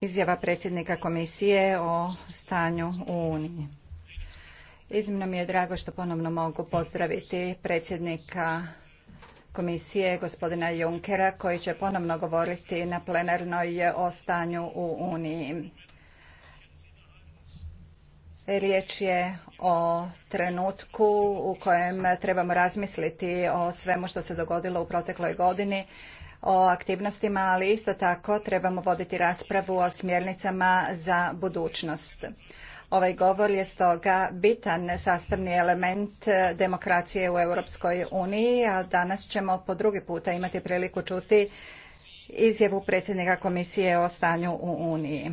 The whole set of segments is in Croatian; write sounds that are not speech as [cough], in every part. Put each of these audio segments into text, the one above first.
izjava predsjednika komisije o stanju u Uniji. Iznimno mi je drago što ponovno mogu pozdraviti predsjednika komisije gospodina Junckera koji će ponovno govoriti na plenarnoj o stanju u Uniji. Riječ je o trenutku u kojem trebamo razmisliti o svemu što se dogodilo u protekloj godini o aktivnostima, ali isto tako trebamo voditi raspravu o smjernicama za budućnost. Ovaj govor je stoga bitan sastavni element demokracije u Europskoj uniji, a danas ćemo po drugi puta imati priliku čuti izjavu predsjednika komisije o stanju u Uniji.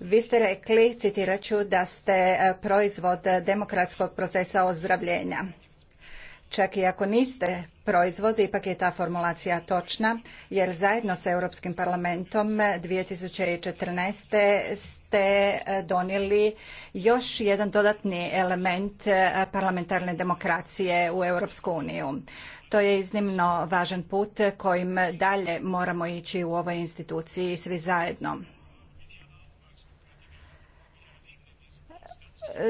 Vi ste rekli, citirat ću, da ste proizvod demokratskog procesa ozdravljenja. Čak i ako niste proizvod, ipak je ta formulacija točna, jer zajedno sa Europskim parlamentom 2014. ste eh, donijeli još jedan dodatni element eh, parlamentarne demokracije u Europsku uniju. To je iznimno važan put kojim dalje moramo ići u ovoj instituciji svi zajedno.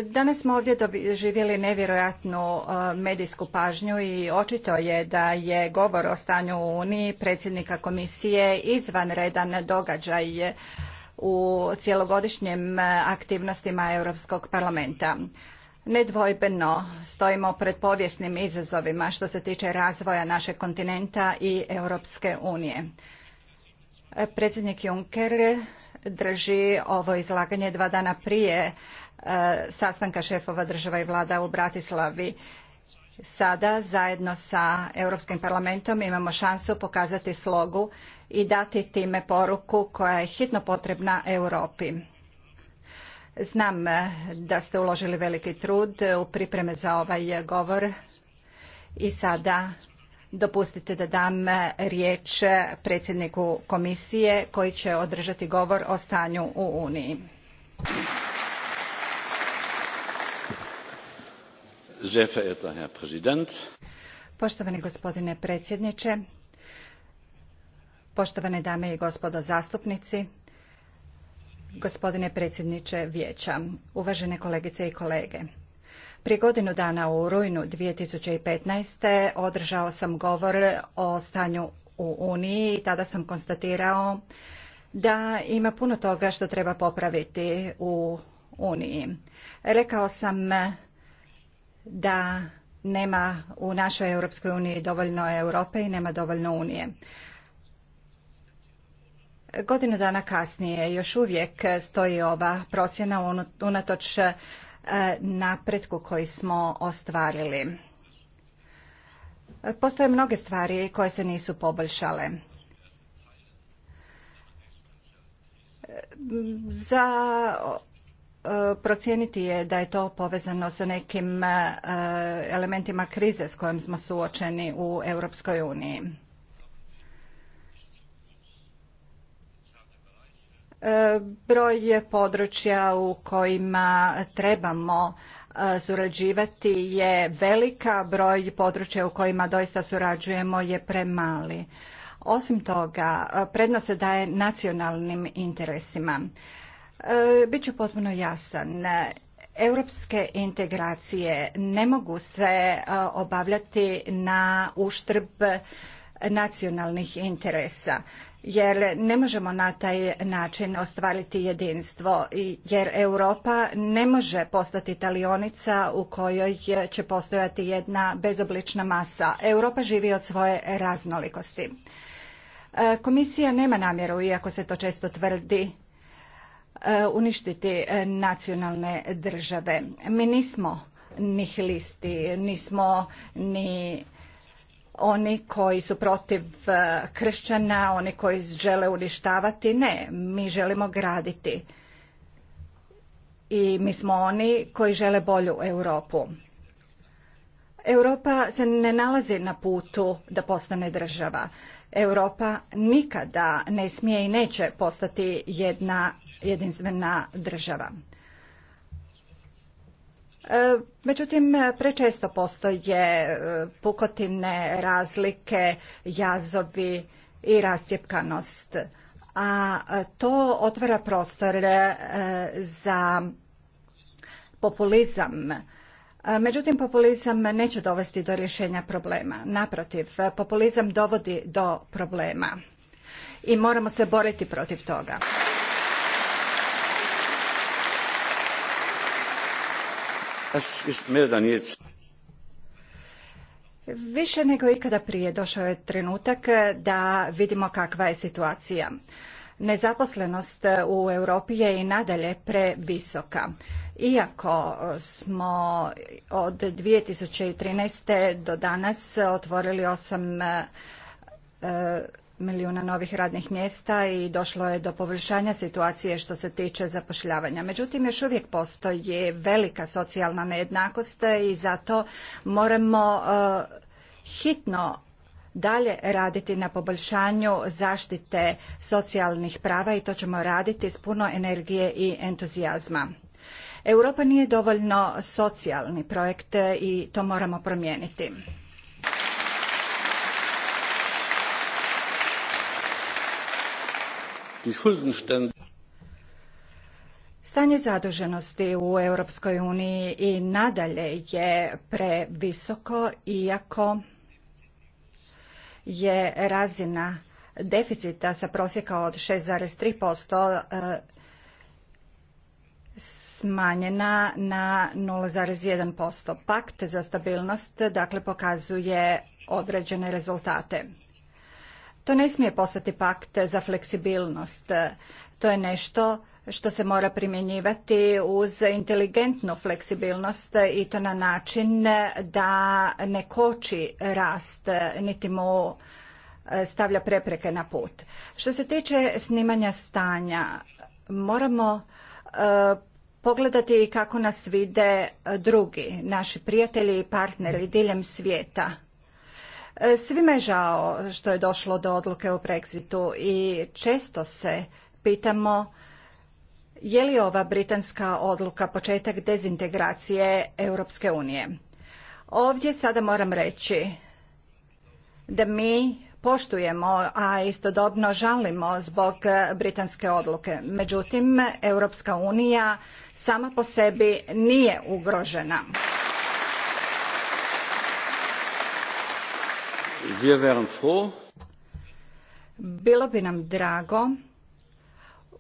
Danas smo ovdje doživjeli nevjerojatnu e, medijsku pažnju i očito je da je govor o stanju u Uniji predsjednika komisije izvanredan događaj u cjelogodišnjim aktivnostima Europskog parlamenta. Nedvojbeno stojimo pred povijesnim izazovima što se tiče razvoja našeg kontinenta i Europske unije. Predsjednik Juncker drži ovo izlaganje dva dana prije sastanka šefova država i vlada u Bratislavi. Sada zajedno sa Europskim parlamentom imamo šansu pokazati slogu i dati time poruku koja je hitno potrebna Europi. Znam eh, da ste uložili veliki trud u pripreme za ovaj govor i sada dopustite da dam eh, riječ eh, predsjedniku komisije koji će održati govor o stanju u Uniji. Poštovani gospodine predsjedniče, poštovane dame i gospodo zastupnici, gospodine predsjedniče vijeća, uvažene kolegice i kolege. Prije godinu dana u rujnu 2015. održao sam govor o stanju u Uniji i tada sam konstatirao da ima puno toga što treba popraviti u Uniji. Rekao sam da nema u našoj Europskoj uniji dovoljno Europe i nema dovoljno Unije. Godinu dana kasnije još uvijek stoji ova procjena unatoč e, napretku koji smo ostvarili. Postoje mnoge stvari koje se nisu poboljšale. Za procijeniti je da je to povezano sa nekim e, elementima krize s kojom smo suočeni u Europskoj uniji. E, broj je područja u kojima trebamo e, surađivati je velika, broj područja u kojima doista surađujemo je premali. Osim toga, prednost se daje nacionalnim interesima. E, ću potpuno jasan. Europske integracije ne mogu se e, obavljati na uštrb nacionalnih interesa jer ne možemo na taj način ostvariti jedinstvo jer Europa ne može postati talionica u kojoj će postojati jedna bezoblična masa. Europa živi od svoje raznolikosti. E, komisija nema namjeru, iako se to često tvrdi, E, uništiti e, nacionalne države. Mi nismo nihilisti, nismo ni oni koji su protiv e, kršćana, oni koji žele uništavati. Ne, mi želimo graditi. I mi smo oni koji žele bolju Europu. Europa se ne nalazi na putu da postane država. Europa nikada ne smije i neće postati jedna jedinstvena država. E, međutim, prečesto postoje e, pukotine, razlike, jazovi i rascjepkanost. A to otvara prostor e, za populizam. Međutim, populizam neće dovesti do rješenja problema. Naprotiv, populizam dovodi do problema i moramo se boriti protiv toga. Više nego ikada prije došao je trenutak da vidimo kakva je situacija. Nezaposlenost u Europi je i nadalje previsoka. Iako smo od 2013. do danas otvorili osam eh, milijuna novih radnih mjesta i došlo je do poboljšanja situacije što se tiče zapošljavanja. Međutim, još uvijek postoji velika socijalna nejednakost i zato moramo e, hitno dalje raditi na poboljšanju zaštite socijalnih prava i to ćemo raditi s puno energije i entuzijazma. Europa nije dovoljno socijalni projekt i to moramo promijeniti. Stanje zaduženosti u Europskoj uniji i nadalje je previsoko iako je razina deficita sa prosjeka od 6,3% eh, smanjena na 0,1%. Pakt za stabilnost dakle pokazuje određene rezultate. To ne smije postati pakt za fleksibilnost. To je nešto što se mora primjenjivati uz inteligentnu fleksibilnost i to na način da ne koči rast niti mu e, stavlja prepreke na put. Što se tiče snimanja stanja, moramo e, pogledati kako nas vide drugi, naši prijatelji i partneri diljem svijeta. E, svima je žao što je došlo do odluke o Brexitu i često se pitamo je li ova britanska odluka početak dezintegracije Europske unije. Ovdje sada moram reći da mi poštujemo, a istodobno žalimo zbog britanske odluke. Međutim, Europska unija sama po sebi nije ugrožena. Bilo bi nam drago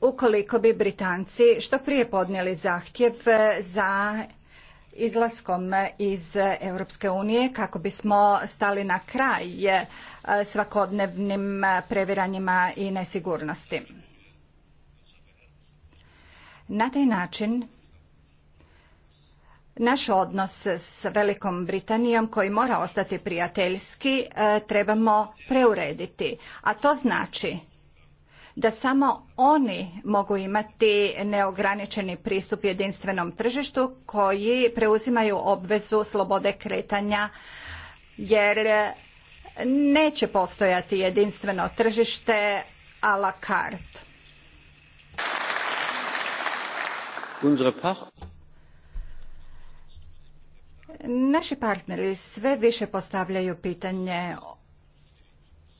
ukoliko bi Britanci što prije podnijeli zahtjev za izlaskom iz Europske unije kako bismo stali na kraj eh, svakodnevnim previranjima i nesigurnosti. Na taj način naš odnos s Velikom Britanijom koji mora ostati prijateljski e, trebamo preurediti. A to znači da samo oni mogu imati neograničeni pristup jedinstvenom tržištu koji preuzimaju obvezu slobode kretanja jer neće postojati jedinstveno tržište a la carte. Naši partneri sve više postavljaju pitanje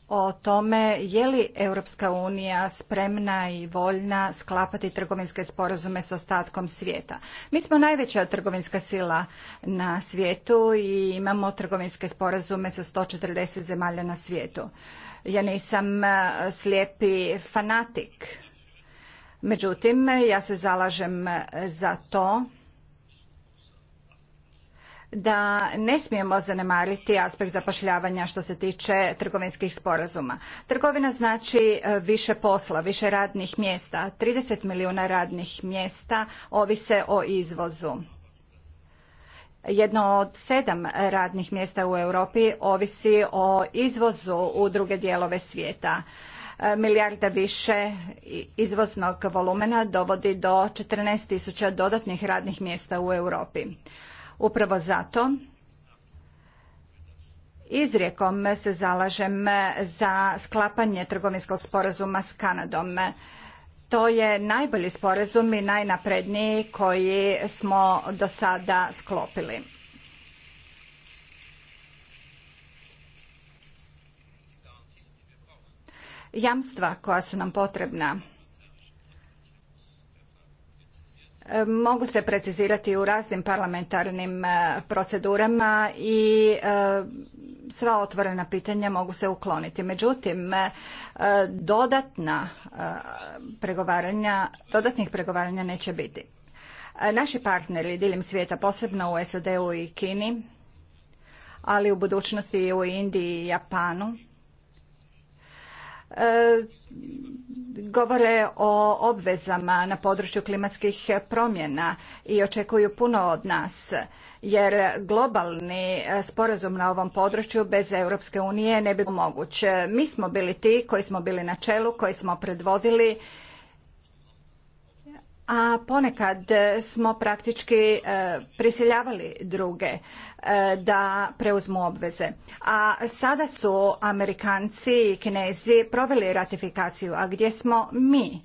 o tome je li Europska unija spremna i voljna sklapati trgovinske sporazume s ostatkom svijeta. Mi smo najveća trgovinska sila na svijetu i imamo trgovinske sporazume sa 140 zemalja na svijetu. Ja nisam e, slijepi fanatik. Međutim, ja se zalažem e, za to da ne smijemo zanemariti aspekt zapošljavanja što se tiče trgovinskih sporazuma. Trgovina znači e, više posla, više radnih mjesta. 30 milijuna radnih mjesta ovise o izvozu. Jedno od sedam radnih mjesta u Europi ovisi o izvozu u druge dijelove svijeta e, milijarda više izvoznog volumena dovodi do 14.000 tisuća dodatnih radnih mjesta u Europi. Upravo zato izrijekom se zalažem za sklapanje trgovinskog sporazuma s Kanadom. To je najbolji sporazum i najnapredniji koji smo do sada sklopili. Jamstva koja su nam potrebna mogu se precizirati u raznim parlamentarnim e, procedurama i e, sva otvorena pitanja mogu se ukloniti. Međutim, e, dodatna pregovaranja, dodatnih pregovaranja neće biti. Naši partneri diljem svijeta, posebno u SAD-u i Kini, ali u budućnosti i u Indiji i Japanu, govore o obvezama na području klimatskih promjena i očekuju puno od nas jer globalni e, sporazum na ovom području bez Europske unije ne bi bio moguć. Mi smo bili ti koji smo bili na čelu, koji smo predvodili a ponekad smo praktički e, prisiljavali druge e, da preuzmu obveze. A sada su Amerikanci i Kinezi proveli ratifikaciju, a gdje smo mi?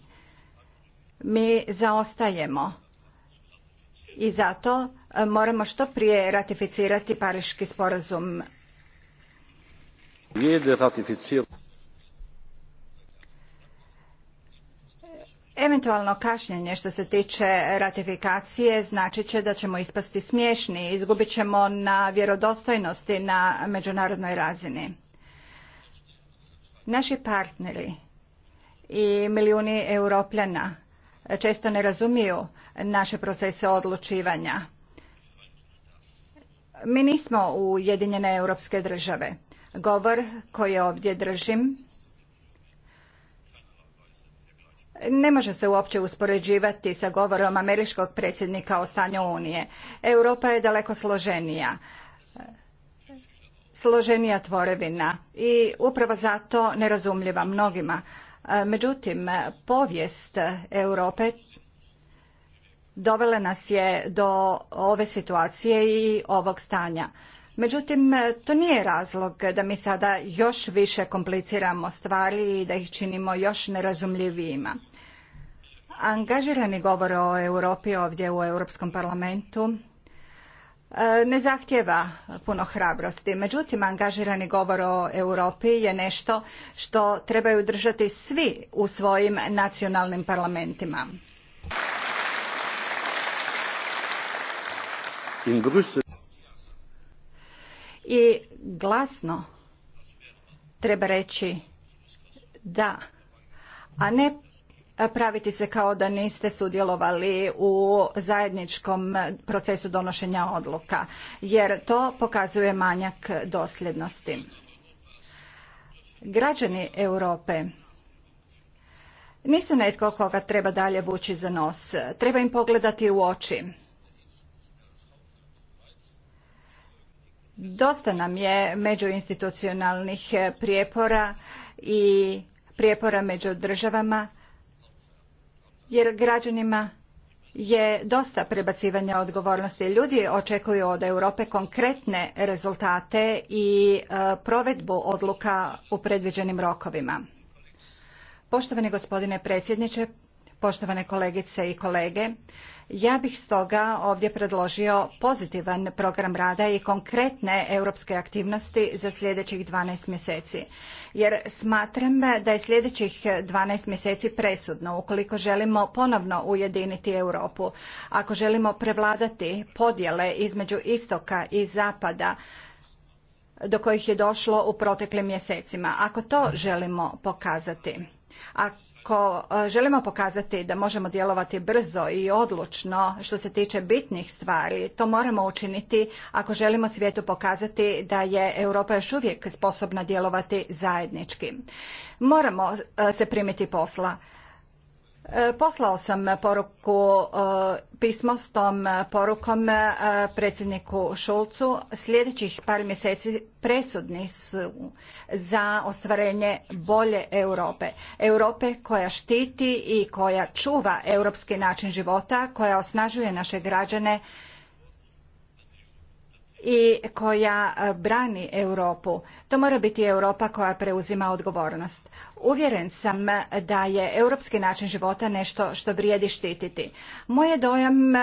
Mi zaostajemo i zato e, moramo što prije ratificirati Pariški sporazum. Eventualno kašnjenje što se tiče ratifikacije znači će da ćemo ispasti smiješni, izgubit ćemo na vjerodostojnosti na međunarodnoj razini. Naši partneri i milijuni europljana često ne razumiju naše procese odlučivanja. Mi nismo ujedinjene europske države. Govor koji ovdje držim ne može se uopće uspoređivati sa govorom američkog predsjednika o stanju Unije. Europa je daleko složenija složenija tvorevina i upravo zato nerazumljiva mnogima. E, međutim, povijest Europe dovela nas je do ove situacije i ovog stanja. Međutim, to nije razlog da mi sada još više kompliciramo stvari i da ih činimo još nerazumljivijima. Angažirani govor o Europi ovdje u Europskom parlamentu e, ne zahtjeva puno hrabrosti. Međutim, angažirani govor o Europi je nešto što trebaju držati svi u svojim nacionalnim parlamentima. In i glasno treba reći da, a ne praviti se kao da niste sudjelovali u zajedničkom procesu donošenja odluka, jer to pokazuje manjak dosljednosti. Građani Europe nisu netko koga treba dalje vući za nos, treba im pogledati u oči. Dosta nam je međuinstitucionalnih e, prijepora i prijepora među državama, jer građanima je dosta prebacivanja odgovornosti. Ljudi očekuju od Europe konkretne rezultate i e, provedbu odluka u predviđenim rokovima. Poštovani gospodine predsjedniče, poštovane kolegice i kolege. Ja bih stoga ovdje predložio pozitivan program rada i konkretne europske aktivnosti za sljedećih 12 mjeseci. Jer smatram da je sljedećih 12 mjeseci presudno ukoliko želimo ponovno ujediniti Europu, ako želimo prevladati podjele između istoka i zapada, do kojih je došlo u proteklim mjesecima. Ako to želimo pokazati, a ako e, želimo pokazati da možemo djelovati brzo i odlučno što se tiče bitnih stvari, to moramo učiniti ako želimo svijetu pokazati da je Europa još uvijek sposobna djelovati zajednički. Moramo e, se primiti posla. E, poslao sam poruku, e, pismo s tom e, porukom predsjedniku Šulcu. Sljedećih par mjeseci presudni su za ostvarenje bolje Europe. Europe koja štiti i koja čuva europski način života, koja osnažuje naše građane i koja brani Europu. To mora biti Europa koja preuzima odgovornost. Uvjeren sam da je europski način života nešto što vrijedi štititi. Moj je dojam e,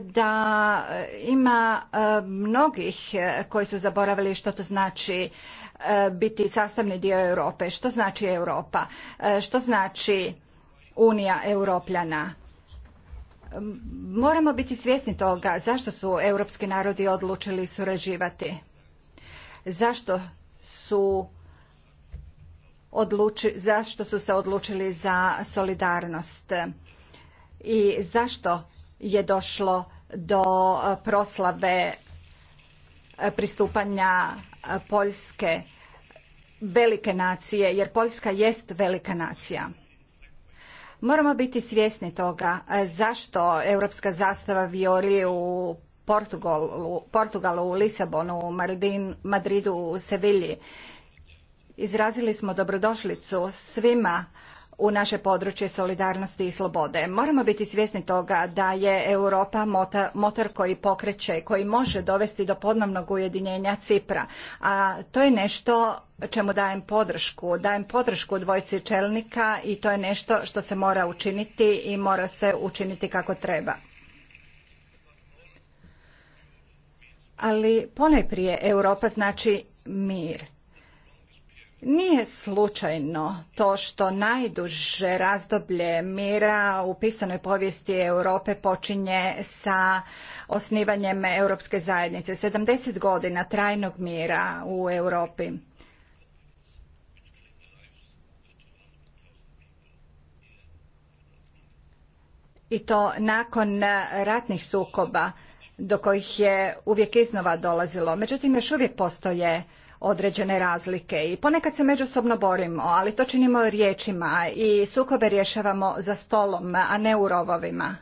da ima e, mnogih e, koji su zaboravili što to znači biti sastavni dio Europe, što znači Europa, što znači Unija Europljana. Moramo biti svjesni toga zašto su europski narodi odlučili surađivati. Zašto su odluči, zašto su se odlučili za solidarnost i zašto je došlo do proslave pristupanja Poljske velike nacije, jer Poljska jest velika nacija. Moramo biti svjesni toga e, zašto europska zastava viori u Portugalu, Portugalu u Lisabonu, u Madridu, u Sevilji Izrazili smo dobrodošlicu svima u naše područje solidarnosti i slobode. Moramo biti svjesni toga da je Europa motor koji pokreće, koji može dovesti do ponovnog ujedinjenja Cipra. A to je nešto čemu dajem podršku. Dajem podršku dvojci čelnika i to je nešto što se mora učiniti i mora se učiniti kako treba. Ali ponajprije Europa znači mir nije slučajno to što najduže razdoblje mira u pisanoj povijesti Europe počinje sa osnivanjem Europske zajednice. 70 godina trajnog mira u Europi. I to nakon ratnih sukoba do kojih je uvijek iznova dolazilo. Međutim, još uvijek postoje određene razlike i ponekad se međusobno borimo, ali to činimo riječima i sukobe rješavamo za stolom, a ne u rovovima.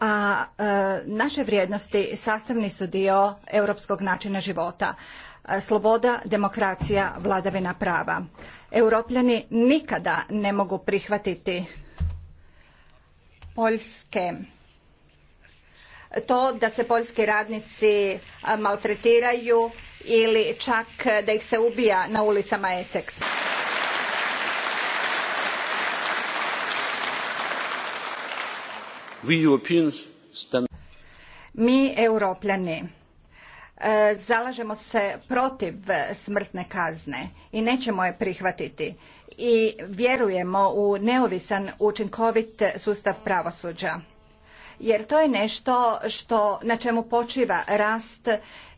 A e, naše vrijednosti sastavni su dio europskog načina života e, sloboda, demokracija, vladavina prava. Europljani nikada ne mogu prihvatiti poljske to da se poljski radnici maltretiraju ili čak da ih se ubija na ulicama Essexa. Mi europljani e, zalažemo se protiv smrtne kazne i nećemo je prihvatiti i vjerujemo u neovisan učinkovit sustav pravosuđa jer to je nešto što, na čemu počiva rast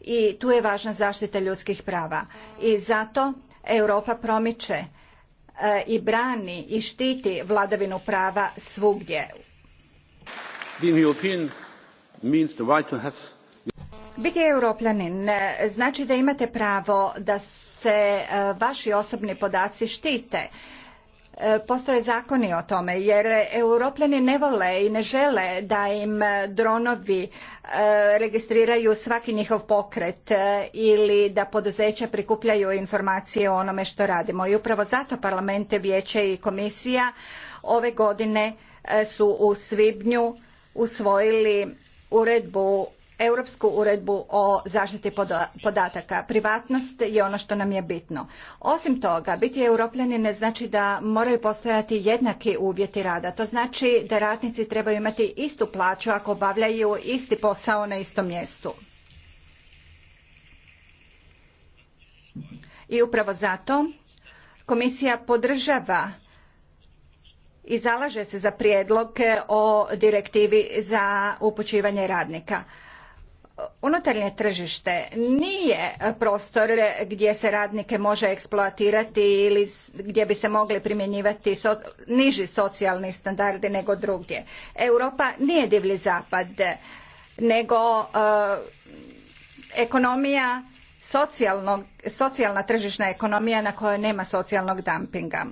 i tu je važna zaštita ljudskih prava. I zato Europa promiče e, i brani i štiti vladavinu prava svugdje. Biti europljanin e, znači da imate pravo da se e, vaši osobni podaci štite E, postoje zakoni o tome jer europljani ne vole i ne žele da im dronovi e, registriraju svaki njihov pokret e, ili da poduzeća prikupljaju informacije o onome što radimo. I upravo zato parlamente, vijeće i komisija ove godine su u svibnju usvojili uredbu europsku uredbu o zaštiti podataka. Privatnost je ono što nam je bitno. Osim toga, biti europljani ne znači da moraju postojati jednaki uvjeti rada. To znači da ratnici trebaju imati istu plaću ako obavljaju isti posao na istom mjestu. I upravo zato komisija podržava i zalaže se za prijedlog o direktivi za upućivanje radnika. Unutarnje tržište nije prostor gdje se radnike može eksploatirati ili gdje bi se mogli primjenjivati niži socijalni standardi nego drugdje. Europa nije divlji zapad, nego e, ekonomija socijalna tržišna ekonomija na kojoj nema socijalnog dumpinga.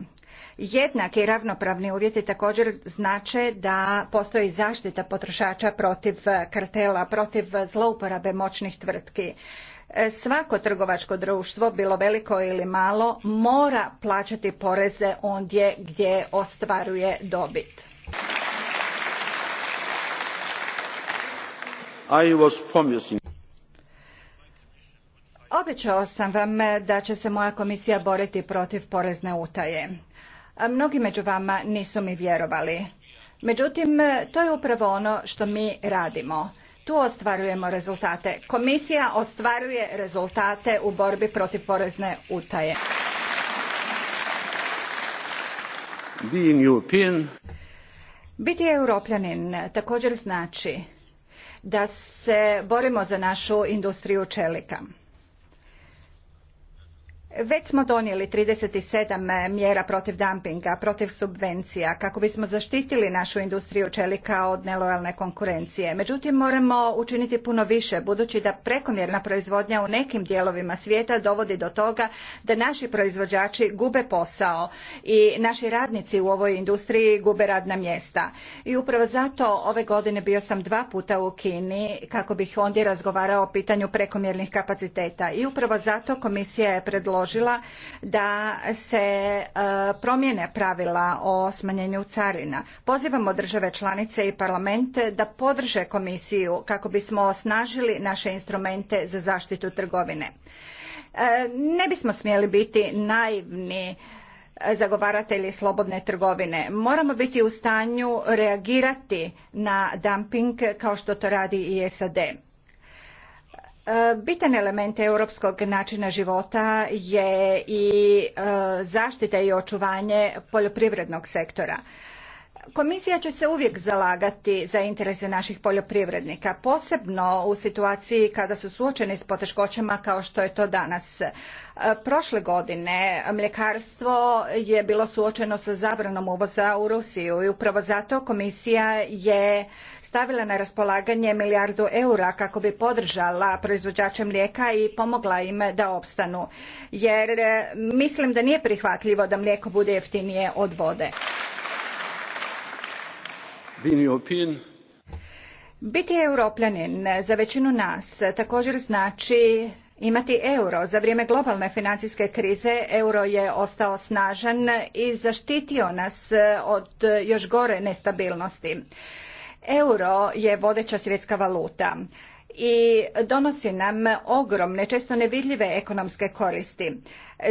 Jednaki i ravnopravni uvjeti također znače da postoji zaštita potrošača protiv eh, kartela, protiv zlouporabe moćnih tvrtki. Eh, svako trgovačko društvo, bilo veliko ili malo, mora plaćati poreze ondje gdje ostvaruje dobit. I Obećao sam vam eh, da će se moja komisija boriti protiv porezne utaje mnogi među vama nisu mi vjerovali. Međutim, to je upravo ono što mi radimo. Tu ostvarujemo rezultate. Komisija ostvaruje rezultate u borbi protiv porezne utaje. Biti europljanin također znači da se borimo za našu industriju čelika. Već smo donijeli 37 eh, mjera protiv dumpinga, protiv subvencija, kako bismo zaštitili našu industriju čelika od nelojalne konkurencije. Međutim, moramo učiniti puno više, budući da prekomjerna proizvodnja u nekim dijelovima svijeta dovodi do toga da naši proizvođači gube posao i naši radnici u ovoj industriji gube radna mjesta. I upravo zato ove godine bio sam dva puta u Kini kako bih ondje razgovarao o pitanju prekomjernih kapaciteta. I upravo zato komisija je predložila predložila da se e, promijene pravila o smanjenju carina. Pozivamo države članice i parlamente da podrže komisiju kako bismo osnažili naše instrumente za zaštitu trgovine. E, ne bismo smjeli biti naivni e, zagovaratelji slobodne trgovine. Moramo biti u stanju reagirati na dumping kao što to radi i SAD. E, bitan element europskog načina života je i e, zaštita i očuvanje poljoprivrednog sektora. Komisija će se uvijek zalagati za interese naših poljoprivrednika, posebno u situaciji kada su suočeni s poteškoćama kao što je to danas. Prošle godine mljekarstvo je bilo suočeno sa zabranom uvoza u Rusiju i upravo zato komisija je stavila na raspolaganje milijardu eura kako bi podržala proizvođače mlijeka i pomogla im da opstanu. Jer e, mislim da nije prihvatljivo da mlijeko bude jeftinije od vode. Biti europljanin za većinu nas također znači imati euro. Za vrijeme globalne financijske krize euro je ostao snažan i zaštitio nas e, od e, još gore nestabilnosti. Euro je vodeća svjetska valuta i donosi nam ogromne, često nevidljive ekonomske koristi.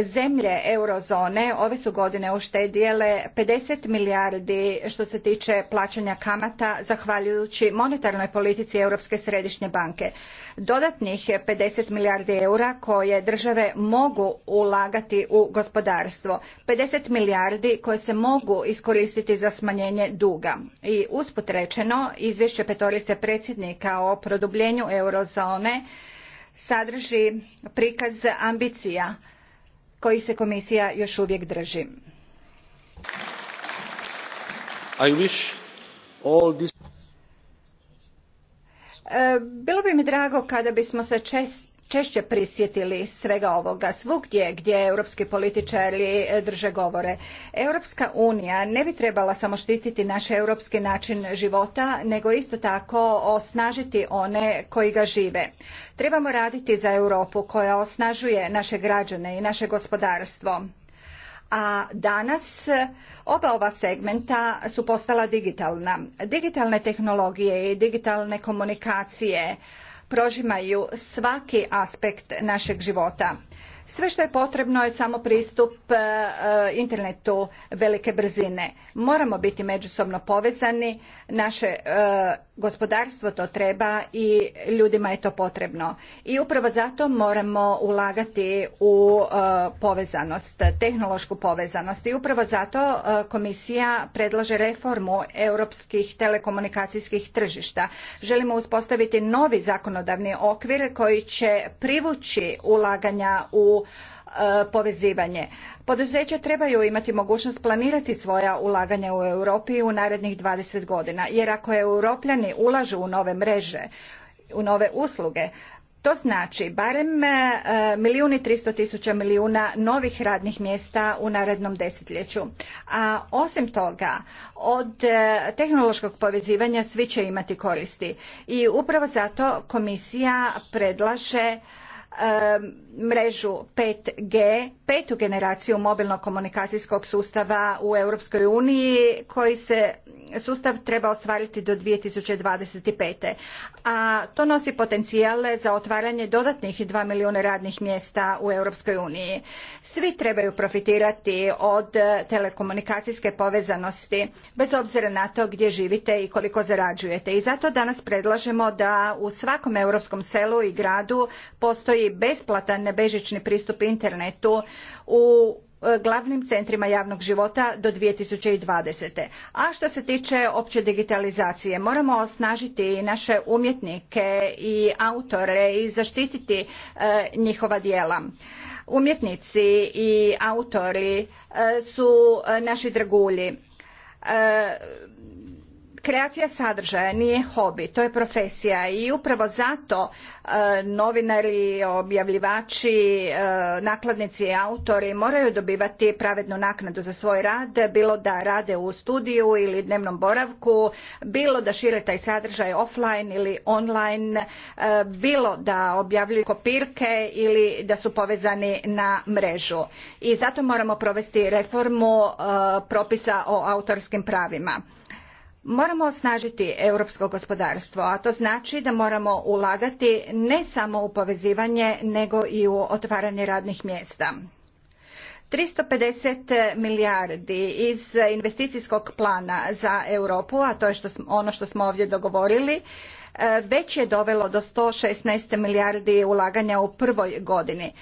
Zemlje eurozone ove su godine uštedjele 50 milijardi što se tiče plaćanja kamata zahvaljujući monetarnoj politici Europske središnje banke. Dodatnih 50 milijardi eura koje države mogu ulagati u gospodarstvo. 50 milijardi koje se mogu iskoristiti za smanjenje duga. I usput rečeno, izvješće petorice predsjednika o produbljenju eurozone sadrži prikaz ambicija kojih se komisija još uvijek drži. E, bilo bi mi drago kada bismo se češće prisjetili svega ovoga svugdje gdje europski političari e, drže govore. Europska unija ne bi trebala samo štititi naš europski način života, nego isto tako osnažiti one koji ga žive. Trebamo raditi za Europu koja osnažuje naše građane i naše gospodarstvo. A danas oba ova segmenta su postala digitalna. Digitalne tehnologije i digitalne komunikacije prožimaju svaki aspekt našeg života. Sve što je potrebno je samo pristup e, e, internetu velike brzine. Moramo biti međusobno povezani, naše e, gospodarstvo to treba i ljudima je to potrebno. I upravo zato moramo ulagati u povezanost, tehnološku povezanost. I upravo zato komisija predlaže reformu europskih telekomunikacijskih tržišta. Želimo uspostaviti novi zakonodavni okvir koji će privući ulaganja u E, povezivanje. Poduzeća trebaju imati mogućnost planirati svoja ulaganja u Europi u narednih 20 godina, jer ako europljani ulažu u nove mreže, u nove usluge, to znači barem e, milijun i tristo tisuća milijuna novih radnih mjesta u narednom desetljeću. A osim toga, od e, tehnološkog povezivanja svi će imati koristi. I upravo zato komisija predlaže mrežu 5G petu generaciju mobilnog komunikacijskog sustava u Europskoj uniji koji se sustav treba ostvariti do 2025. A to nosi potencijale za otvaranje dodatnih 2 milijuna radnih mjesta u Europskoj uniji. Svi trebaju profitirati od telekomunikacijske povezanosti bez obzira na to gdje živite i koliko zarađujete. I zato danas predlažemo da u svakom europskom selu i gradu postoji besplatan bežični pristup internetu u e, glavnim centrima javnog života do 2020. A što se tiče opće digitalizacije, moramo osnažiti naše umjetnike i autore i zaštititi e, njihova djela. Umjetnici i autori e, su naši dragulji Kreacija sadržaja nije hobi, to je profesija i upravo zato e, novinari, objavljivači, e, nakladnici i autori moraju dobivati pravednu naknadu za svoj rad, bilo da rade u studiju ili dnevnom boravku, bilo da šire taj sadržaj offline ili online, e, bilo da objavljuju kopirke ili da su povezani na mrežu. I zato moramo provesti reformu propisa o autorskim pravima. Moramo osnažiti europsko gospodarstvo, a to znači da moramo ulagati ne samo u povezivanje, nego i u otvaranje radnih mjesta. 350 milijardi iz investicijskog plana za Europu, a to je što, ono što smo ovdje dogovorili, e, već je dovelo do 116 milijardi ulaganja u prvoj godini.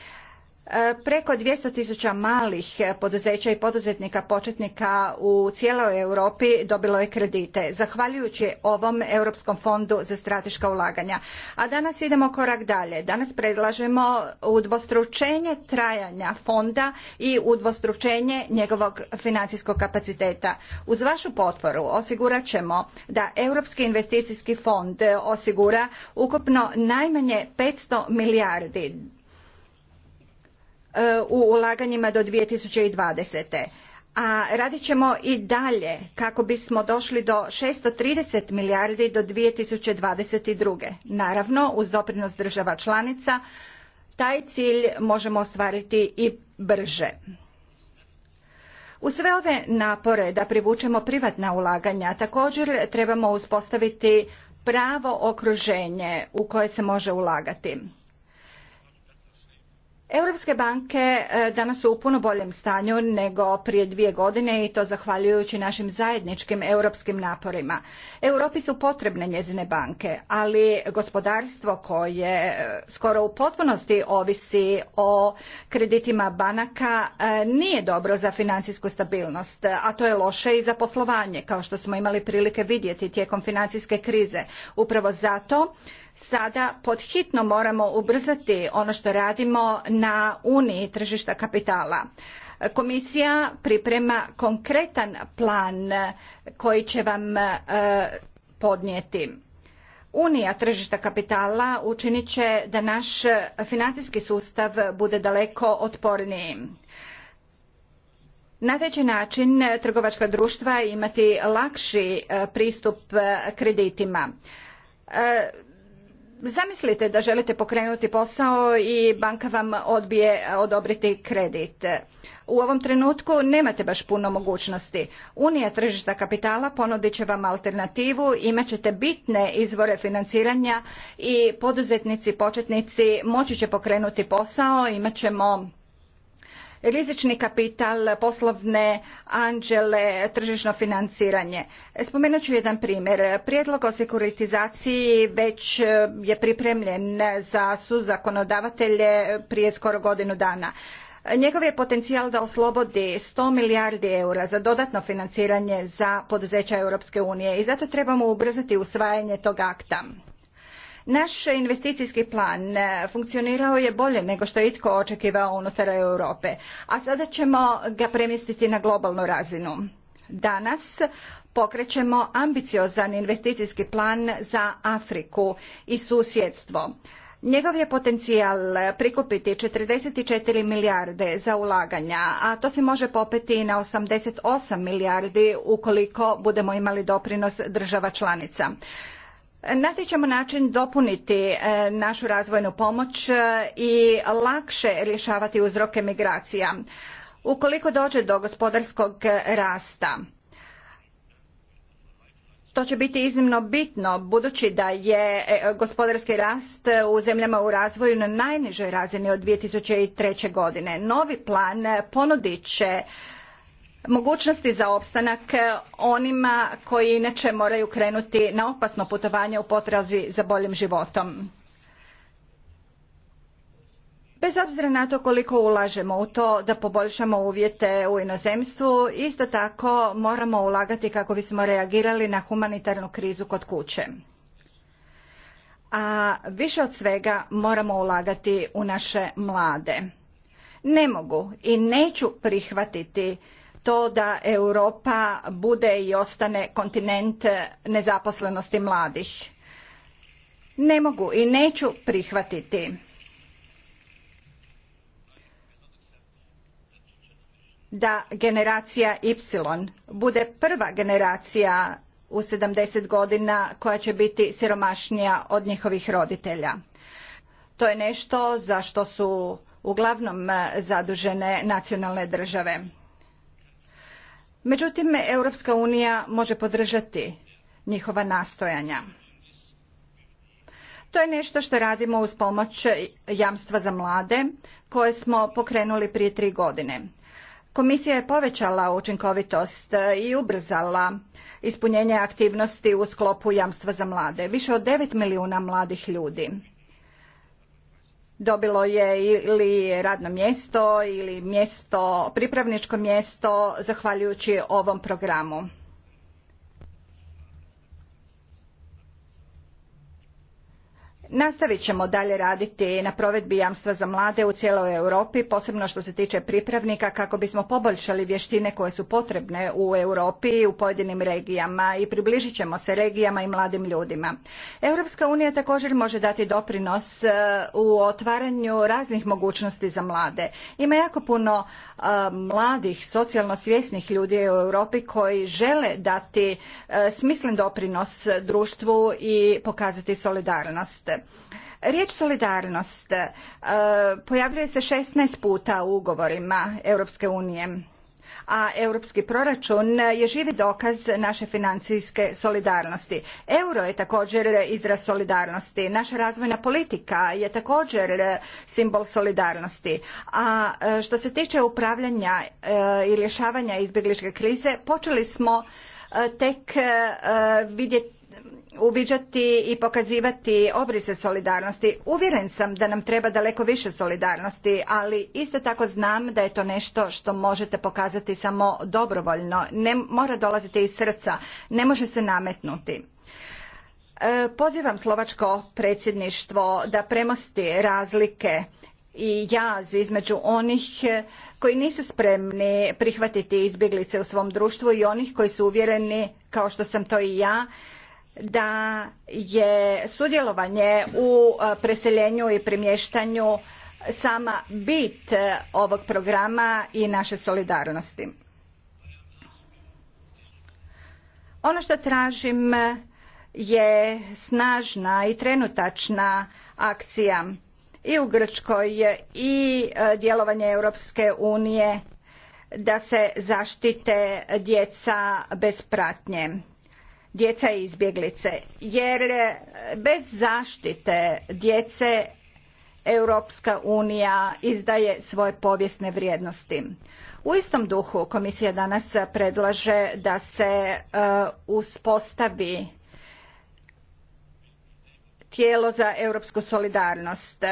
Preko 200 tisuća malih poduzeća i poduzetnika početnika u cijeloj Europi dobilo je kredite, zahvaljujući ovom Europskom fondu za strateška ulaganja. A danas idemo korak dalje. Danas predlažemo udvostručenje trajanja fonda i udvostručenje njegovog financijskog kapaciteta. Uz vašu potporu osigurat ćemo da Europski investicijski fond osigura ukupno najmanje 500 milijardi E, u ulaganjima do 2020. A radit ćemo i dalje kako bismo došli do 630 milijardi do 2022. Naravno, uz doprinos država članica, taj cilj možemo ostvariti i brže. U sve ove napore da privučemo privatna ulaganja također trebamo uspostaviti pravo okruženje u koje se može ulagati. Europske banke e, danas su u puno boljem stanju nego prije dvije godine i to zahvaljujući našim zajedničkim europskim naporima. Europi su potrebne njezine banke, ali gospodarstvo koje e, skoro u potpunosti ovisi o kreditima banaka e, nije dobro za financijsku stabilnost, a to je loše i za poslovanje, kao što smo imali prilike vidjeti tijekom financijske krize. Upravo zato Sada pod hitno moramo ubrzati ono što radimo na Uniji tržišta kapitala. Komisija priprema konkretan plan koji će vam e, podnijeti. Unija tržišta kapitala učinit će da naš financijski sustav bude daleko otporniji. Na taj način trgovačka društva imati lakši e, pristup e, kreditima Zamislite da želite pokrenuti posao i banka vam odbije odobriti kredit. U ovom trenutku nemate baš puno mogućnosti. Unija tržišta kapitala ponudit će vam alternativu, imat ćete bitne izvore financiranja i poduzetnici, početnici moći će pokrenuti posao, imat ćemo rizični kapital, poslovne anđele, tržišno financiranje. E, spomenut ću jedan primjer. Prijedlog o sekuritizaciji već e, je pripremljen za su zakonodavatelje prije skoro godinu dana. Njegov je potencijal da oslobodi 100 milijardi eura za dodatno financiranje za poduzeća Europske unije i zato trebamo ubrzati usvajanje tog akta. Naš investicijski plan e, funkcionirao je bolje nego što je itko očekivao unutar Europe, a sada ćemo ga premjestiti na globalnu razinu. Danas pokrećemo ambiciozan investicijski plan za Afriku i susjedstvo. Njegov je potencijal prikupiti 44 milijarde za ulaganja, a to se može popeti na 88 milijardi ukoliko budemo imali doprinos država članica. Naći ćemo način dopuniti e, našu razvojnu pomoć e, i lakše rješavati uzroke migracija. Ukoliko dođe do gospodarskog rasta, to će biti iznimno bitno budući da je e, gospodarski rast u zemljama u razvoju na najnižoj razini od 2003. godine. Novi plan ponudit će mogućnosti za opstanak onima koji inače moraju krenuti na opasno putovanje u potrazi za boljim životom. Bez obzira na to koliko ulažemo u to da poboljšamo uvjete u inozemstvu, isto tako moramo ulagati kako bismo reagirali na humanitarnu krizu kod kuće. A više od svega moramo ulagati u naše mlade. Ne mogu i neću prihvatiti to da Europa bude i ostane kontinent nezaposlenosti mladih. Ne mogu i neću prihvatiti da generacija Y bude prva generacija u 70 godina koja će biti siromašnija od njihovih roditelja. To je nešto za što su uglavnom zadužene nacionalne države. Međutim, Europska unija može podržati njihova nastojanja. To je nešto što radimo uz pomoć jamstva za mlade koje smo pokrenuli prije tri godine. Komisija je povećala učinkovitost i ubrzala ispunjenje aktivnosti u sklopu jamstva za mlade. Više od 9 milijuna mladih ljudi dobilo je ili radno mjesto ili mjesto, pripravničko mjesto zahvaljujući ovom programu. Nastavit ćemo dalje raditi na provedbi jamstva za mlade u cijeloj Europi, posebno što se tiče pripravnika, kako bismo poboljšali vještine koje su potrebne u Europi u pojedinim regijama i približit ćemo se regijama i mladim ljudima. Europska unija također može dati doprinos e, u otvaranju raznih mogućnosti za mlade. Ima jako puno e, mladih, socijalno svjesnih ljudi u Europi koji žele dati e, smislen doprinos društvu i pokazati solidarnost. Riječ solidarnost e, pojavljuje se 16 puta u ugovorima Europske unije, a europski proračun je živi dokaz naše financijske solidarnosti. Euro je također izraz solidarnosti, naša razvojna politika je također simbol solidarnosti. A e, što se tiče upravljanja e, i rješavanja izbjegličke krize, počeli smo tek vidjeti uviđati i pokazivati obrise solidarnosti. Uvjeren sam da nam treba daleko više solidarnosti, ali isto tako znam da je to nešto što možete pokazati samo dobrovoljno. Ne mora dolaziti iz srca, ne može se nametnuti. E, pozivam slovačko predsjedništvo da premosti razlike i jaz između onih koji nisu spremni prihvatiti izbjeglice u svom društvu i onih koji su uvjereni, kao što sam to i ja, da je sudjelovanje u e, preseljenju i premještanju sama bit e, ovog programa i naše solidarnosti. Ono što tražim e, je snažna i trenutačna akcija i u Grčkoj i djelovanje Europske unije da se zaštite djeca bez pratnje djeca i izbjeglice jer e, bez zaštite djece Europska unija izdaje svoje povijesne vrijednosti. U istom duhu komisija danas predlaže da se e, uspostavi tijelo za europsku solidarnost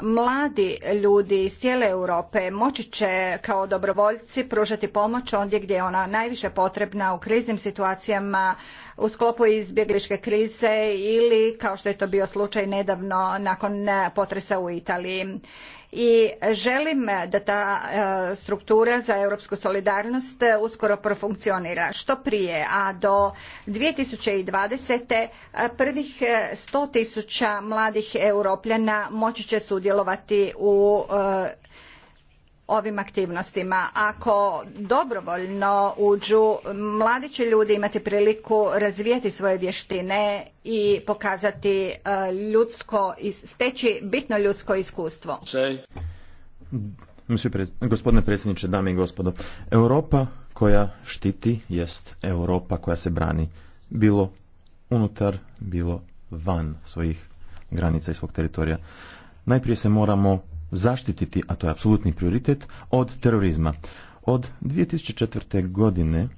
mladi ljudi iz cijele Europe moći će kao dobrovoljci pružati pomoć ondje gdje je ona najviše potrebna u kriznim situacijama u sklopu izbjegličke krize ili kao što je to bio slučaj nedavno nakon potresa u Italiji i želim da ta e, struktura za europsku solidarnost uskoro profunkcionira što prije, a do 2020. E, prvih 100.000 e, tisuća mladih europljana moći će sudjelovati u ovim aktivnostima. Ako dobrovoljno uđu, mladi će ljudi imati priliku razvijeti svoje vještine i pokazati e, ljudsko, steći bitno ljudsko iskustvo. Gospodine predsjedniče, dame i gospodo, Europa koja štiti jest Europa koja se brani, bilo unutar, bilo van svojih granica i svog teritorija. Najprije se moramo zaštititi, a to je apsolutni prioritet, od terorizma. Od 2004. godine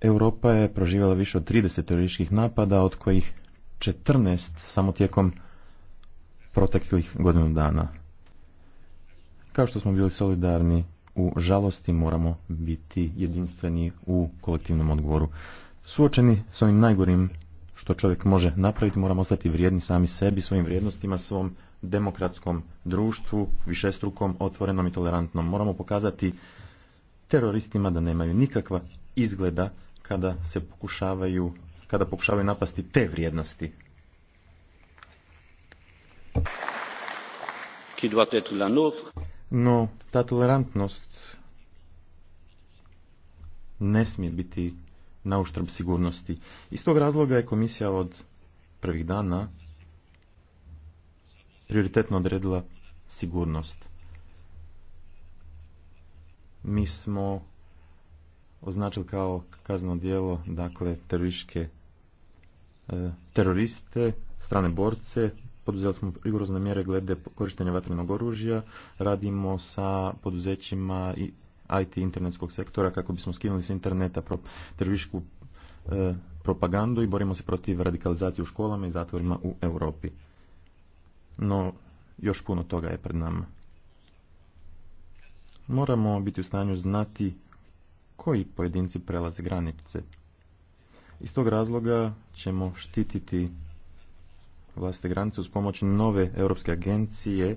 Europa je proživjela više od 30 terorističkih napada, od kojih 14 samo tijekom proteklih godinu dana. Kao što smo bili solidarni u žalosti, moramo biti jedinstveni u kolektivnom odgovoru. Suočeni s onim najgorim što čovjek može napraviti, moramo ostati vrijedni sami sebi, svojim vrijednostima, svom demokratskom društvu, višestrukom, otvorenom i tolerantnom. Moramo pokazati teroristima da nemaju nikakva izgleda kada se pokušavaju, kada pokušavaju napasti te vrijednosti. No, ta tolerantnost ne smije biti na uštrb sigurnosti. Iz tog razloga je komisija od prvih dana prioritetno odredila sigurnost. Mi smo označili kao kazneno djelo dakle terorističke e, teroriste, strane borce, poduzeli smo rigorozne mjere glede korištenja vatrenog oružja, radimo sa poduzećima i IT internetskog sektora kako bismo skinuli s interneta pro, terorističku e, propagandu i borimo se protiv radikalizacije u školama i zatvorima u Europi no još puno toga je pred nama. Moramo biti u stanju znati koji pojedinci prelaze granice. Iz tog razloga ćemo štititi vlastite granice uz pomoć nove Europske agencije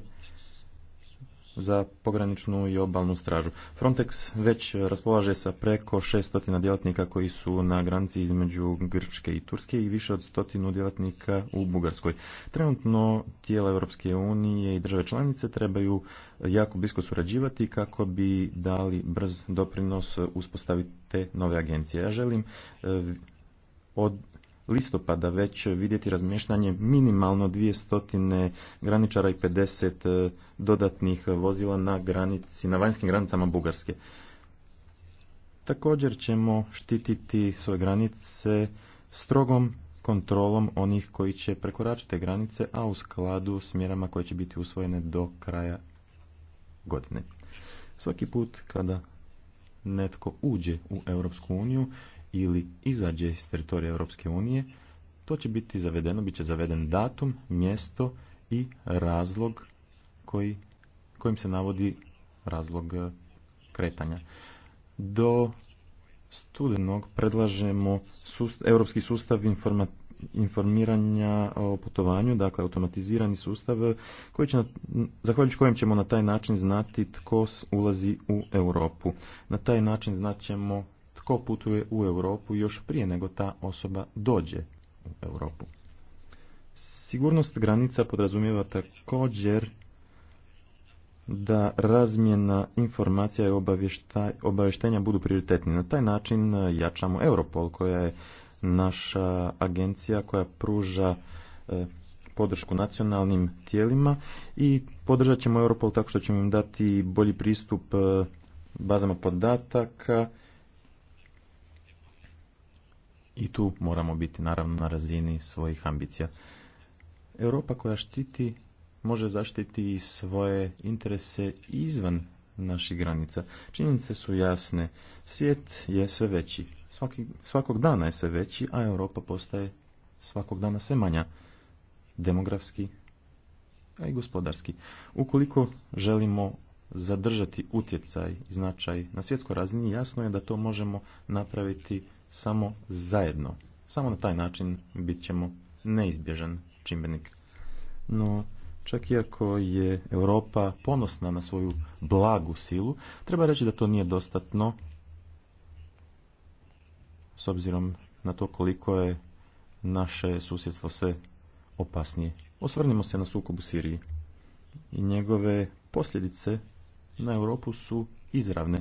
za pograničnu i obalnu stražu. Frontex već raspolaže sa preko 600 djelatnika koji su na granici između Grčke i Turske i više od 100 djelatnika u Bugarskoj. Trenutno tijela Europske unije i države članice trebaju jako blisko surađivati kako bi dali brz doprinos uspostaviti te nove agencije. Ja želim eh, od listopada već vidjeti razmještanje minimalno 200 graničara i 50 e, dodatnih vozila na granici, na vanjskim granicama Bugarske. Također ćemo štititi svoje granice strogom kontrolom onih koji će prekoračiti te granice, a u skladu s mjerama koje će biti usvojene do kraja godine. Svaki put kada netko uđe u Europsku uniju, ili izađe iz teritorija Europske unije, to će biti zavedeno, bit će zaveden datum, mjesto i razlog koji, kojim se navodi razlog e, kretanja. Do studenog predlažemo europski sustav informiranja o putovanju, dakle automatizirani sustav e, koji će, zahvaljujući kojem ćemo na taj način znati tko ulazi u Europu. Na taj način znaćemo tko putuje u Europu još prije nego ta osoba dođe u Europu. Sigurnost granica podrazumijeva također da razmjena informacija i obavještenja budu prioritetni. Na taj način jačamo Europol koja je naša agencija koja pruža e, podršku nacionalnim tijelima i podržat ćemo Europol tako što ćemo im dati bolji pristup e, bazama podataka i tu moramo biti naravno na razini svojih ambicija. Europa koja štiti može zaštiti i svoje interese izvan naših granica. Činjenice su jasne. Svijet je sve veći. svakog dana je sve veći, a Europa postaje svakog dana sve manja. Demografski, a i gospodarski. Ukoliko želimo zadržati utjecaj i značaj na svjetskoj razini, jasno je da to možemo napraviti samo zajedno. Samo na taj način bit ćemo neizbježan čimbenik. No, čak iako je Europa ponosna na svoju blagu silu, treba reći da to nije dostatno s obzirom na to koliko je naše susjedstvo sve opasnije. Osvrnimo se na sukob u Siriji. I njegove posljedice na Europu su izravne.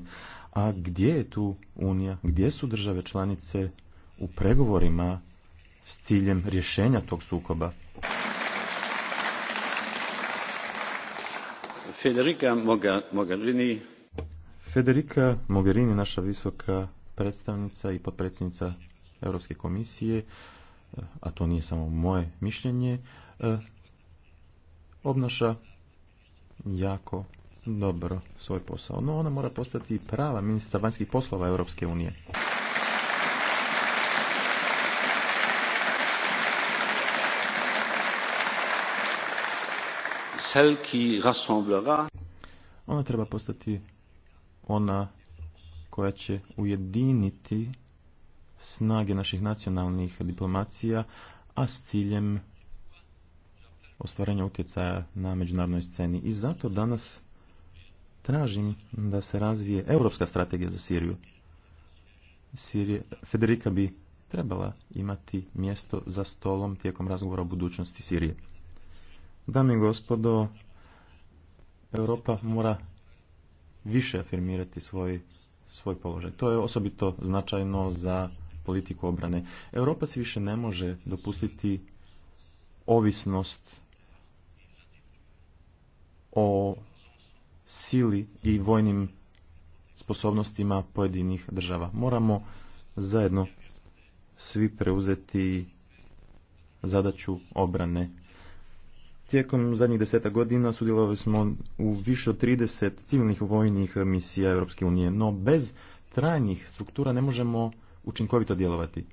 A gdje je tu Unija? Gdje su države članice u pregovorima s ciljem rješenja tog sukoba? Federica Mogherini. Mogherini, naša visoka predstavnica i potpredsjednica Europske komisije, a to nije samo moje mišljenje, e, obnaša jako dobro svoj posao. No ona mora postati prava ministra vanjskih poslova Europske unije. Ona treba postati ona koja će ujediniti snage naših nacionalnih diplomacija, a s ciljem ostvarenja utjecaja na međunarodnoj sceni. I zato danas Tražim da se razvije europska strategija za Siriju. Sirije, Federika bi trebala imati mjesto za stolom tijekom razgovora o budućnosti Sirije. Dame i gospodo, Europa mora više afirmirati svoj, svoj položaj. To je osobito značajno za politiku obrane. Europa se više ne može dopustiti ovisnost o sili i vojnim sposobnostima pojedinih država. Moramo zajedno svi preuzeti zadaću obrane. Tijekom zadnjih deseta godina sudjelovali smo u više od 30 civilnih vojnih misija Europske unije, no bez trajnih struktura ne možemo učinkovito djelovati.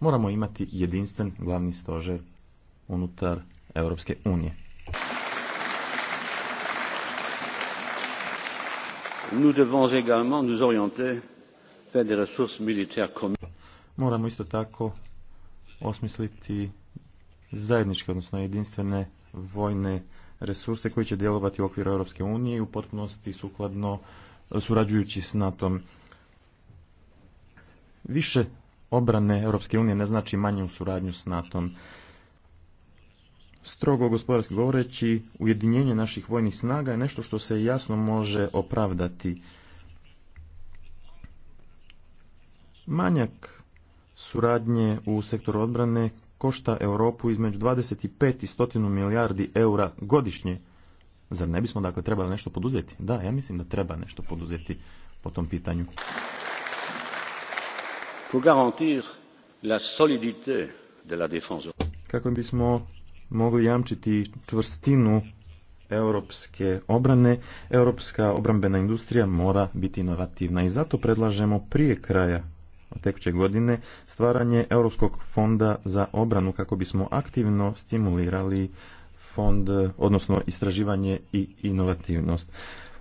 Moramo imati jedinstven glavni stožer unutar Europske unije. nous devons également nous orienter vers des ressources militaires communes. Moramo isto tako osmisliti zajedničke, odnosno jedinstvene vojne resurse koji će djelovati u okviru Europske unije i u potpunosti sukladno surađujući s NATO-om. Više obrane Europske unije ne znači manju suradnju s NATO-om. Strogo gospodarski govoreći, ujedinjenje naših vojnih snaga je nešto što se jasno može opravdati. Manjak suradnje u sektoru odbrane košta Europu između 25 i 100 milijardi eura godišnje. Zar ne bismo dakle trebali nešto poduzeti? Da, ja mislim da treba nešto poduzeti po tom pitanju. Kako bismo mogli jamčiti čvrstinu europske obrane, europska obrambena industrija mora biti inovativna i zato predlažemo prije kraja tekuće godine stvaranje Europskog fonda za obranu kako bismo aktivno stimulirali fond, odnosno istraživanje i inovativnost.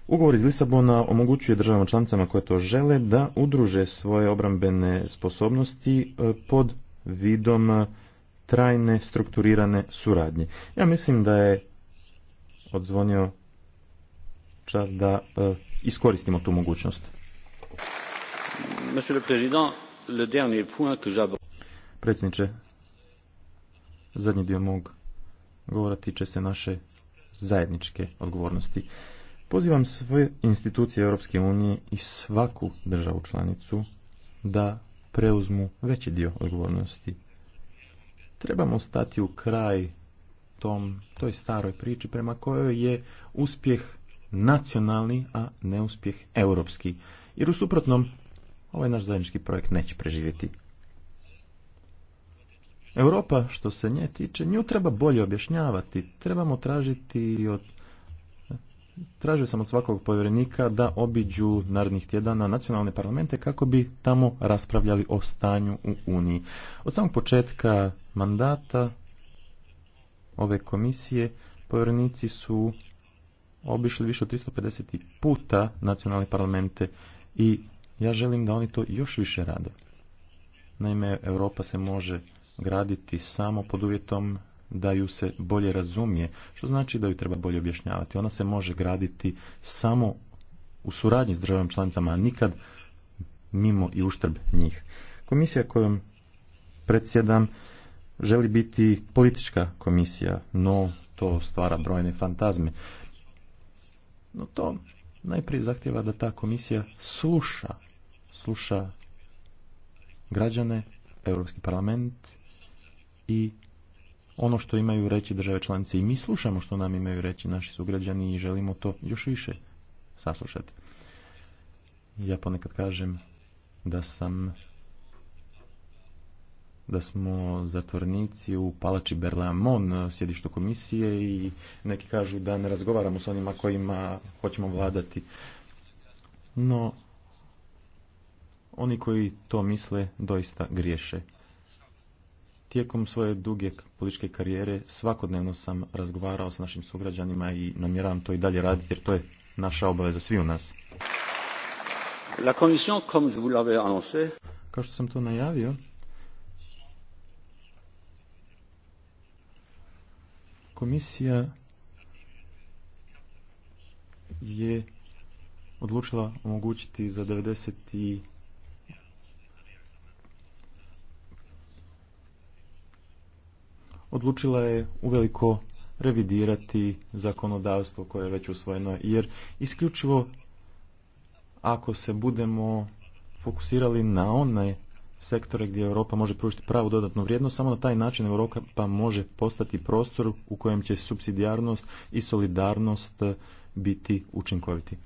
Ugovor iz Lisabona omogućuje državama članicama koje to žele da udruže svoje obrambene sposobnosti e, pod vidom trajne strukturirane suradnje. Ja mislim da je odzvonio čas da e, iskoristimo tu mogućnost. Monsieur le Président, le dernier point que Predsjedniče, zadnji dio mog govora tiče se naše zajedničke odgovornosti. Pozivam sve institucije Europske unije i svaku državu članicu da preuzmu veći dio odgovornosti Trebamo stati u kraj tom, toj staroj priči prema kojoj je uspjeh nacionalni, a neuspjeh europski. Jer u suprotnom, ovaj naš zajednički projekt neće preživjeti. Europa, što se nje tiče, nju treba bolje objašnjavati. Trebamo tražiti od Tražio sam od svakog povjerenika da obiđu narednih tjedana nacionalne parlamente kako bi tamo raspravljali o stanju u Uniji. Od samog početka mandata ove komisije povjerenici su obišli više od 350 puta nacionalne parlamente i ja želim da oni to još više rade. Naime, Europa se može graditi samo pod uvjetom da ju se bolje razumije, što znači da ju treba bolje objašnjavati. Ona se može graditi samo u suradnji s državama članicama, a nikad mimo i uštrb njih. Komisija kojom predsjedam želi biti politička komisija, no to stvara brojne fantazme. No to najprije zahtjeva da ta komisija sluša, sluša građane, Europski parlament i ono što imaju reći države članice i mi slušamo što nam imaju reći naši sugrađani i želimo to još više saslušati. Ja ponekad kažem da sam da smo zatvornici u palači Berlamon, sjedištu komisije i neki kažu da ne razgovaramo s onima kojima hoćemo vladati. No, oni koji to misle doista griješe. Tijekom svoje duge političke karijere svakodnevno sam razgovarao s našim sugrađanima i namjeravam to i dalje raditi jer to je naša obaveza svi u nas. La kao što sam to najavio, komisija je odlučila omogućiti za 90 odlučila je uveliko revidirati zakonodavstvo koje je već usvojeno, jer isključivo ako se budemo fokusirali na one sektore gdje Europa može pružiti pravu dodatnu vrijednost, samo na taj način Europa pa može postati prostor u kojem će subsidijarnost i solidarnost biti učinkoviti.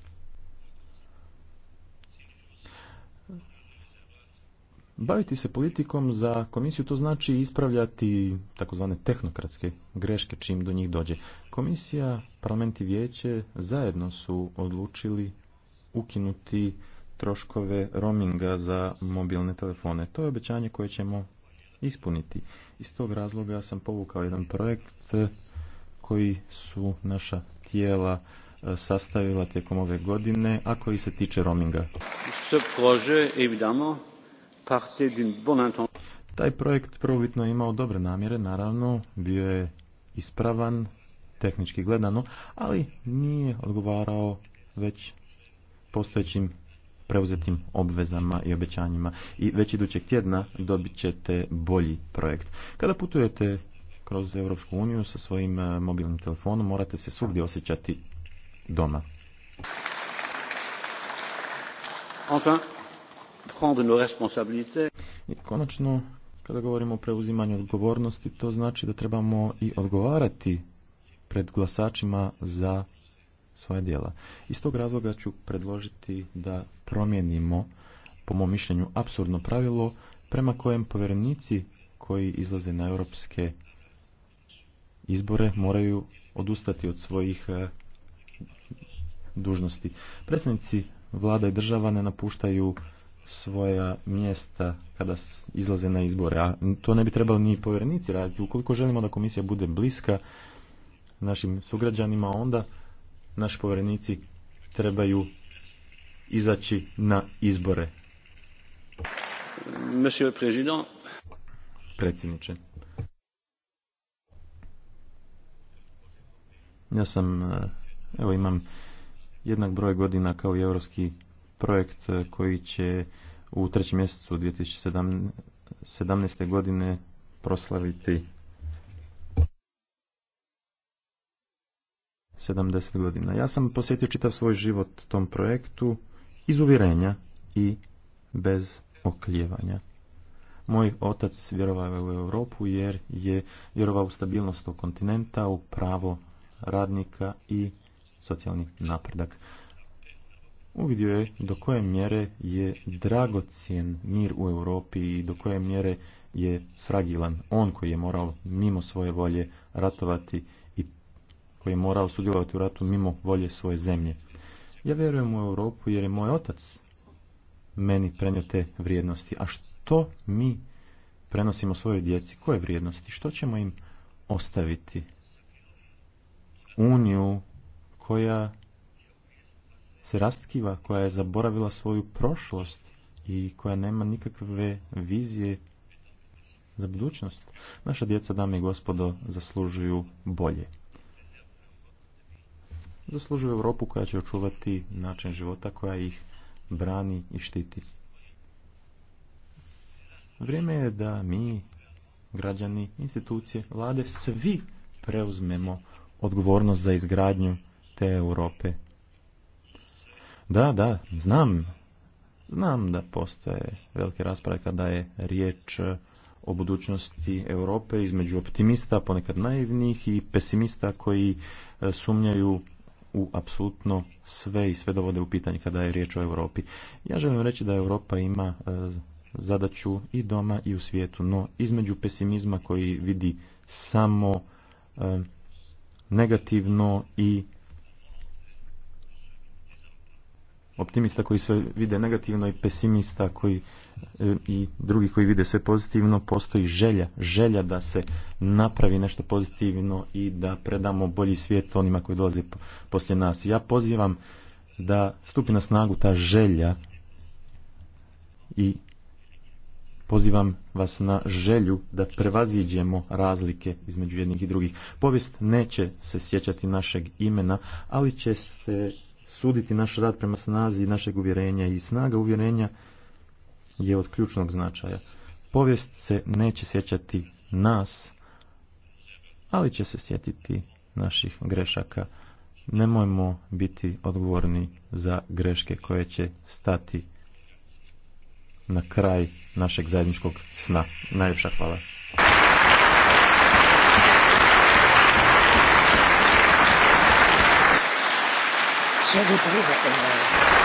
Baviti se politikom za komisiju to znači ispravljati takozvane tehnokratske greške čim do njih dođe. Komisija, parlament i vijeće zajedno su odlučili ukinuti troškove roaminga za mobilne telefone. To je obećanje koje ćemo ispuniti. Iz tog razloga sam povukao jedan projekt koji su naša tijela e, sastavila tijekom ove godine, a koji se tiče roaminga. kože, taj projekt prvobitno je imao dobre namjere, naravno, bio je ispravan, tehnički gledano, ali nije odgovarao već postojećim preuzetim obvezama i obećanjima. I već idućeg tjedna dobit ćete bolji projekt. Kada putujete kroz Europsku uniju sa svojim e, mobilnim telefonom, morate se svugdje osjećati doma. I konačno, kada govorimo o preuzimanju odgovornosti, to znači da trebamo i odgovarati pred glasačima za svoje djela. Iz tog razloga ću predložiti da promijenimo, po mom mišljenju, apsurdno pravilo prema kojem povjerenici koji izlaze na europske izbore moraju odustati od svojih e, dužnosti. Predsjednici vlada i država ne napuštaju svoja mjesta kada izlaze na izbore. A to ne bi trebali ni povjerenici raditi. Ukoliko želimo da komisija bude bliska našim sugrađanima, onda naši povjerenici trebaju izaći na izbore. Monsieur Président. Predsjedniče. Ja sam, eh, evo imam jednak broj godina kao i europski projekt e, koji će u trećem mjesecu 2017. godine proslaviti 70 godina. Ja sam posjetio čitav svoj život tom projektu iz uvjerenja i bez okljevanja. Moj otac vjerovao u Europu jer je vjerovao u stabilnost kontinenta, u pravo radnika i socijalni napredak uvidio je do koje mjere je dragocjen mir u Europi i do koje mjere je fragilan. On koji je morao mimo svoje volje ratovati i koji je morao sudjelovati u ratu mimo volje svoje zemlje. Ja vjerujem u Europu jer je moj otac meni prenio te vrijednosti. A što mi prenosimo svojoj djeci? Koje vrijednosti? Što ćemo im ostaviti? Uniju koja se rastkiva, koja je zaboravila svoju prošlost i koja nema nikakve vizije za budućnost. Naša djeca, dame i gospodo, zaslužuju bolje. Zaslužuju Europu koja će očuvati način života koja ih brani i štiti. Vrijeme je da mi, građani, institucije, vlade, svi preuzmemo odgovornost za izgradnju te Europe da, da, znam. Znam da postoje velike rasprave kada je riječ o budućnosti Europe između optimista, ponekad naivnih i pesimista koji e, sumnjaju u apsolutno sve i sve dovode u pitanje kada je riječ o Europi. Ja želim reći da Europa ima e, zadaću i doma i u svijetu, no između pesimizma koji vidi samo e, negativno i optimista koji sve vide negativno i pesimista koji e, i drugi koji vide sve pozitivno, postoji želja, želja da se napravi nešto pozitivno i da predamo bolji svijet onima koji dolaze poslije nas. Ja pozivam da stupi na snagu ta želja i pozivam vas na želju da prevaziđemo razlike između jednih i drugih. Povijest neće se sjećati našeg imena, ali će se suditi naš rad prema snazi našeg uvjerenja i snaga uvjerenja je od ključnog značaja. Povijest se neće sjećati nas, ali će se sjetiti naših grešaka. Nemojmo biti odgovorni za greške koje će stati na kraj našeg zajedničkog sna. Najljepša hvala. sehr gute rednerin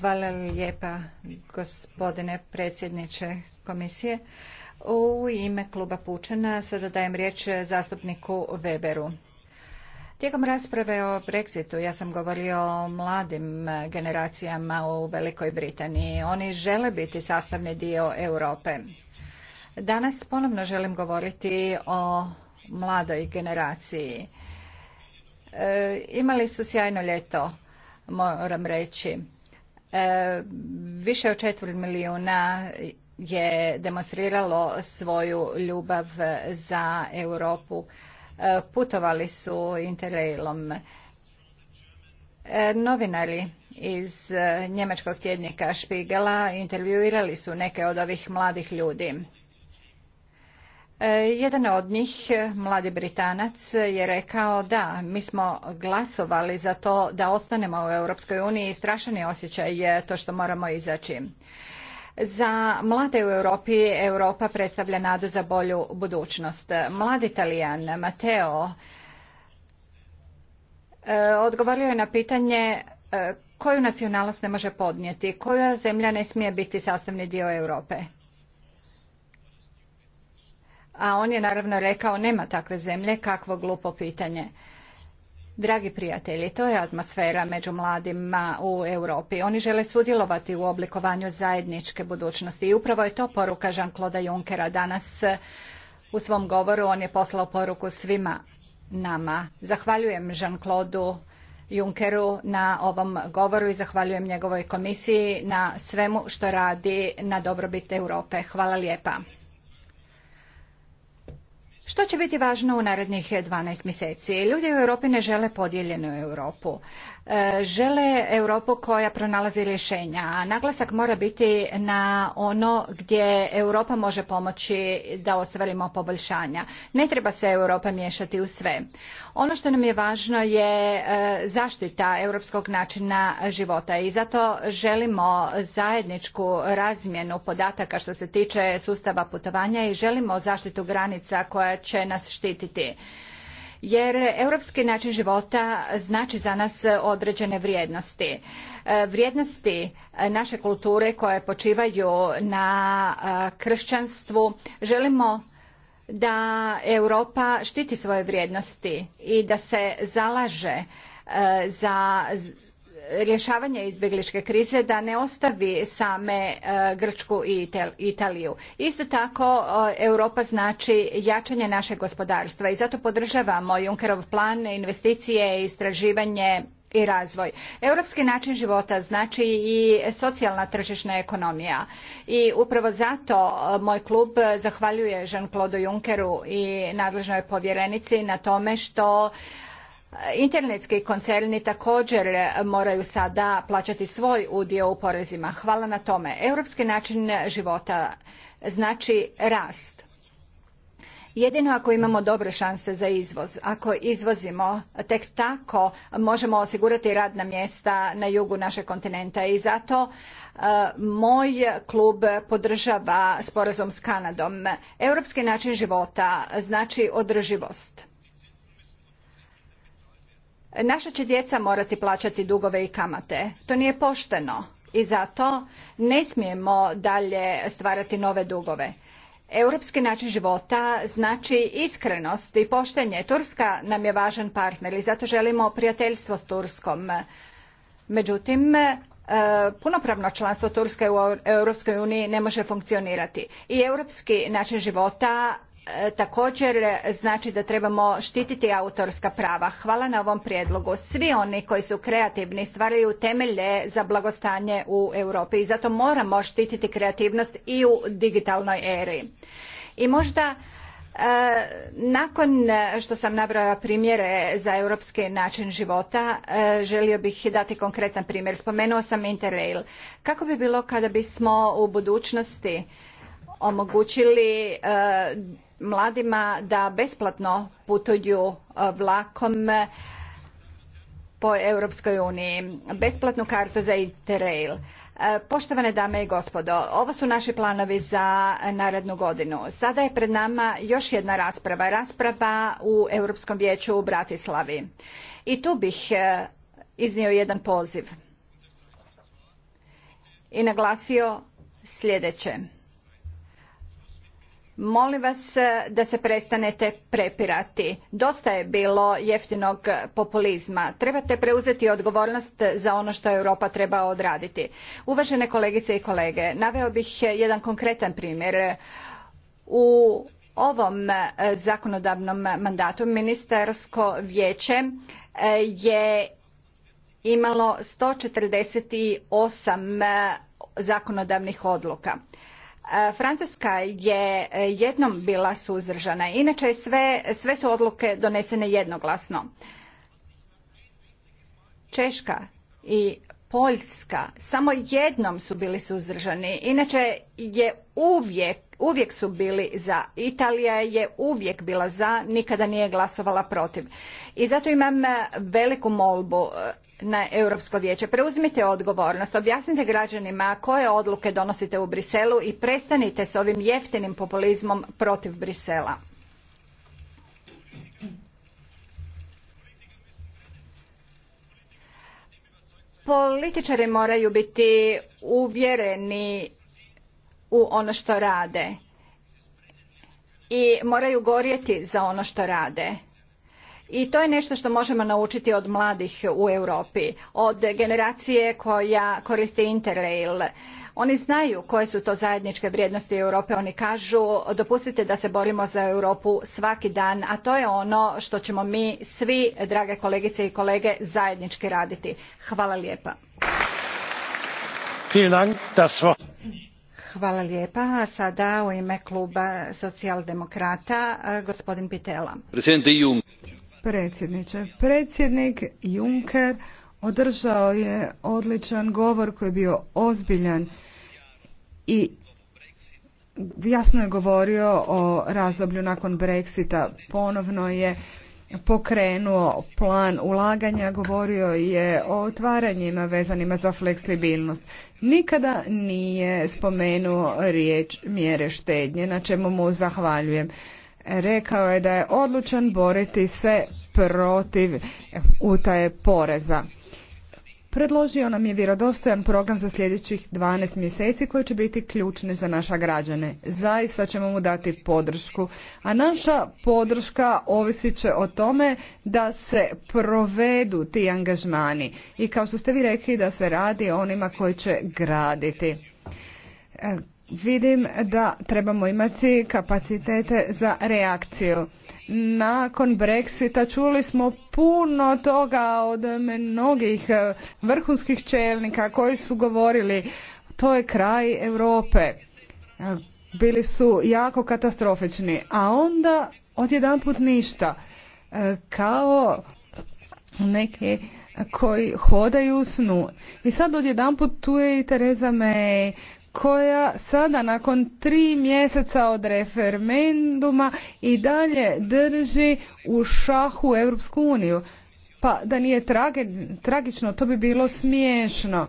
Hvala lijepa gospodine predsjedniče komisije. U ime kluba Pučana sada dajem riječ zastupniku Weberu. Tijekom rasprave o Brexitu ja sam govorio o mladim generacijama u Velikoj Britaniji. Oni žele biti sastavni dio Europe. Danas ponovno želim govoriti o mladoj generaciji E, imali su sjajno ljeto, moram reći. E, više od četvrt milijuna je demonstriralo svoju ljubav za Europu. E, putovali su interrailom. Novinari iz njemačkog tjednika Špigela intervjuirali su neke od ovih mladih ljudi. E, jedan od njih, e, mladi Britanac, je rekao da, mi smo glasovali za to da ostanemo u Europskoj uniji i strašan je to što moramo izaći. Za mlade u Europi Europa predstavlja nadu za bolju budućnost. Mladi Italijan Mateo e, odgovorio je na pitanje koju nacionalnost ne može podnijeti, koja zemlja ne smije biti sastavni dio Europe a on je naravno rekao nema takve zemlje, kakvo glupo pitanje. Dragi prijatelji, to je atmosfera među mladima u Europi. Oni žele sudjelovati u oblikovanju zajedničke budućnosti i upravo je to poruka Jean-Claude Junckera danas u svom govoru. On je poslao poruku svima nama. Zahvaljujem Jean-Claude Junckeru na ovom govoru i zahvaljujem njegovoj komisiji na svemu što radi na dobrobit Europe. Hvala lijepa. Što će biti važno u narednih 12 mjeseci? Ljudi u Europi ne žele podijeljenu Europu. E, žele Europu koja pronalazi rješenja, a naglasak mora biti na ono gdje Europa može pomoći da ostvarimo poboljšanja. Ne treba se Europa miješati u sve. Ono što nam je važno je e, zaštita europskog načina života i zato želimo zajedničku razmjenu podataka što se tiče sustava putovanja i želimo zaštitu granica koja će nas štititi jer europski način života znači za nas određene vrijednosti. E, vrijednosti naše kulture koje počivaju na e, kršćanstvu želimo da Europa štiti svoje vrijednosti i da se zalaže e, za rješavanja izbjegličke krize da ne ostavi same e, Grčku i Italiju. Isto tako e, Europa znači jačanje našeg gospodarstva i zato podržavamo Junckerov plan investicije, istraživanje i razvoj. Europski način života znači i socijalna tržišna ekonomija i upravo zato e, moj klub zahvaljuje Jean-Claude Junckeru i nadležnoj povjerenici na tome što Internetski koncerni također moraju sada plaćati svoj udio u porezima. Hvala na tome. Europski način života znači rast. Jedino ako imamo dobre šanse za izvoz, ako izvozimo, tek tako možemo osigurati radna mjesta na jugu našeg kontinenta i zato e, moj klub podržava sporazum s Kanadom. Europski način života znači održivost Naša će djeca morati plaćati dugove i kamate. To nije pošteno i zato ne smijemo dalje stvarati nove dugove. Europski način života znači iskrenost i poštenje. Turska nam je važan partner i zato želimo prijateljstvo s Turskom. Međutim, e, punopravno članstvo Turske u Europskoj uniji ne može funkcionirati. I europski način života također znači da trebamo štititi autorska prava. Hvala na ovom prijedlogu. Svi oni koji su kreativni stvaraju temelje za blagostanje u Europi i zato moramo štititi kreativnost i u digitalnoj eri. I možda e, nakon što sam nabrala primjere za europski način života, e, želio bih dati konkretan primjer. Spomenuo sam Interrail. Kako bi bilo kada bismo u budućnosti omogućili e, mladima da besplatno putuju e, vlakom e, po Europskoj uniji, besplatnu kartu za Interrail. E, poštovane dame i gospodo, ovo su naši planovi za narednu godinu. Sada je pred nama još jedna rasprava, rasprava u Europskom vijeću u Bratislavi. I tu bih iznio jedan poziv i naglasio sljedeće. Molim vas e, da se prestanete prepirati. Dosta je bilo jeftinog populizma. Trebate preuzeti odgovornost za ono što Europa treba odraditi. Uvažene kolegice i kolege, naveo bih jedan konkretan primjer. U ovom e, zakonodavnom mandatu ministarsko vijeće e, je imalo 148 zakonodavnih odluka. E, Francuska je e, jednom bila suzdržana. Inače sve, sve su odluke donesene jednoglasno. Češka i Poljska samo jednom su bili suzdržani. Inače je uvijek, uvijek su bili za. Italija je uvijek bila za, nikada nije glasovala protiv. I zato imam e, veliku molbu e, na Europsko vijeće. Preuzmite odgovornost, objasnite građanima koje odluke donosite u Briselu i prestanite s ovim jeftinim populizmom protiv Brisela. Političari moraju biti uvjereni u ono što rade i moraju gorjeti za ono što rade. I to je nešto što možemo naučiti od mladih u Europi, od generacije koja koristi Interrail oni znaju koje su to zajedničke vrijednosti Europe. Oni kažu dopustite da se borimo za Europu svaki dan, a to je ono što ćemo mi svi, drage kolegice i kolege, zajednički raditi. Hvala lijepa. Hvala lijepa. A sada u ime kluba socijaldemokrata gospodin Pitela. Predsjedniče, predsjednik Juncker održao je odličan govor koji je bio ozbiljan i jasno je govorio o razdoblju nakon Brexita. Ponovno je pokrenuo plan ulaganja, govorio je o otvaranjima vezanima za fleksibilnost. Nikada nije spomenuo riječ mjere štednje, na čemu mu zahvaljujem. Rekao je da je odlučan boriti se protiv utaje poreza. Predložio nam je vjerodostojan program za sljedećih 12 mjeseci koji će biti ključni za naša građane. Zaista ćemo mu dati podršku, a naša podrška ovisit će o tome da se provedu ti angažmani i kao što ste vi rekli da se radi o onima koji će graditi. E, vidim da trebamo imati kapacitete za reakciju nakon Brexita čuli smo puno toga od mnogih e, vrhunskih čelnika koji su govorili to je kraj Europe. E, bili su jako katastrofični, a onda odjedanput ništa. E, kao neki koji hodaju u snu. I sad odjedanput tu je i Tereza May koja sada nakon tri mjeseca od referenduma i dalje drži u šahu Europsku uniju. Pa da nije tragično, to bi bilo smiješno.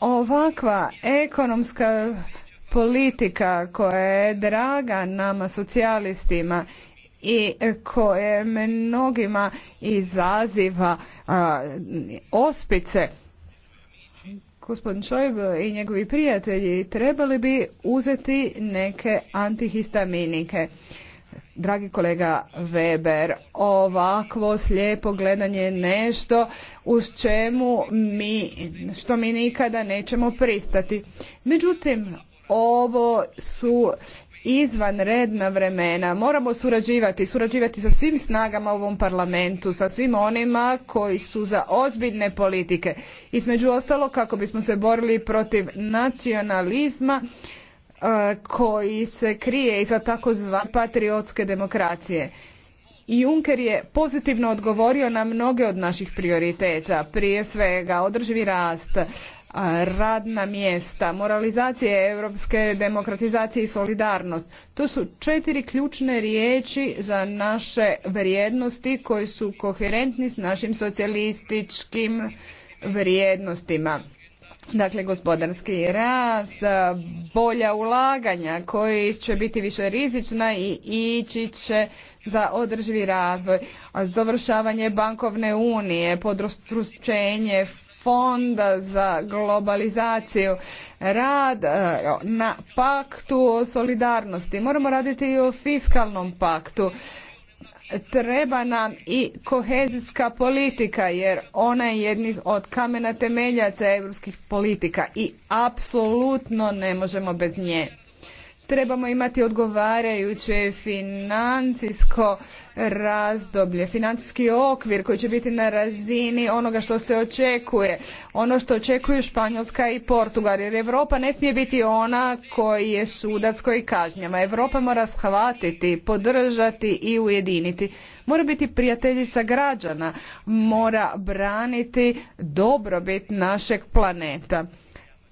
Ovakva ekonomska politika koja je draga nama socijalistima i koje mnogima izaziva ospice gospodin Šojb i njegovi prijatelji trebali bi uzeti neke antihistaminike. Dragi kolega Weber, ovakvo slijepo gledanje je nešto uz čemu mi, što mi nikada nećemo pristati. Međutim, ovo su izvanredna vremena. Moramo surađivati, surađivati sa svim snagama u ovom parlamentu, sa svim onima koji su za ozbiljne politike. Između ostalo kako bismo se borili protiv nacionalizma e, koji se krije iza takozva patriotske demokracije. Juncker je pozitivno odgovorio na mnoge od naših prioriteta, prije svega održivi rast, radna mjesta, moralizacije europske demokratizacije i solidarnost. To su četiri ključne riječi za naše vrijednosti koji su koherentni s našim socijalističkim vrijednostima. Dakle, gospodarski rast, bolja ulaganja koji će biti više rizična i ići će za održivi razvoj, završavanje bankovne unije, podrostručenje fonda za globalizaciju, rad e, na paktu o solidarnosti. Moramo raditi i o fiskalnom paktu. Treba nam i kohezijska politika jer ona je jednih od kamena temeljaca europskih politika i apsolutno ne možemo bez nje trebamo imati odgovarajuće financijsko razdoblje, financijski okvir koji će biti na razini onoga što se očekuje, ono što očekuju Španjolska i Portugal, jer Europa ne smije biti ona koji je sudac koji kažnjama. Europa mora shvatiti, podržati i ujediniti. Mora biti prijateljica građana, mora braniti dobrobit našeg planeta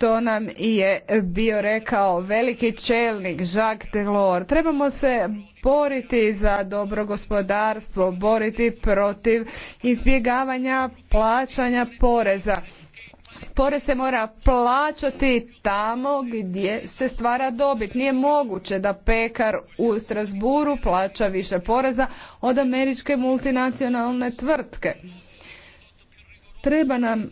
to nam je bio rekao veliki čelnik Jacques Delors. Trebamo se boriti za dobro gospodarstvo, boriti protiv izbjegavanja plaćanja poreza. Porez se mora plaćati tamo gdje se stvara dobit. Nije moguće da pekar u Strasburu plaća više poreza od američke multinacionalne tvrtke. Treba nam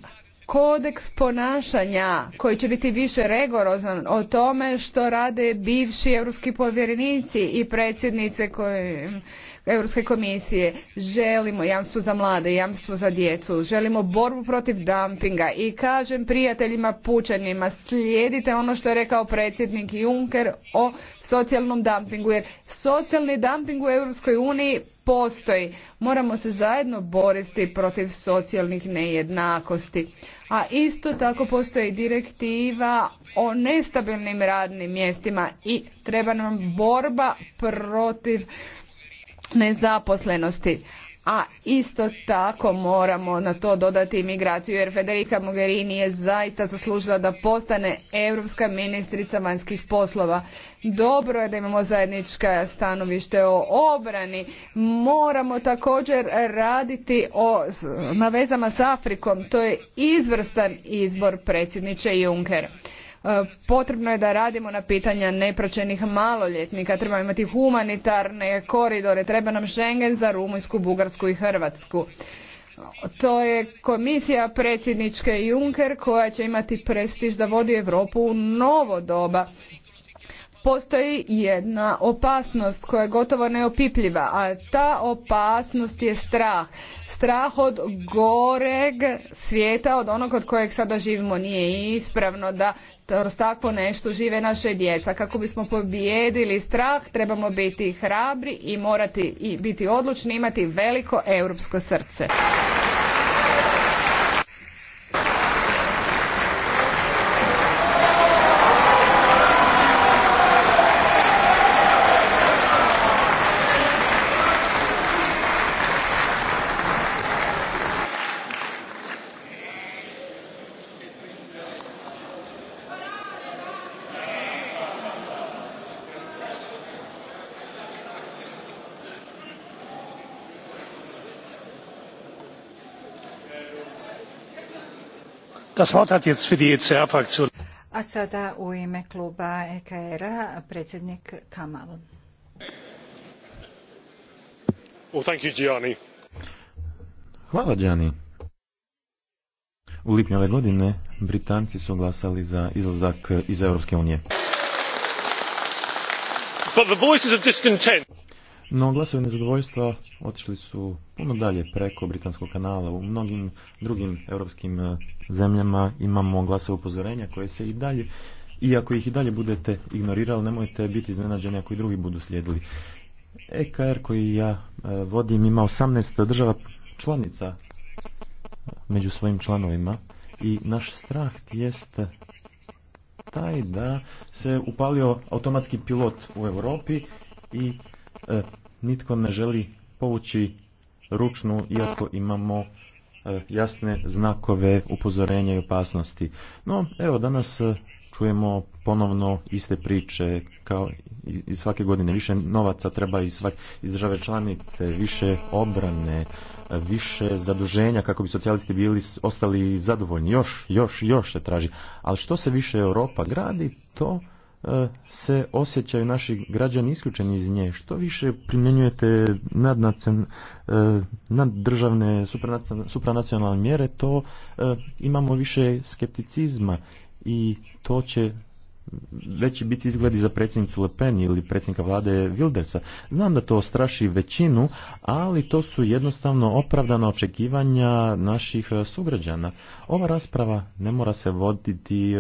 kodeks ponašanja koji će biti više regorozan o tome što rade bivši europski povjerenici i predsjednice koje, Europske komisije. Želimo jamstvo za mlade, jamstvo za djecu, želimo borbu protiv dumpinga i kažem prijateljima pučanima slijedite ono što je rekao predsjednik Juncker o socijalnom dumpingu jer socijalni dumping u Europskoj uniji postoji. Moramo se zajedno boriti protiv socijalnih nejednakosti. A isto tako postoji direktiva o nestabilnim radnim mjestima i treba nam borba protiv nezaposlenosti a isto tako moramo na to dodati imigraciju jer Federica Mogherini je zaista zaslužila da postane europska ministrica vanjskih poslova. Dobro je da imamo zajednička stanovište o obrani. Moramo također raditi o, na vezama s Afrikom. To je izvrstan izbor predsjedniče Juncker. E, potrebno je da radimo na pitanja nepraćenih maloljetnika, treba imati humanitarne koridore, treba nam Schengen za Rumunjsku, Bugarsku i Hrvatsku. To je komisija predsjedničke Juncker koja će imati prestiž da vodi Europu u novo doba postoji jedna opasnost koja je gotovo neopipljiva, a ta opasnost je strah. Strah od goreg svijeta, od onog od kojeg sada živimo. Nije ispravno da kroz takvo nešto žive naše djeca. Kako bismo pobijedili strah, trebamo biti hrabri i morati i biti odlučni, imati veliko europsko srce. Das Wort hat jetzt für die ECR Fraktion. A sada u ime kluba EKR-a predsjednik Kamal. thank you, Gianni. Hvala Gianni. U lipnju ove godine Britanci su glasali za izlazak iz Europske unije. But the voices of discontent no glasovi nezadovoljstva otišli su puno dalje preko Britanskog kanala. U mnogim drugim europskim e, zemljama imamo glasove upozorenja koje se i dalje, i ako ih i dalje budete ignorirali, nemojte biti iznenađeni ako i drugi budu slijedili. EKR er koji ja e, vodim ima 18 država članica e, među svojim članovima i naš strah jest taj da se upalio automatski pilot u Europi i E, nitko ne želi povući ručnu iako imamo e, jasne znakove upozorenja i opasnosti. No, evo danas e, čujemo ponovno iste priče kao i svake godine. Više novaca treba iz, svak, iz države članice, više obrane, više zaduženja kako bi socijalisti bili ostali zadovoljni. Još, još, još se traži. Ali što se više Europa gradi, to E, se osjećaju naši građani isključeni iz nje. Što više primjenjujete e, naddržavne supranacionalne mjere, to e, imamo više skepticizma i to će veći biti izgledi za predsjednicu Le Pen ili predsjednika vlade Wildersa. Znam da to straši većinu, ali to su jednostavno opravdana očekivanja naših e, sugrađana. Ova rasprava ne mora se voditi e,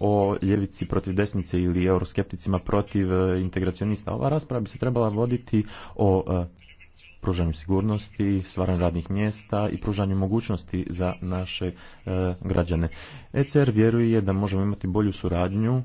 o ljevici protiv desnice ili euroskepticima protiv e, integracionista. Ova rasprava bi se trebala voditi o pružanju sigurnosti, stvaranju radnih mjesta i pružanju mogućnosti za naše građane. ECR vjeruje da možemo imati bolju suradnju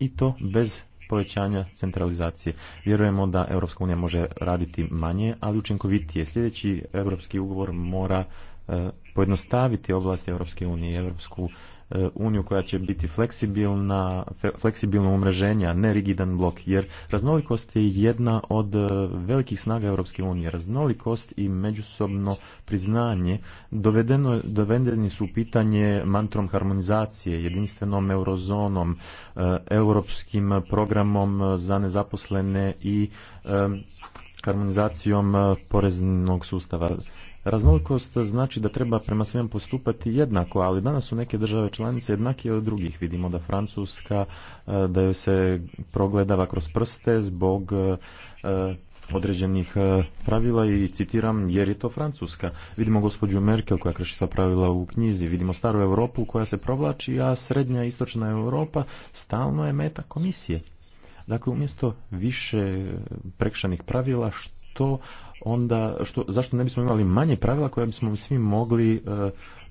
i to bez povećanja centralizacije. Vjerujemo da Europska unija može raditi manje, ali učinkovitije. Sljedeći europski ugovor mora e, pojednostaviti ovlasti Europske unije i Europsku E, uniju koja će biti fleksibilna, fleksibilno umreženje, ne rigidan blok, jer raznolikost je jedna od e, velikih snaga Europske unije. Raznolikost i međusobno priznanje dovedeno, dovedeni su u pitanje mantrom harmonizacije, jedinstvenom eurozonom, e, europskim programom za nezaposlene i harmonizacijom poreznog sustava. Raznolikost znači da treba prema svem postupati jednako, ali danas su neke države članice jednake od drugih. Vidimo da Francuska, e, da joj se progledava kroz prste zbog e, e, određenih pravila i citiram jer je to Francuska. Vidimo gospođu Merkel koja krši sva pravila u knjizi, vidimo staru Europu koja se provlači, a srednja i istočna Europa stalno je meta komisije. Dakle, umjesto više prekšanih pravila, što onda što, zašto ne bismo imali manje pravila koja bismo svi mogli e,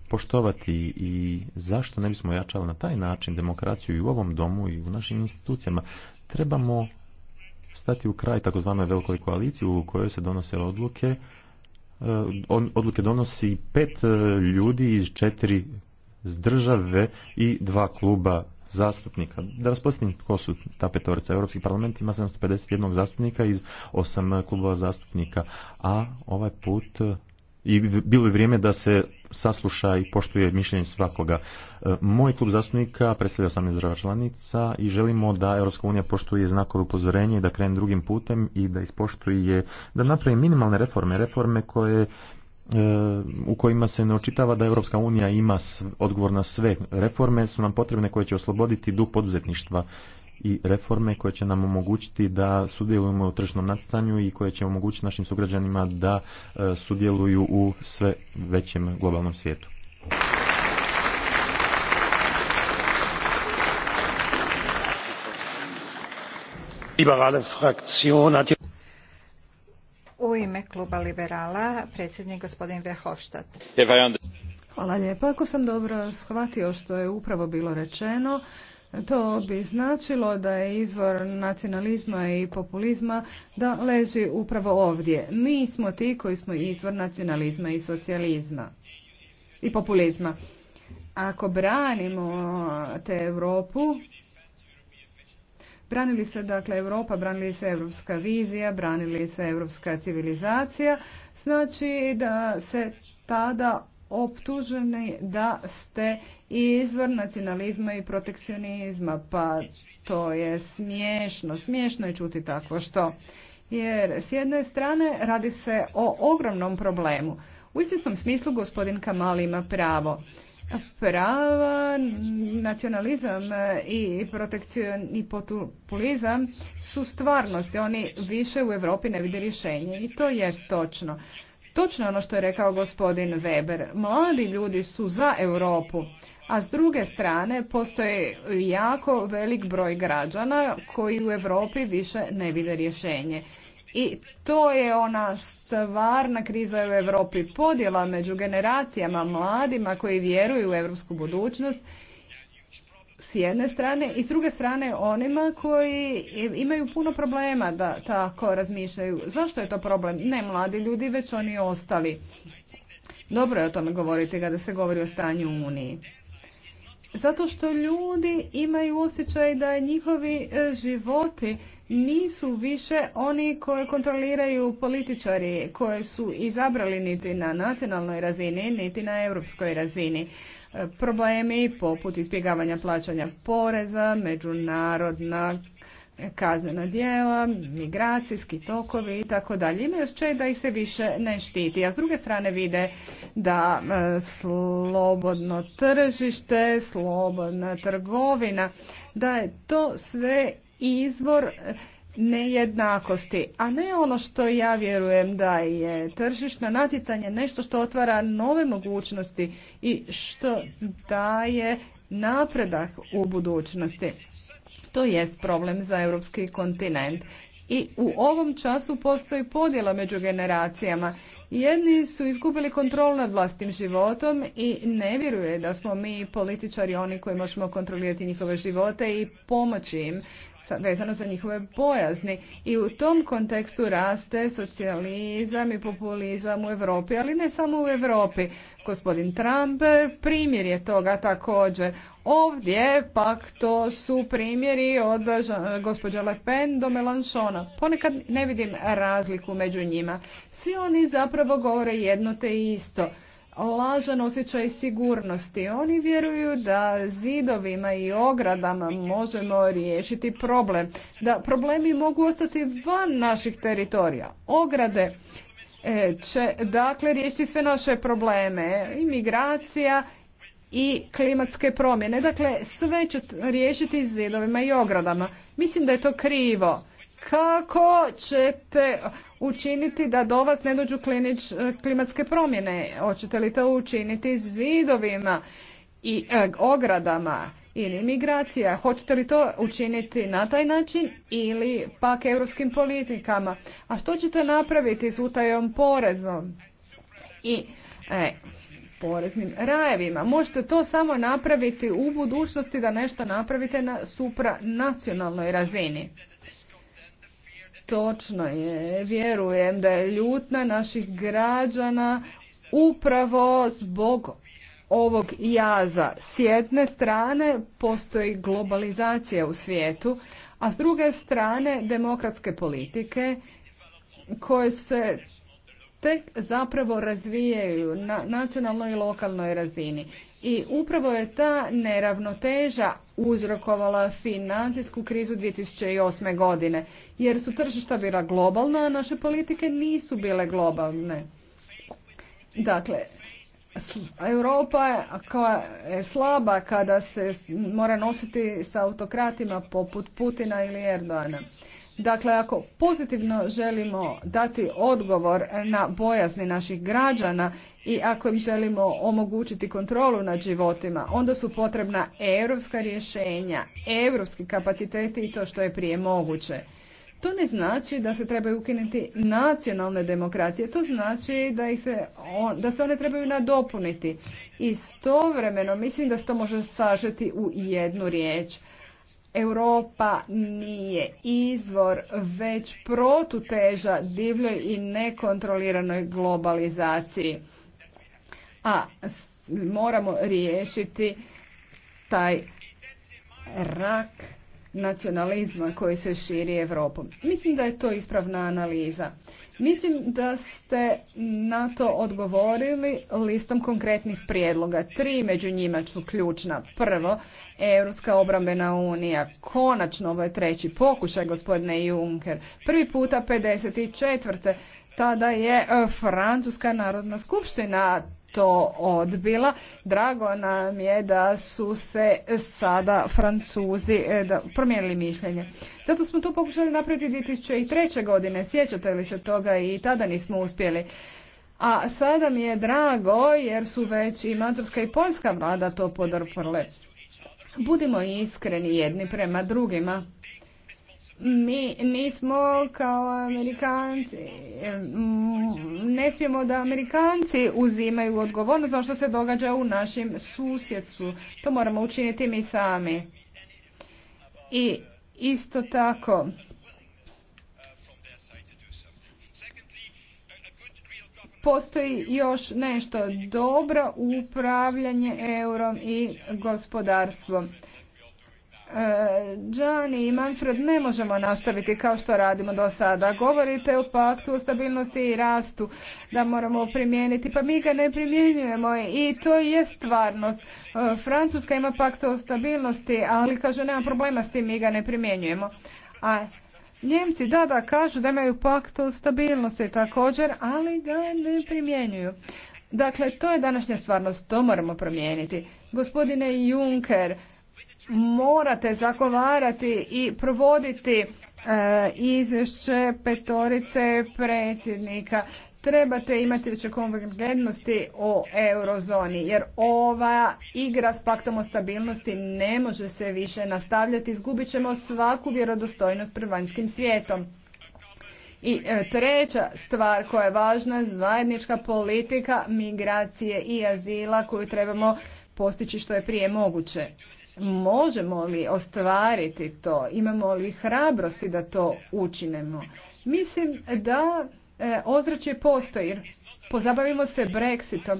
poštovati i zašto ne bismo jačali na taj način demokraciju i u ovom domu i u našim institucijama. Trebamo stati u kraj takozvanoj velikoj koaliciji u kojoj se donose odluke. E, odluke donosi pet e, ljudi iz četiri države i dva kluba zastupnika. Da vas posjetim tko su ta petorica. Europski parlament ima 751 zastupnika iz osam klubova zastupnika, a ovaj put e, i bilo je vrijeme da se sasluša i poštuje mišljenje svakoga. E, moj klub zastupnika predstavlja 18 država članica i želimo da Europska unija poštuje znakove upozorenje i da krene drugim putem i da ispoštuje, da napravi minimalne reforme, reforme koje u kojima se ne očitava da Europska unija ima odgovor na sve reforme su nam potrebne koje će osloboditi duh poduzetništva i reforme koje će nam omogućiti da sudjelujemo u tržnom natjecanju i koje će omogućiti našim sugrađanima da e, sudjeluju u sve većem globalnom svijetu. U ime kluba liberala predsjednik gospodin Vehovštat. Hvala lijepo. Ako sam dobro shvatio što je upravo bilo rečeno, to bi značilo da je izvor nacionalizma i populizma da leži upravo ovdje. Mi smo ti koji smo izvor nacionalizma i socijalizma i populizma. Ako branimo te Europu, Branili se dakle Europa, branili se europska vizija, branili se europska civilizacija. Znači da se tada optuženi da ste izvor nacionalizma i protekcionizma. Pa to je smiješno, smiješno je čuti tako što. Jer s jedne strane radi se o ogromnom problemu. U istom smislu gospodin Kamal ima pravo prava, nacionalizam e, i protekcion i populizam su stvarnosti. Oni više u Europi ne vide rješenje i to jest točno. Točno ono što je rekao gospodin Weber. Mladi ljudi su za Europu, a s druge strane postoji jako velik broj građana koji u Europi više ne vide rješenje. I to je ona stvarna kriza u Europi, podjela među generacijama mladima koji vjeruju u europsku budućnost s jedne strane i s druge strane onima koji imaju puno problema da tako razmišljaju. Zašto je to problem? Ne mladi ljudi, već oni ostali. Dobro je o tome govoriti kada se govori o stanju u Uniji. Zato što ljudi imaju osjećaj da njihovi e, životi nisu više oni koje kontroliraju političari koje su izabrali niti na nacionalnoj razini, niti na europskoj razini. E, problemi poput izbjegavanja plaćanja poreza, međunarodna kaznena djela, migracijski tokovi i tako dalje. Imaju osjećaj da ih se više ne štiti. A s druge strane vide da e, slobodno tržište, slobodna trgovina, da je to sve izvor nejednakosti, a ne ono što ja vjerujem da je tržišno natjecanje nešto što otvara nove mogućnosti i što daje napredak u budućnosti. To jest problem za europski kontinent. I u ovom času postoji podjela među generacijama. Jedni su izgubili kontrol nad vlastim životom i ne vjeruje da smo mi političari oni koji možemo kontrolirati njihove živote i pomoći im vezano za njihove bojazni i u tom kontekstu raste socijalizam i populizam u Europi, ali ne samo u Europi. Gospodin Trump primjer je toga također. Ovdje pak to su primjeri od gospođa Le Pen do Melanchona. Ponekad ne vidim razliku među njima. Svi oni zapravo govore jedno te isto lažan osjećaj sigurnosti. Oni vjeruju da zidovima i ogradama možemo riješiti problem, da problemi mogu ostati van naših teritorija. Ograde e, će dakle riješiti sve naše probleme, imigracija i klimatske promjene. Dakle, sve će riješiti zidovima i ogradama. Mislim da je to krivo kako ćete učiniti da do vas ne dođu e, klimatske promjene? Hoćete li to učiniti zidovima i e, ogradama ili migracija? Hoćete li to učiniti na taj način ili pak europskim politikama? A što ćete napraviti s utajom porezom i e, poreznim rajevima? Možete to samo napraviti u budućnosti da nešto napravite na supranacionalnoj razini. Točno je, vjerujem da je ljutna naših građana upravo zbog ovog jaza. S jedne strane postoji globalizacija u svijetu, a s druge strane demokratske politike koje se tek zapravo razvijaju na nacionalnoj i lokalnoj razini. I upravo je ta neravnoteža uzrokovala financijsku krizu 2008. godine, jer su tržišta bila globalna, a naše politike nisu bile globalne. Dakle, Europa je slaba kada se mora nositi sa autokratima poput Putina ili Erdoana. Dakle, ako pozitivno želimo dati odgovor na bojazni naših građana i ako im želimo omogućiti kontrolu nad životima, onda su potrebna europska rješenja, europski kapaciteti i to što je prije moguće. To ne znači da se trebaju ukinuti nacionalne demokracije, to znači da, ih se, da se one trebaju nadopuniti. Istovremeno mislim da se to može sažeti u jednu riječ – Europa nije izvor, već protuteža divljoj i nekontroliranoj globalizaciji. A moramo riješiti taj rak nacionalizma koji se širi Europom. Mislim da je to ispravna analiza. Mislim da ste na to odgovorili listom konkretnih prijedloga. Tri među njima su ključna. Prvo, Europska obrambena unija. Konačno, ovo je treći pokušaj, gospodine Juncker. Prvi puta 54. tada je e, Francuska narodna skupština to odbila. Drago nam je da su se sada Francuzi e, da, promijenili mišljenje. Zato smo to pokušali napraviti 2003. godine. Sjećate li se toga i tada nismo uspjeli. A sada mi je drago jer su već i mađarska i poljska vlada to podrprle. Budimo iskreni jedni prema drugima mi nismo kao Amerikanci, mm, ne smijemo da Amerikanci uzimaju odgovornost za ono što se događa u našem susjedstvu. To moramo učiniti mi sami. I isto tako, postoji još nešto dobro upravljanje eurom i gospodarstvom. Gianni i Manfred ne možemo nastaviti kao što radimo do sada. Govorite o paktu o stabilnosti i rastu da moramo primijeniti, pa mi ga ne primjenjujemo i to je stvarnost. E, Francuska ima pakt o stabilnosti, ali kaže nema problema s tim, mi ga ne primjenjujemo. A Njemci, da, da, kažu da imaju pakt o stabilnosti također, ali ga ne primjenjuju. Dakle, to je današnja stvarnost, to moramo promijeniti. Gospodine Juncker, morate zagovarati i provoditi e, izvješće petorice predsjednika. Trebate imati veće konvergentnosti o eurozoni, jer ova igra s paktom o stabilnosti ne može se više nastavljati. Izgubit ćemo svaku vjerodostojnost pred vanjskim svijetom. I e, treća stvar koja je važna, zajednička politika migracije i azila koju trebamo postići što je prije moguće. Možemo li ostvariti to? Imamo li hrabrosti da to učinemo? Mislim da e, ozračje postoji. Pozabavimo se Brexitom.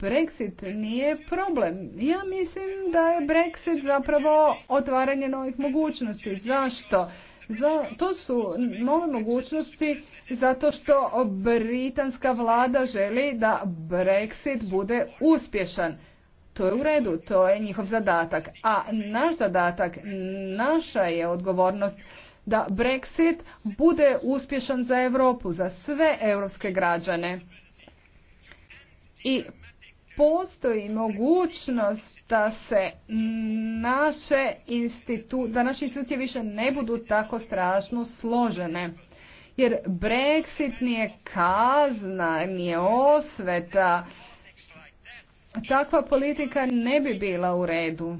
Brexit nije problem. Ja mislim da je Brexit zapravo otvaranje novih mogućnosti. Zašto? Za, to su nove mogućnosti zato što britanska vlada želi da Brexit bude uspješan. To je u redu, to je njihov zadatak. A naš zadatak, naša je odgovornost da Brexit bude uspješan za Europu, za sve europske građane. I postoji mogućnost da se naše da naše institucije više ne budu tako strašno složene. Jer Brexit nije kazna, nije osveta, takva politika ne bi bila u redu.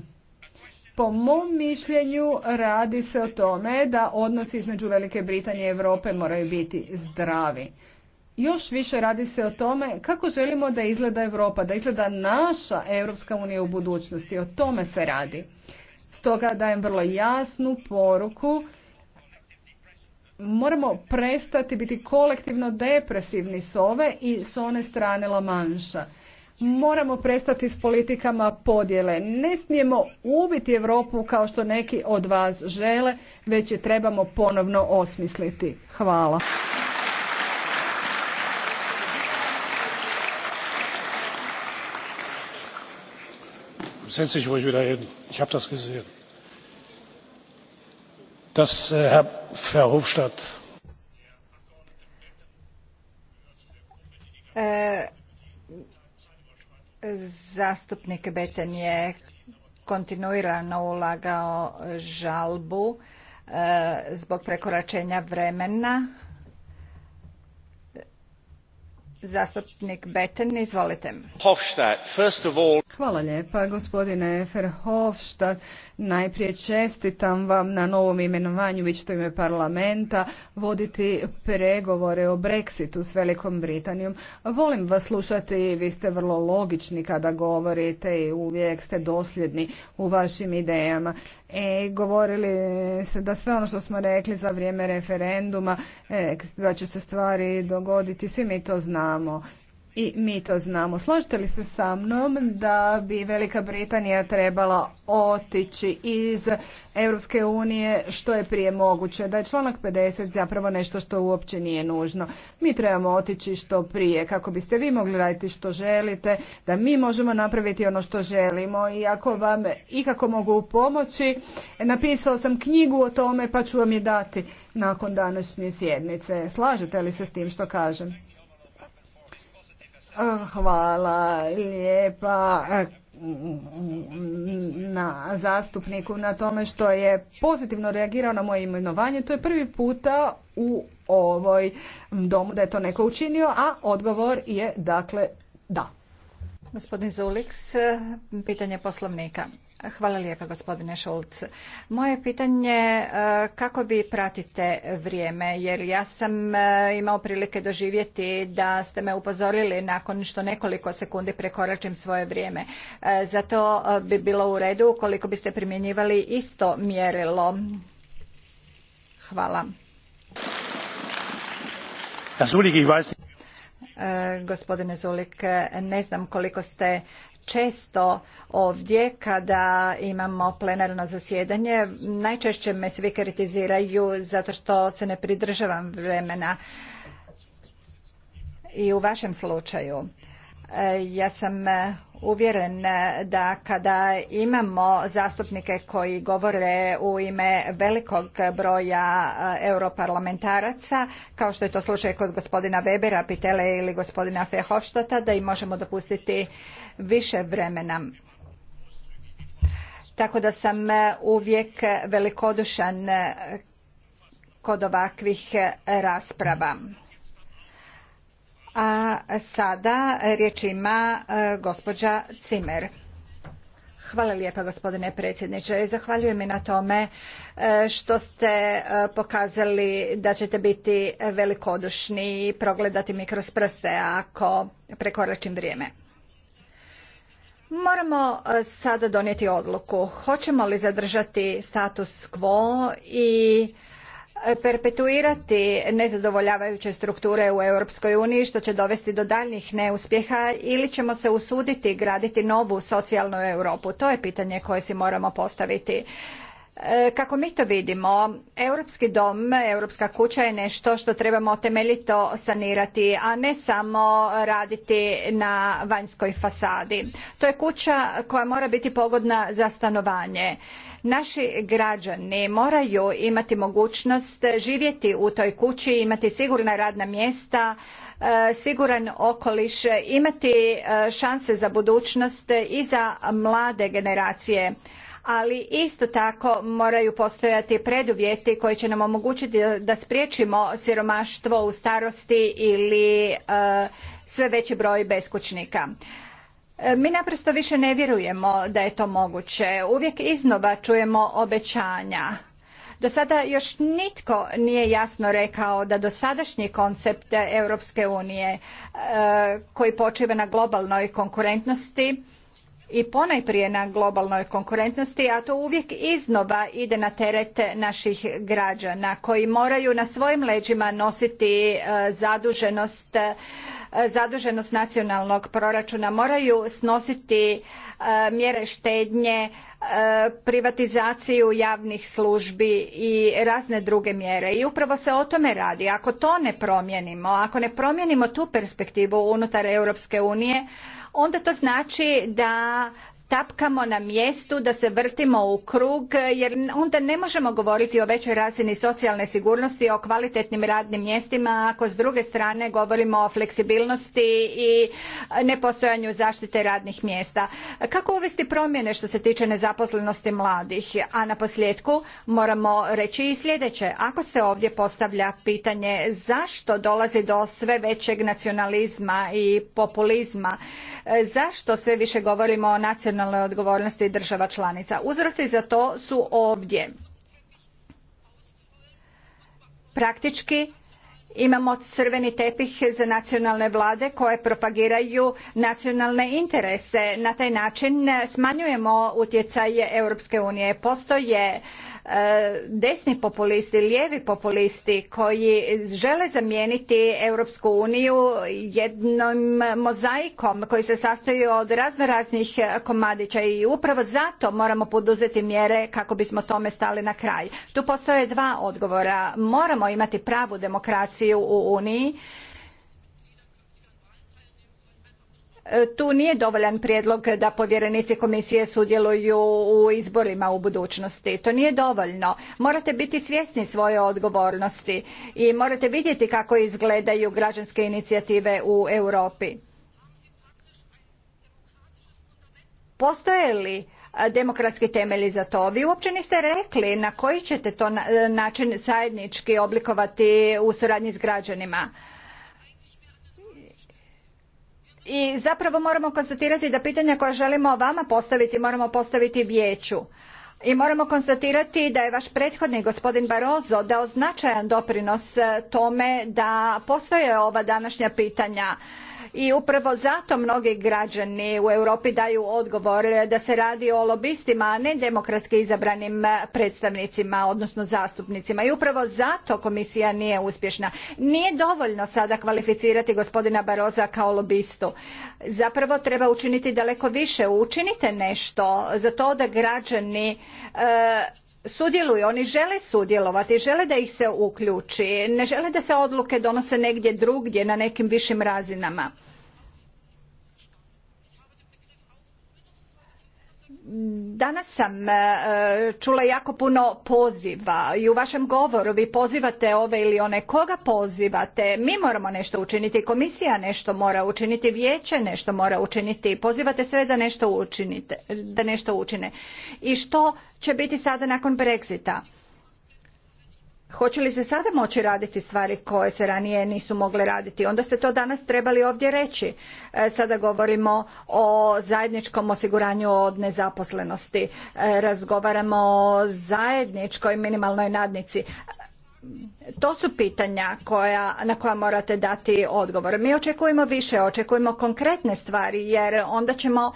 Po mom mišljenju radi se o tome da odnosi između Velike Britanije i Europe moraju biti zdravi. Još više radi se o tome kako želimo da izgleda Europa, da izgleda naša Europska unija u budućnosti. O tome se radi. Stoga dajem vrlo jasnu poruku. Moramo prestati biti kolektivno depresivni s ove i s one strane La moramo prestati s politikama podjele. Ne smijemo ubiti Europu kao što neki od vas žele, već je trebamo ponovno osmisliti. Hvala. Zastupnik Beten je kontinuirano ulagao žalbu e, zbog prekoračenja vremena. Zastupnik Beten, izvolite. Hvala lijepa, gospodine Ferhofstadt. Najprije čestitam vam na novom imenovanju, vi ćete ime parlamenta voditi pregovore o Brexitu s Velikom Britanijom. Volim vas slušati, vi ste vrlo logični kada govorite i uvijek ste dosljedni u vašim idejama. E, govorili ste da sve ono što smo rekli za vrijeme referenduma, e, da će se stvari dogoditi, svi mi to znamo i mi to znamo. Složite li se sa mnom da bi Velika Britanija trebala otići iz Europske unije što je prije moguće? Da je članak 50 zapravo nešto što uopće nije nužno. Mi trebamo otići što prije kako biste vi mogli raditi što želite, da mi možemo napraviti ono što želimo i ako vam ikako mogu pomoći, napisao sam knjigu o tome pa ću vam je dati nakon današnje sjednice. Slažete li se s tim što kažem? Ah, hvala lijepa eh, mm, na zastupniku na tome što je pozitivno reagirao na moje imenovanje. To je prvi puta u ovoj domu da je to neko učinio, a odgovor je dakle da. Gospodin Zuliks, eh, pitanje poslovnika. Hvala lijepa gospodine Šulc. Moje pitanje e, kako vi pratite vrijeme, jer ja sam e, imao prilike doživjeti da ste me upozorili nakon što nekoliko sekundi prekoračim svoje vrijeme. E, zato bi bilo u redu ukoliko biste primjenjivali isto mjerilo. Hvala. Gospodine Zulik, ne znam koliko ste često ovdje kada imamo plenarno zasjedanje. Najčešće me svi kritiziraju zato što se ne pridržavam vremena i u vašem slučaju. E, ja sam uvjeren e, da kada imamo zastupnike koji govore u ime velikog broja e, europarlamentaraca, kao što je to slučaj kod gospodina Webera, Pitele ili gospodina Fehofštata, da im možemo dopustiti više vremena. Tako da sam e, uvijek velikodušan kod ovakvih rasprava. A sada riječ ima e, gospođa Cimer. Hvala lijepa gospodine predsjedniče. Zahvaljujem i na tome e, što ste e, pokazali da ćete biti velikodušni i progledati mi kroz prste ako prekoračim vrijeme. Moramo sada donijeti odluku. Hoćemo li zadržati status quo i perpetuirati nezadovoljavajuće strukture u Europskoj uniji što će dovesti do daljnjih neuspjeha ili ćemo se usuditi graditi novu socijalnu Europu? To je pitanje koje si moramo postaviti. E, kako mi to vidimo, Europski dom, Europska kuća je nešto što trebamo temeljito sanirati, a ne samo raditi na vanjskoj fasadi. To je kuća koja mora biti pogodna za stanovanje. Naši građani moraju imati mogućnost živjeti u toj kući, imati sigurna radna mjesta, e, siguran okoliš, imati e, šanse za budućnost i za mlade generacije ali isto tako moraju postojati preduvjeti koji će nam omogućiti da spriječimo siromaštvo u starosti ili e, sve veći broj beskućnika. E, mi naprosto više ne vjerujemo da je to moguće. Uvijek iznova čujemo obećanja. Do sada još nitko nije jasno rekao da dosadašnji koncept Europske unije e, koji počiva na globalnoj konkurentnosti i ponajprije na globalnoj konkurentnosti, a to uvijek iznova ide na teret naših građana koji moraju na svojim leđima nositi e, zaduženost zaduženost nacionalnog proračuna moraju snositi e, mjere štednje e, privatizaciju javnih službi i razne druge mjere i upravo se o tome radi ako to ne promijenimo ako ne promijenimo tu perspektivu unutar europske unije onda to znači da tapkamo na mjestu, da se vrtimo u krug, jer onda ne možemo govoriti o većoj razini socijalne sigurnosti, o kvalitetnim radnim mjestima, ako s druge strane govorimo o fleksibilnosti i nepostojanju zaštite radnih mjesta. Kako uvesti promjene što se tiče nezaposlenosti mladih? A na posljedku moramo reći i sljedeće. Ako se ovdje postavlja pitanje zašto dolazi do sve većeg nacionalizma i populizma, E, zašto sve više govorimo o nacionalnoj odgovornosti država članica. Uzroci za to su ovdje. Praktički imamo crveni tepih za nacionalne vlade koje propagiraju nacionalne interese. Na taj način smanjujemo utjecaj Europske unije. Postoje E, desni populisti, lijevi populisti koji žele zamijeniti Europsku uniju jednom mozaikom koji se sastoji od raznoraznih komadića i upravo zato moramo poduzeti mjere kako bismo tome stali na kraj. Tu postoje dva odgovora. Moramo imati pravu demokraciju u Uniji E, tu nije dovoljan prijedlog da povjerenici komisije sudjeluju u izborima u budućnosti. To nije dovoljno. Morate biti svjesni svoje odgovornosti i morate vidjeti kako izgledaju građanske inicijative u Europi. Postoje li demokratski temelji za to. Vi uopće niste rekli na koji ćete to e, način zajednički oblikovati u suradnji s građanima i zapravo moramo konstatirati da pitanja koja želimo vama postaviti moramo postaviti vijeću i moramo konstatirati da je vaš prethodnik gospodin barroso dao značajan doprinos eh, tome da postoje ova današnja pitanja i upravo zato mnogi građani u Europi daju odgovor da se radi o lobistima, a ne demokratski izabranim predstavnicima, odnosno zastupnicima. I upravo zato komisija nije uspješna. Nije dovoljno sada kvalificirati gospodina Baroza kao lobistu. Zapravo treba učiniti daleko više. Učinite nešto za to da građani e, sudjeluju, oni žele sudjelovati, žele da ih se uključi, ne žele da se odluke donose negdje drugdje na nekim višim razinama. Danas sam e, čula jako puno poziva i u vašem govoru vi pozivate ove ili one koga pozivate. Mi moramo nešto učiniti, komisija nešto mora učiniti, vijeće nešto mora učiniti. Pozivate sve da nešto, da učine. I što će biti sada nakon Brexita? Hoće li se sada moći raditi stvari koje se ranije nisu mogle raditi? Onda ste to danas trebali ovdje reći. E, sada govorimo o zajedničkom osiguranju od nezaposlenosti. E, razgovaramo o zajedničkoj minimalnoj nadnici. E, to su pitanja koja, na koja morate dati odgovor. Mi očekujemo više, očekujemo konkretne stvari jer onda ćemo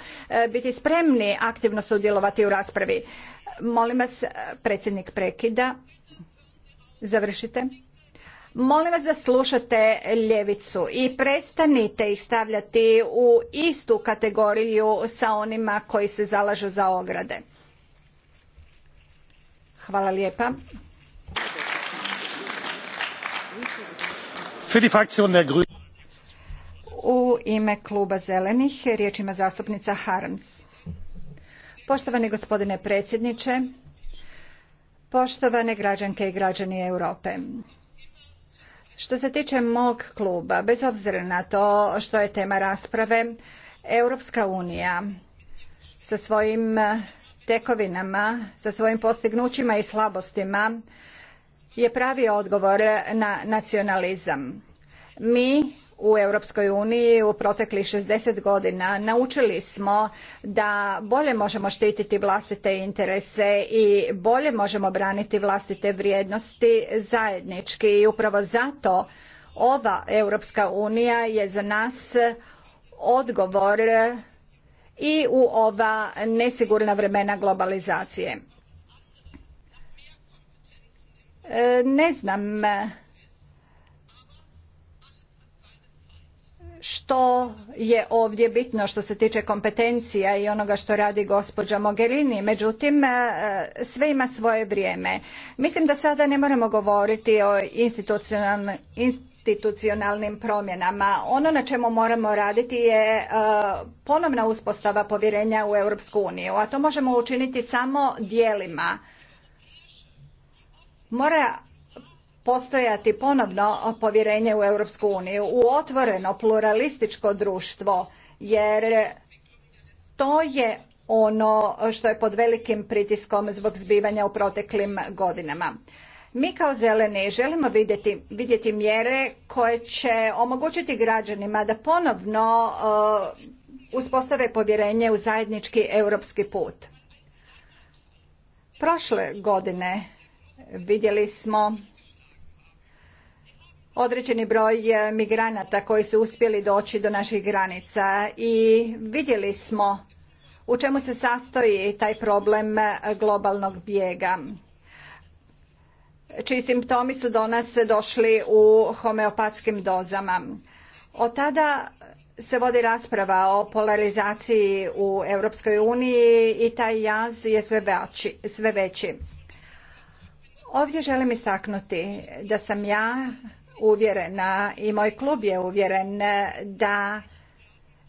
biti spremni aktivno sudjelovati u raspravi. Molim vas, predsjednik prekida. Završite. Molim vas da slušate ljevicu i prestanite ih stavljati u istu kategoriju sa onima koji se zalažu za ograde. Hvala lijepa. U ime kluba zelenih riječ ima zastupnica Harms. Poštovani gospodine predsjedniče, Poštovane građanke i građani Europe, što se tiče mog kluba, bez obzira na to što je tema rasprave, Europska unija sa svojim tekovinama, sa svojim postignućima i slabostima je pravi odgovor na nacionalizam. Mi u Europskoj uniji u proteklih 60 godina naučili smo da bolje možemo štititi vlastite interese i bolje možemo braniti vlastite vrijednosti zajednički i upravo zato ova Europska unija je za nas odgovor i u ova nesigurna vremena globalizacije. E, ne znam što je ovdje bitno što se tiče kompetencija i onoga što radi gospođa Mogherini. Međutim, e, sve ima svoje vrijeme. Mislim da sada ne moramo govoriti o institucionalnim promjenama. Ono na čemu moramo raditi je e, ponovna uspostava povjerenja u Europsku uniju, a to možemo učiniti samo dijelima. Mora postojati ponovno povjerenje u Europsku uniju, u otvoreno pluralističko društvo, jer to je ono što je pod velikim pritiskom zbog zbivanja u proteklim godinama. Mi kao zeleni želimo vidjeti, vidjeti mjere koje će omogućiti građanima da ponovno e, uspostave povjerenje u zajednički europski put. Prošle godine vidjeli smo određeni broj e, migranata koji su uspjeli doći do naših granica i vidjeli smo u čemu se sastoji taj problem e, globalnog bijega čiji simptomi su do nas došli u homeopatskim dozama. Od tada se vodi rasprava o polarizaciji u Europskoj uniji i taj jaz je sve veći. Sve veći. Ovdje želim istaknuti da sam ja uvjerena i moj klub je uvjeren e, da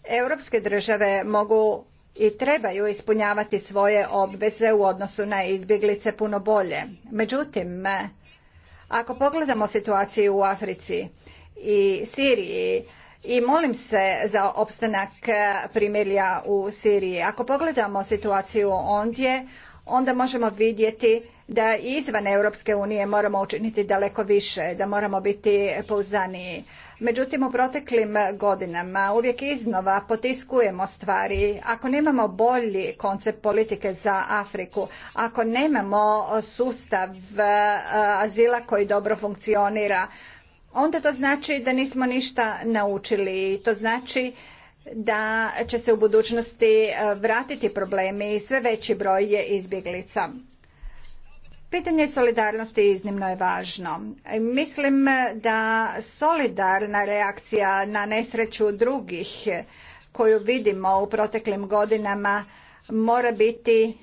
europske države mogu i trebaju ispunjavati svoje obveze u odnosu na izbjeglice puno bolje. Međutim, e, ako pogledamo situaciju u Africi i Siriji, i molim se za opstanak e, primirja u Siriji. Ako pogledamo situaciju ondje, onda možemo vidjeti da izvan Europske unije moramo učiniti daleko više, da moramo biti pouzdaniji. Međutim, u proteklim godinama uvijek iznova potiskujemo stvari. Ako nemamo bolji koncept politike za Afriku, ako nemamo sustav eh, azila koji dobro funkcionira, onda to znači da nismo ništa naučili. To znači da će se u budućnosti eh, vratiti problemi i sve veći broj je izbjeglica. Pitanje solidarnosti iznimno je važno. Mislim da solidarna reakcija na nesreću drugih koju vidimo u proteklim godinama mora biti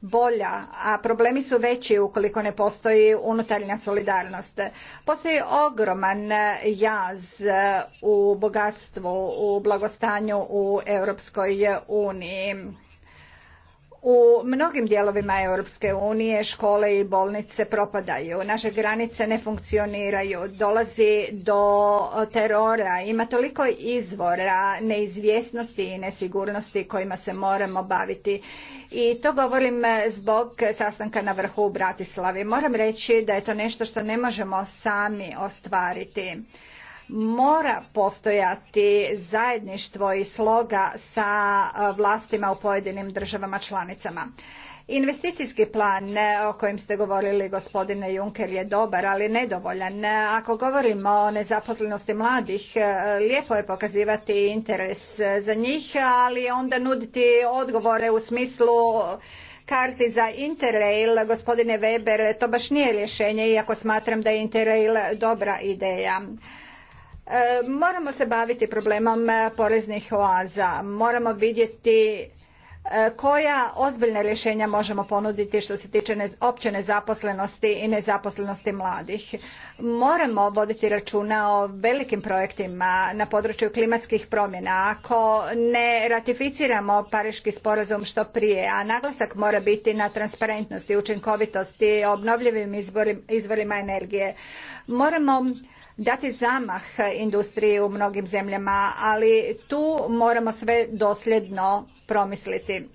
bolja, a problemi su veći ukoliko ne postoji unutarnja solidarnost. Postoji ogroman jaz u bogatstvu, u blagostanju u Europskoj uniji u mnogim dijelovima Europske unije škole i bolnice propadaju, naše granice ne funkcioniraju, dolazi do terora, ima toliko izvora neizvjesnosti i nesigurnosti kojima se moramo baviti. I to govorim zbog sastanka na vrhu u Bratislavi. Moram reći da je to nešto što ne možemo sami ostvariti mora postojati zajedništvo i sloga sa e, vlastima u pojedinim državama članicama. Investicijski plan e, o kojem ste govorili gospodine Juncker je dobar, ali nedovoljan. E, ako govorimo o nezaposlenosti mladih, lijepo je pokazivati interes za njih, ali onda nuditi odgovore u smislu karti za Interrail, gospodine Weber, to baš nije rješenje, iako smatram da je Interrail dobra ideja. E, moramo se baviti problemom e, poreznih oaza, moramo vidjeti e, koja ozbiljna rješenja možemo ponuditi što se tiče opće nezaposlenosti i nezaposlenosti mladih. Moramo voditi računa o velikim projektima na području klimatskih promjena. Ako ne ratificiramo Pariški sporazum što prije, a naglasak mora biti na transparentnosti, učinkovitosti, obnovljivim izvorima energije, moramo dati zamah industriji u mnogim zemljama, ali tu moramo sve dosljedno promisliti.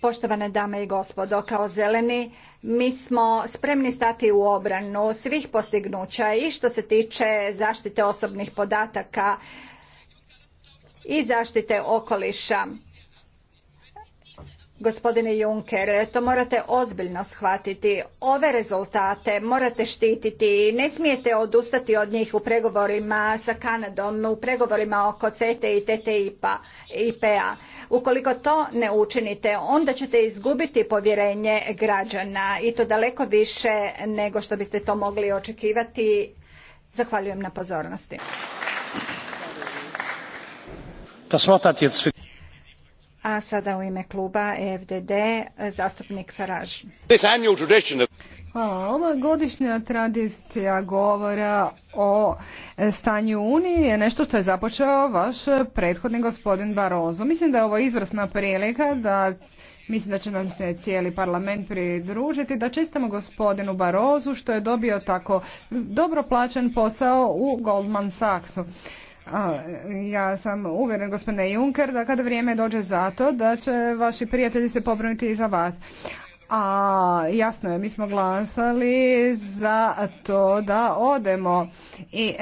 Poštovane dame i gospodo, kao zeleni mi smo spremni stati u obranu svih postignuća i što se tiče zaštite osobnih podataka i zaštite okoliša gospodine Juncker, to morate ozbiljno shvatiti. Ove rezultate morate štititi i ne smijete odustati od njih u pregovorima sa Kanadom, u pregovorima oko CETE i TTIP-a. P-a. Ukoliko to ne učinite, onda ćete izgubiti povjerenje građana i to daleko više nego što biste to mogli očekivati. Zahvaljujem na pozornosti. A sada u ime kluba EFDD zastupnik Faraž. Ova godišnja tradicija govora o stanju Unije je nešto što je započeo vaš prethodni gospodin Barozo. Mislim da je ovo izvrsna prilika da Mislim da će nam se cijeli parlament pridružiti, da čestamo gospodinu Barozu što je dobio tako dobro plaćen posao u Goldman Sachsu. Ja sam uvjeren, gospodine Juncker, da kada vrijeme dođe za to, da će vaši prijatelji se pobrinuti i za vas a jasno je, mi smo glasali za to da odemo. I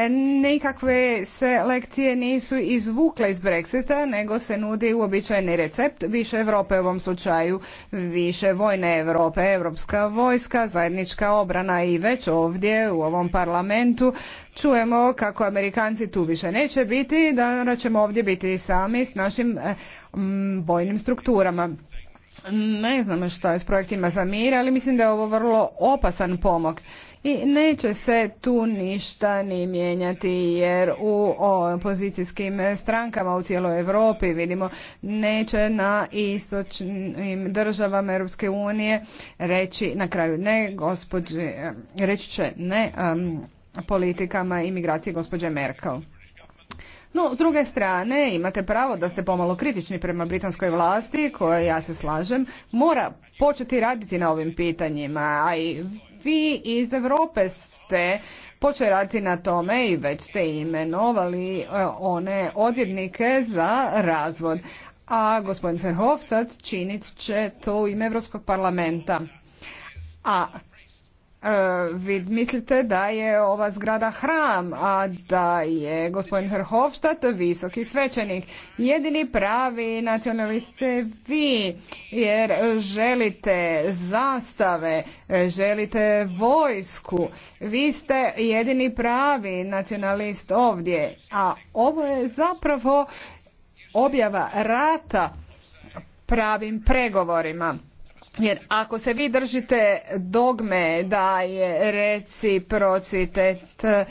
nikakve se lekcije nisu izvukle iz Brexita, nego se nudi uobičajeni recept više Europe u ovom slučaju, više vojne Europe, europska vojska, zajednička obrana i već ovdje u ovom parlamentu čujemo kako Amerikanci tu više neće biti, da ćemo ovdje biti sami s našim mm, vojnim strukturama ne znam što je s projektima za mir, ali mislim da je ovo vrlo opasan pomog. I neće se tu ništa ni mijenjati jer u opozicijskim strankama u cijeloj Europi vidimo neće na istočnim državama Europske unije reći na kraju ne gospođe, reći će ne politikama imigracije gospođe Merkel. No, s druge strane, imate pravo da ste pomalo kritični prema britanskoj vlasti, koja, ja se slažem, mora početi raditi na ovim pitanjima, a i vi iz Europe ste počeli raditi na tome i već ste imenovali e, one odjednike za razvod. A gospodin Verhofstadt činit će to u ime Europskog parlamenta. A E, vi mislite da je ova zgrada hram, a da je gospodin Hrhofstadt visoki svećenik. Jedini pravi nacionalist vi, jer želite zastave, želite vojsku. Vi ste jedini pravi nacionalist ovdje, a ovo je zapravo objava rata pravim pregovorima jer ako se vi držite dogme da je reciprocitet eh,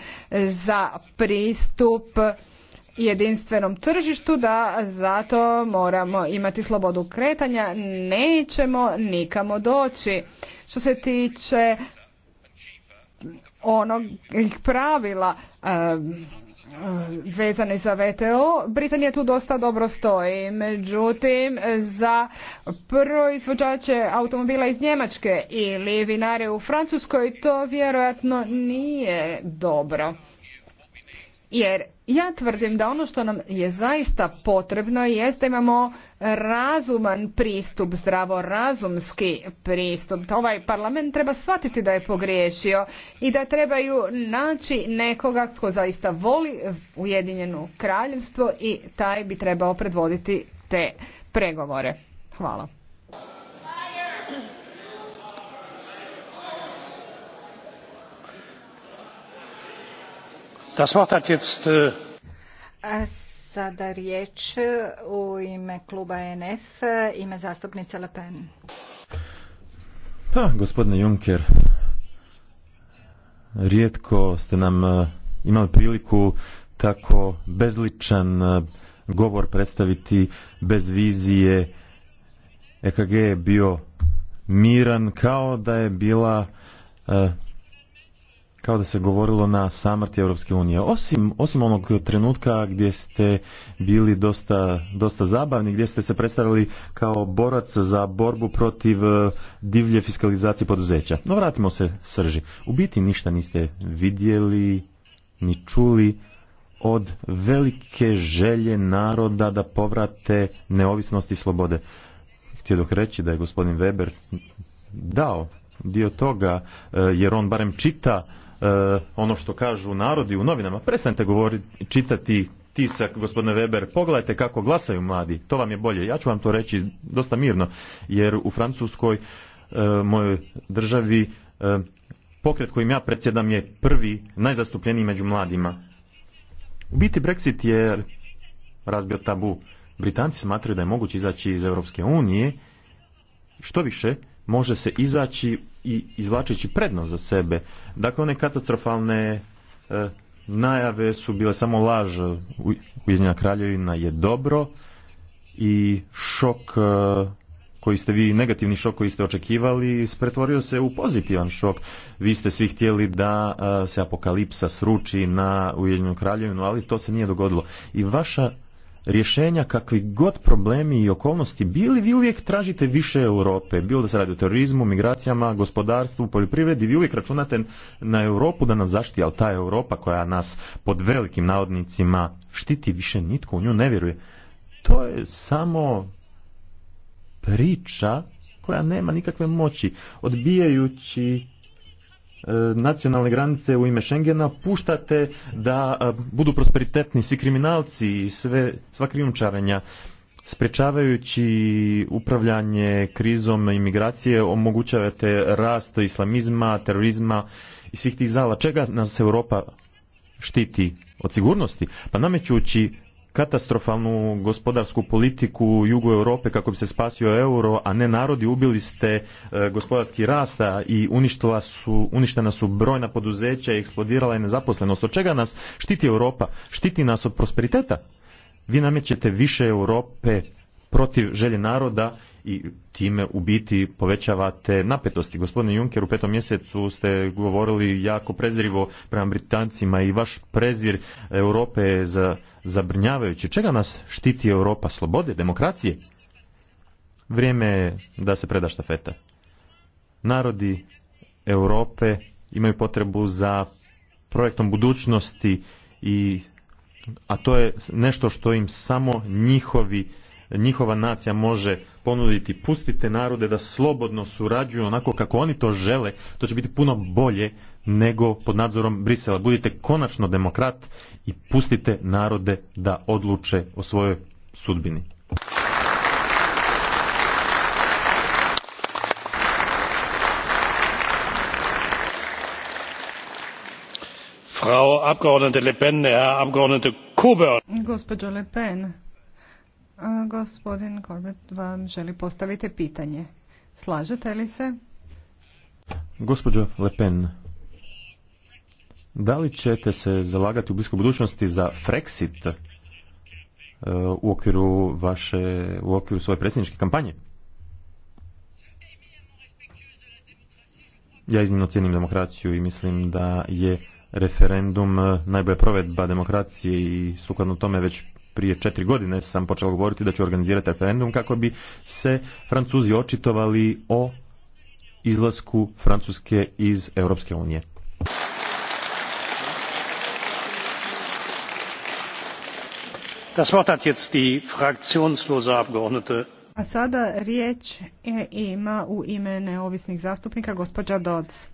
za pristup jedinstvenom tržištu da zato moramo imati slobodu kretanja, nećemo nikamo doći. Što se tiče onog pravila eh, vezane za VTO. Britanija tu dosta dobro stoji. Međutim, za prvo izvođače automobila iz Njemačke ili vinare u Francuskoj to vjerojatno nije dobro. Jer ja tvrdim da ono što nam je zaista potrebno je da imamo razuman pristup, zdravorazumski pristup. Ovaj parlament treba shvatiti da je pogriješio i da trebaju naći nekoga ko zaista voli Ujedinjeno kraljevstvo i taj bi trebao predvoditi te pregovore. Hvala. Äh, sada riječ u ime kluba NF, ime zastupnice Le Pen. Pa, gospodine Juncker, rijetko ste nam e, imali priliku tako bezličan e, govor predstaviti bez vizije. EKG je bio miran kao da je bila e, kao da se govorilo na samrt Europske unije. Osim, osim onog trenutka gdje ste bili dosta, dosta zabavni, gdje ste se predstavili kao borac za borbu protiv e, divlje fiskalizacije poduzeća. No vratimo se srži. U biti ništa niste vidjeli ni čuli od velike želje naroda da povrate neovisnost i slobode. Htio dok reći da je gospodin Weber dao dio toga, e, jer on barem čita Eh, ono što kažu narodi u novinama. Prestanite govoriti, čitati tisak, gospodine Weber, pogledajte kako glasaju mladi, to vam je bolje. Ja ću vam to reći dosta mirno, jer u Francuskoj, eh, mojoj državi, eh, pokret kojim ja predsjedam je prvi, najzastupljeniji među mladima. U biti Brexit je razbio tabu. Britanci smatraju da je moguće izaći iz Europske unije, što više može se izaći i izvlačeći prednost za sebe. Dakle, one katastrofalne e, najave su bile samo laž. Ujedinjena kraljevina je dobro i šok e, koji ste vi, negativni šok koji ste očekivali, pretvorio se u pozitivan šok. Vi ste svi htjeli da e, se apokalipsa sruči na Ujedinjenu kraljevinu, ali to se nije dogodilo. I vaša rješenja kakvi god problemi i okolnosti bili, vi uvijek tražite više Europe. Bilo da se radi o terorizmu, migracijama, gospodarstvu, poljoprivredi, vi uvijek računate na Europu da nas zaštiti, ali ta Europa koja nas pod velikim navodnicima štiti više nitko u nju ne vjeruje. To je samo priča koja nema nikakve moći. Odbijajući E, nacionalne granice u ime Schengena puštate da e, budu prosperitetni svi kriminalci i sve, sva krijumčarenja sprečavajući upravljanje krizom imigracije omogućavate rast islamizma, terorizma i svih tih zala. Čega nas Europa štiti od sigurnosti? Pa namećući katastrofalnu gospodarsku politiku jugu Europe kako bi se spasio euro, a ne narodi, ubili ste e, gospodarski rasta i uništila su, uništena su brojna poduzeća i eksplodirala je nezaposlenost. Od čega nas štiti Europa? Štiti nas od prosperiteta? Vi namećete više Europe protiv želje naroda i time u biti povećavate napetosti. Gospodine Juncker, u petom mjesecu ste govorili jako prezirivo prema Britancima i vaš prezir Europe za zabrinjavajući. Čega nas štiti Europa slobode, demokracije? Vrijeme je da se preda štafeta. Narodi Europe imaju potrebu za projektom budućnosti i a to je nešto što im samo njihovi njihova nacija može ponuditi. Pustite narode da slobodno surađuju onako kako oni to žele. To će biti puno bolje nego pod nadzorom Brisela. Budite konačno demokrat i pustite narode da odluče o svojoj sudbini. Frau Abgeordnete Le Pen, Herr Abgeordnete Gospođo Le Pen, Gospodin Korbet vam želi postaviti pitanje. Slažete li se? Gospođo lepen da li ćete se zalagati u bliskoj budućnosti za Frexit e, u okviru vaše, u okviru svoje predsjedničke kampanje? Ja iznimno cijenim demokraciju i mislim da je referendum e, najbolja provedba demokracije i sukladno tome već prije četiri godine sam počeo govoriti da ću organizirati referendum kako bi se Francuzi očitovali o izlasku Francuske iz Europske unije. Das Wort hat jetzt die fraktionslose Abgeordnete. A sada riječ ima u ime neovisnih zastupnika gospođa Dodds.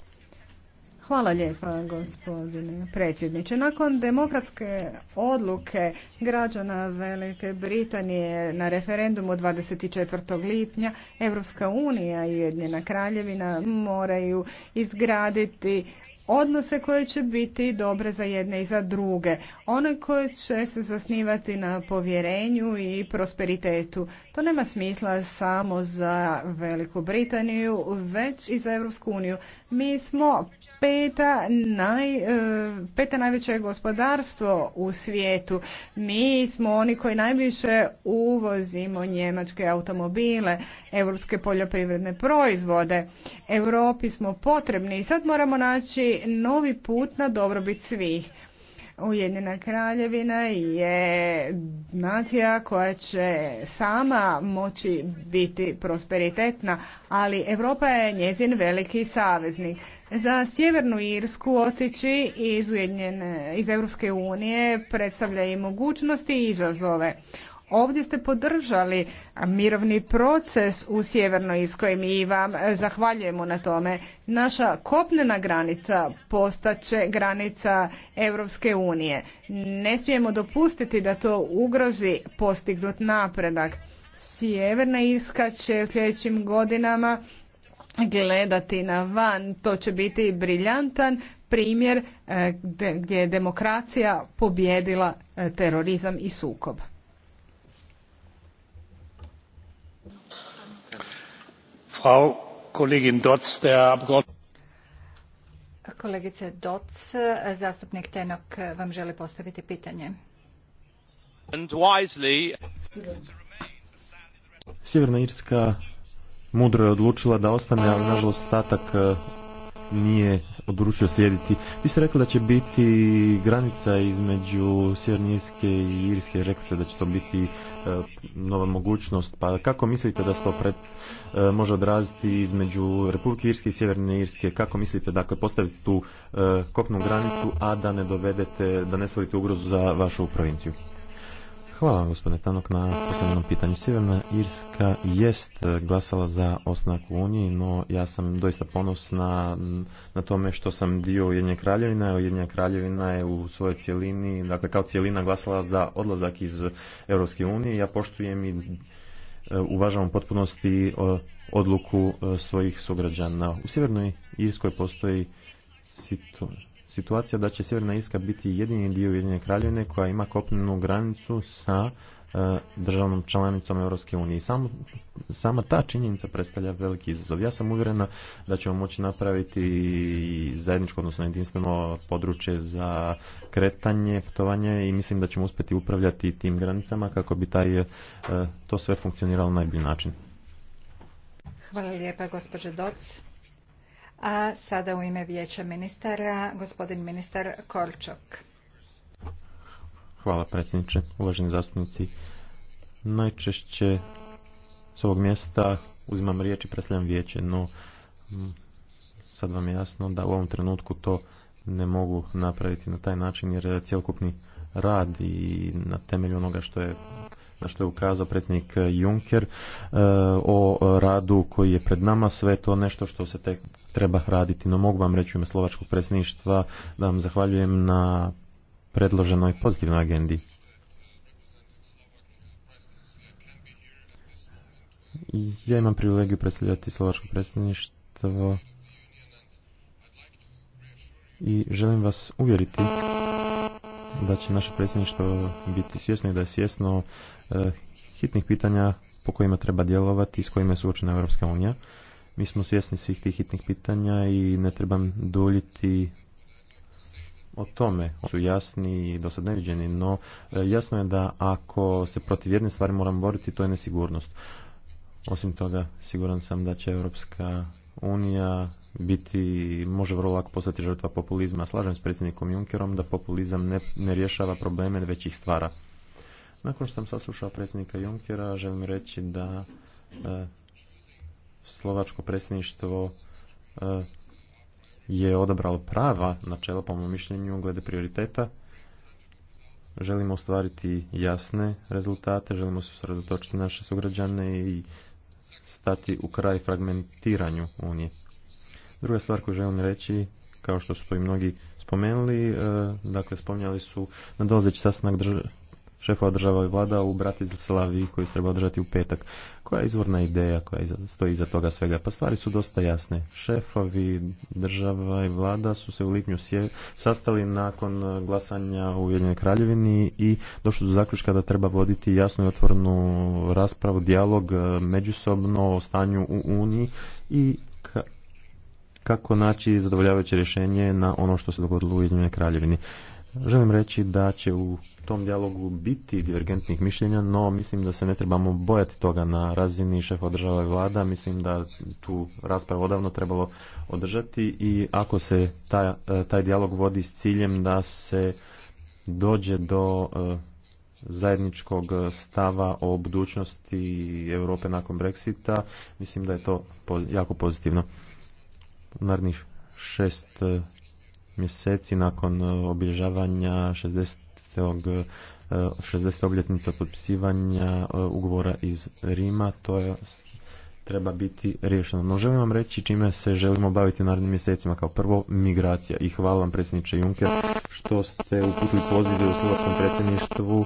Hvala lijepa gospodine predsjedniče. Nakon demokratske odluke građana Velike Britanije na referendumu 24. lipnja Europska unija i Ujedinjena kraljevina moraju izgraditi odnose koje će biti dobre za jedne i za druge, one koje će se zasnivati na povjerenju i prosperitetu. To nema smisla samo za Veliku Britaniju, već i za Europsku uniju. Mi smo peta, naj, e, peta najveće gospodarstvo u svijetu. Mi smo oni koji najviše uvozimo njemačke automobile, europske poljoprivredne proizvode. Europi smo potrebni i sad moramo naći novi put na dobrobit svih. Ujedinjena kraljevina je nacija koja će sama moći biti prosperitetna, ali Europa je njezin veliki saveznik. Za Sjevernu Irsku otići iz, EU iz Europske unije predstavlja i mogućnosti i izazove. Ovdje ste podržali mirovni proces u Sjevernoj Iskoj i vam zahvaljujemo na tome. Naša kopnena granica postaće granica Europske unije. Ne smijemo dopustiti da to ugrozi postignut napredak. Sjeverna Iska će u sljedećim godinama gledati na van. To će biti briljantan primjer eh, gdje je demokracija pobjedila eh, terorizam i sukob. Dotz, Kolegice Doc, zastupnik Tenok vam želi postaviti pitanje. Sjeverna Irska mudro je odlučila da ostane, ali nažalost statak nije odručio slijediti. Vi ste rekli da će biti granica između Sjeverne Irske i Irske, rekli ste da će to biti e, nova mogućnost, pa kako mislite da se to pred, e, može odraziti između Republike Irske i Sjeverne Irske, kako mislite dakle postaviti tu e, kopnu granicu, a da ne dovedete, da ne stvorite ugrozu za vašu provinciju? Hvala vam, gospodine Tanok, na postavljenom pitanju. Sjeverna Irska jest e, glasala za osnak u Uniji, no ja sam doista ponosna na tome što sam dio Ujedinjene kraljevina. Ujedinjena kraljevina je u svojoj cjelini, dakle kao cjelina glasala za odlazak iz Europske unije. Ja poštujem i e, uvažavam potpunosti e, odluku svojih sugrađana. U Sjevernoj Irskoj postoji situacija situacija da će Sjeverna Irska biti jedini dio Ujedinjene kraljevine koja ima kopnenu granicu sa e, državnom članicom Europske unije. Samo, sama ta činjenica predstavlja veliki izazov. Ja sam uvjerena da ćemo moći napraviti zajedničko, odnosno jedinstveno područje za kretanje, putovanje i mislim da ćemo uspjeti upravljati tim granicama kako bi taj, e, to sve funkcioniralo na najbolji način. Hvala lijepa, gospođe Doc. A sada u ime vijeća ministara, gospodin ministar Korčok. Hvala predsjedniče, uvaženi zastupnici. Najčešće s ovog mjesta uzimam riječ i predstavljam vijeće, no sad vam je jasno da u ovom trenutku to ne mogu napraviti na taj način jer cjelokupni rad i na temelju onoga što je na što je ukazao predsjednik Juncker e, o radu koji je pred nama, sve to nešto što se tek treba raditi. No mogu vam reći u ime slovačkog predsjedništva da vam zahvaljujem na predloženoj pozitivnoj agendi. Ja imam privilegiju predstavljati slovačko predsjedništvo i želim vas uvjeriti da će naše predsjedništvo biti svjesno i da je svjesno eh, hitnih pitanja po kojima treba djelovati i s kojima je suočena Europska unija. Mi smo svjesni svih tih hitnih pitanja i ne trebam duljiti o tome su jasni i do neviđeni, no e, jasno je da ako se protiv jedne stvari moram boriti, to je nesigurnost. Osim toga, siguran sam da će Europska unija biti, može vrlo lako postati žrtva populizma. Slažem s predsjednikom Junkerom da populizam ne, ne rješava probleme, većih ih stvara. Nakon što sam saslušao predsjednika Junkera, želim reći da e, slovačko predsjedništvo e, je odabralo prava načela po mom mišljenju glede prioriteta. Želimo ostvariti jasne rezultate, želimo se usredotočiti naše sugrađane i stati u kraj fragmentiranju Unije. Druga stvar koju želim reći, kao što su to i mnogi spomenuli, e, dakle spominjali su na nadolazeći sastanak šefova država i vlada u Bratislavi koji se treba održati u petak. Koja je izvorna ideja koja stoji iza toga svega? Pa stvari su dosta jasne. Šefovi država i vlada su se u lipnju sastali nakon glasanja u Ujedinjenoj kraljevini i došli do zaključka da treba voditi jasnu i otvornu raspravu, dijalog e, međusobno o stanju u Uniji i kako naći zadovoljavajuće rješenje na ono što se dogodilo u Ujedinjenoj kraljevini. Želim reći da će u tom dijalogu biti divergentnih mišljenja, no mislim da se ne trebamo bojati toga na razini šefa država i vlada. Mislim da tu raspravu odavno trebalo održati i ako se taj, e, taj dijalog vodi s ciljem da se dođe do e, zajedničkog stava o budućnosti Europe nakon Brexita, mislim da je to jako pozitivno. U šest e, mjeseci nakon e, obilježavanja 60. 60. E, obljetnica potpisivanja e, ugovora iz Rima, to je treba biti riješeno. No želim vam reći čime se želimo baviti u narednim mjesecima. Kao prvo, migracija. I hvala vam predsjedniče Juncker što ste uputili pozivu u slovačkom predsjedništvu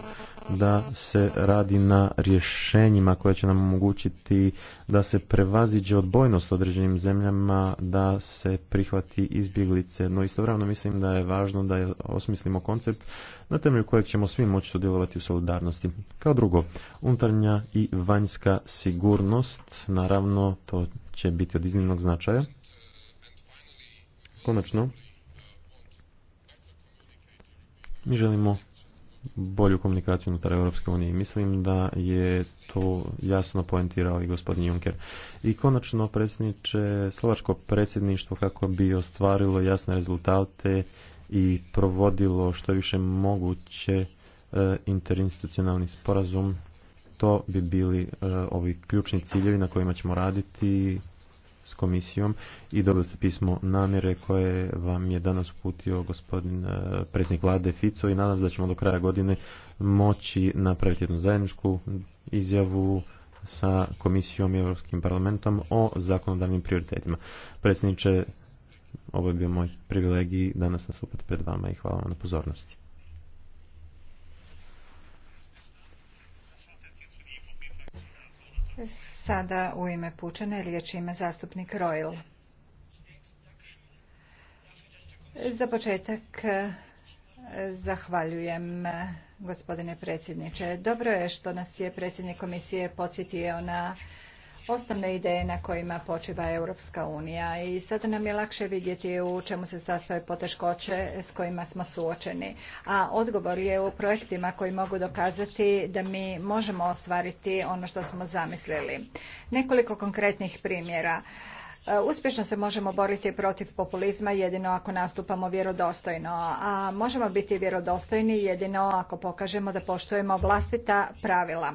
da se radi na rješenjima koja će nam omogućiti da se prevaziđe odbojnost određenim zemljama, da se prihvati izbjeglice. No istovremeno mislim da je važno da osmislimo koncept na temelju kojeg ćemo svi moći sudjelovati u solidarnosti. Kao drugo, unutarnja i vanjska sigurnost, naravno to će biti od iznimnog značaja. Konačno, mi želimo bolju komunikaciju unutar Europske unije. Mislim da je to jasno poentirao i gospodin Juncker. I konačno predsjedniče, slovačko predsjedništvo kako bi ostvarilo jasne rezultate i provodilo što više moguće e, interinstitucionalni sporazum, to bi bili e, ovi ključni ciljevi na kojima ćemo raditi s komisijom i dobili ste pismo namjere koje vam je danas uputio gospodin e, predsjednik vlade Fico i nadam se da ćemo do kraja godine moći napraviti jednu zajedničku izjavu sa komisijom i Europskim parlamentom o zakonodavnim prioritetima. Predsjedniče, ovo je bio moj privilegij danas nastupati pred vama i hvala vam na pozornosti. Sada u ime Pučane riječ ima zastupnik Royal. Za početak e, zahvaljujem e, gospodine predsjedniče. Dobro je što nas je predsjednik komisije podsjetio na osnovne ideje na kojima počiva Europska unija i sada nam je lakše vidjeti u čemu se sastoje poteškoće s kojima smo suočeni. A odgovor je u projektima koji mogu dokazati da mi možemo ostvariti ono što smo zamislili. Nekoliko konkretnih primjera. E, uspješno se možemo boriti protiv populizma jedino ako nastupamo vjerodostojno, a možemo biti vjerodostojni jedino ako pokažemo da poštujemo vlastita pravila.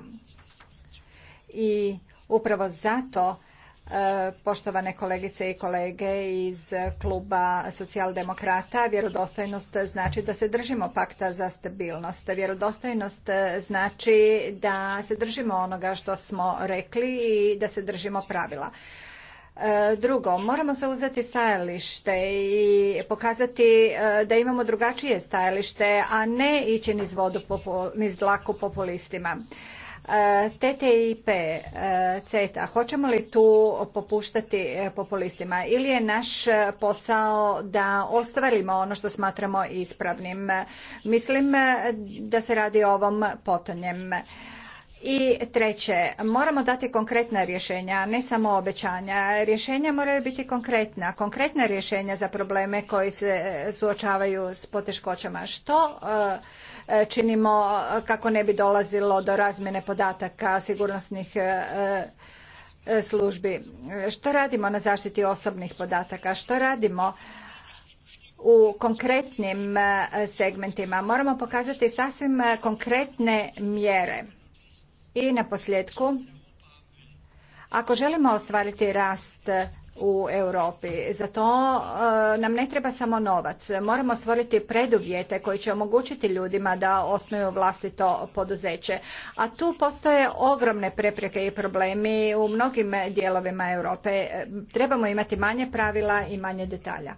I Upravo zato e, poštovane kolegice i kolege iz kluba socijaldemokrata vjerodostojnost znači da se držimo pakta za stabilnost vjerodostojnost znači da se držimo onoga što smo rekli i da se držimo pravila e, Drugo, moramo zauzeti stajalište i pokazati e, da imamo drugačije stajalište, a ne ići niz vodu, niz dlaku populistima. E, TTIP, e, CETA, hoćemo li tu popuštati e, populistima ili je naš posao da ostvarimo ono što smatramo ispravnim? Mislim da se radi o ovom potonjem. I treće, moramo dati konkretna rješenja, ne samo obećanja. Rješenja moraju biti konkretna, konkretna rješenja za probleme koji se suočavaju s poteškoćama. Što E, činimo e, kako ne bi dolazilo do razmjene podataka sigurnosnih e, službi. Što radimo na zaštiti osobnih podataka? Što radimo u konkretnim segmentima? Moramo pokazati sasvim konkretne mjere. I na posljedku, ako želimo ostvariti rast u Europi. Za to e, nam ne treba samo novac. Moramo stvoriti preduvjete koji će omogućiti ljudima da osnuju vlastito poduzeće. A tu postoje ogromne prepreke i problemi u mnogim dijelovima Europe. E, trebamo imati manje pravila i manje detalja.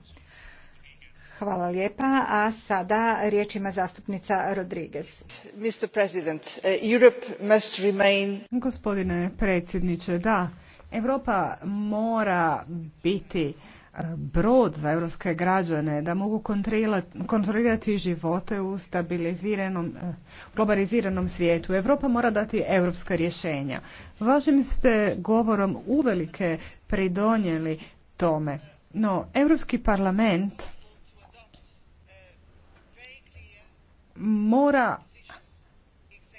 Hvala lijepa. A sada riječ ima zastupnica Rodriguez. Mr. remain... Gospodine predsjedniče, da, Europa mora biti e, brod za europske građane da mogu kontrolirati živote u stabiliziranom e, globaliziranom svijetu. Europa mora dati europska rješenja. Vašim ste govorom uvelike pridonijeli tome. No, Europski parlament mora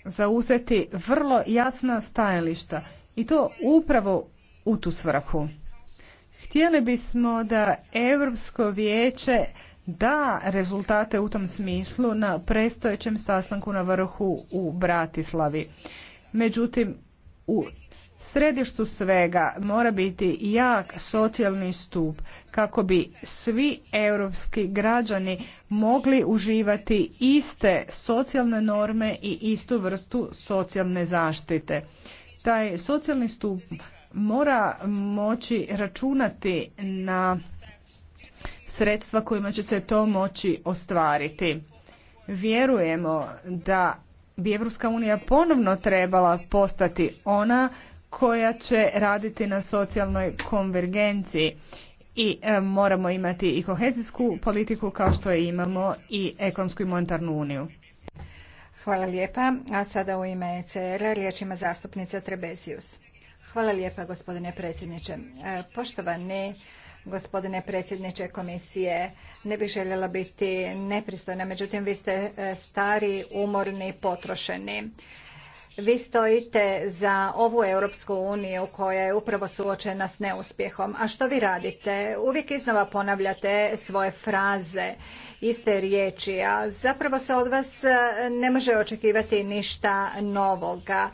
zauzeti vrlo jasna stajališta i to upravo u tu svrhu. Htjeli bismo da Europsko vijeće da rezultate u tom smislu na prestojećem sastanku na vrhu u Bratislavi. Međutim, u središtu svega mora biti jak socijalni stup kako bi svi europski građani mogli uživati iste socijalne norme i istu vrstu socijalne zaštite. Taj socijalni stup mora moći računati na sredstva kojima će se to moći ostvariti. Vjerujemo da bi Evropska unija ponovno trebala postati ona koja će raditi na socijalnoj konvergenciji i e, moramo imati i kohezijsku politiku kao što je imamo i ekonomsku i monetarnu uniju. Hvala lijepa. A sada u ime ECR-a riječ ima zastupnica Trebesius. Hvala lijepa gospodine predsjedniče. E, poštovani gospodine predsjedniče komisije, ne bih željela biti nepristojna, međutim vi ste e, stari, umorni, potrošeni. Vi stojite za ovu Europsku uniju koja je upravo suočena s neuspjehom. A što vi radite? Uvijek iznova ponavljate svoje fraze, iste riječi, a zapravo se od vas e, ne može očekivati ništa novoga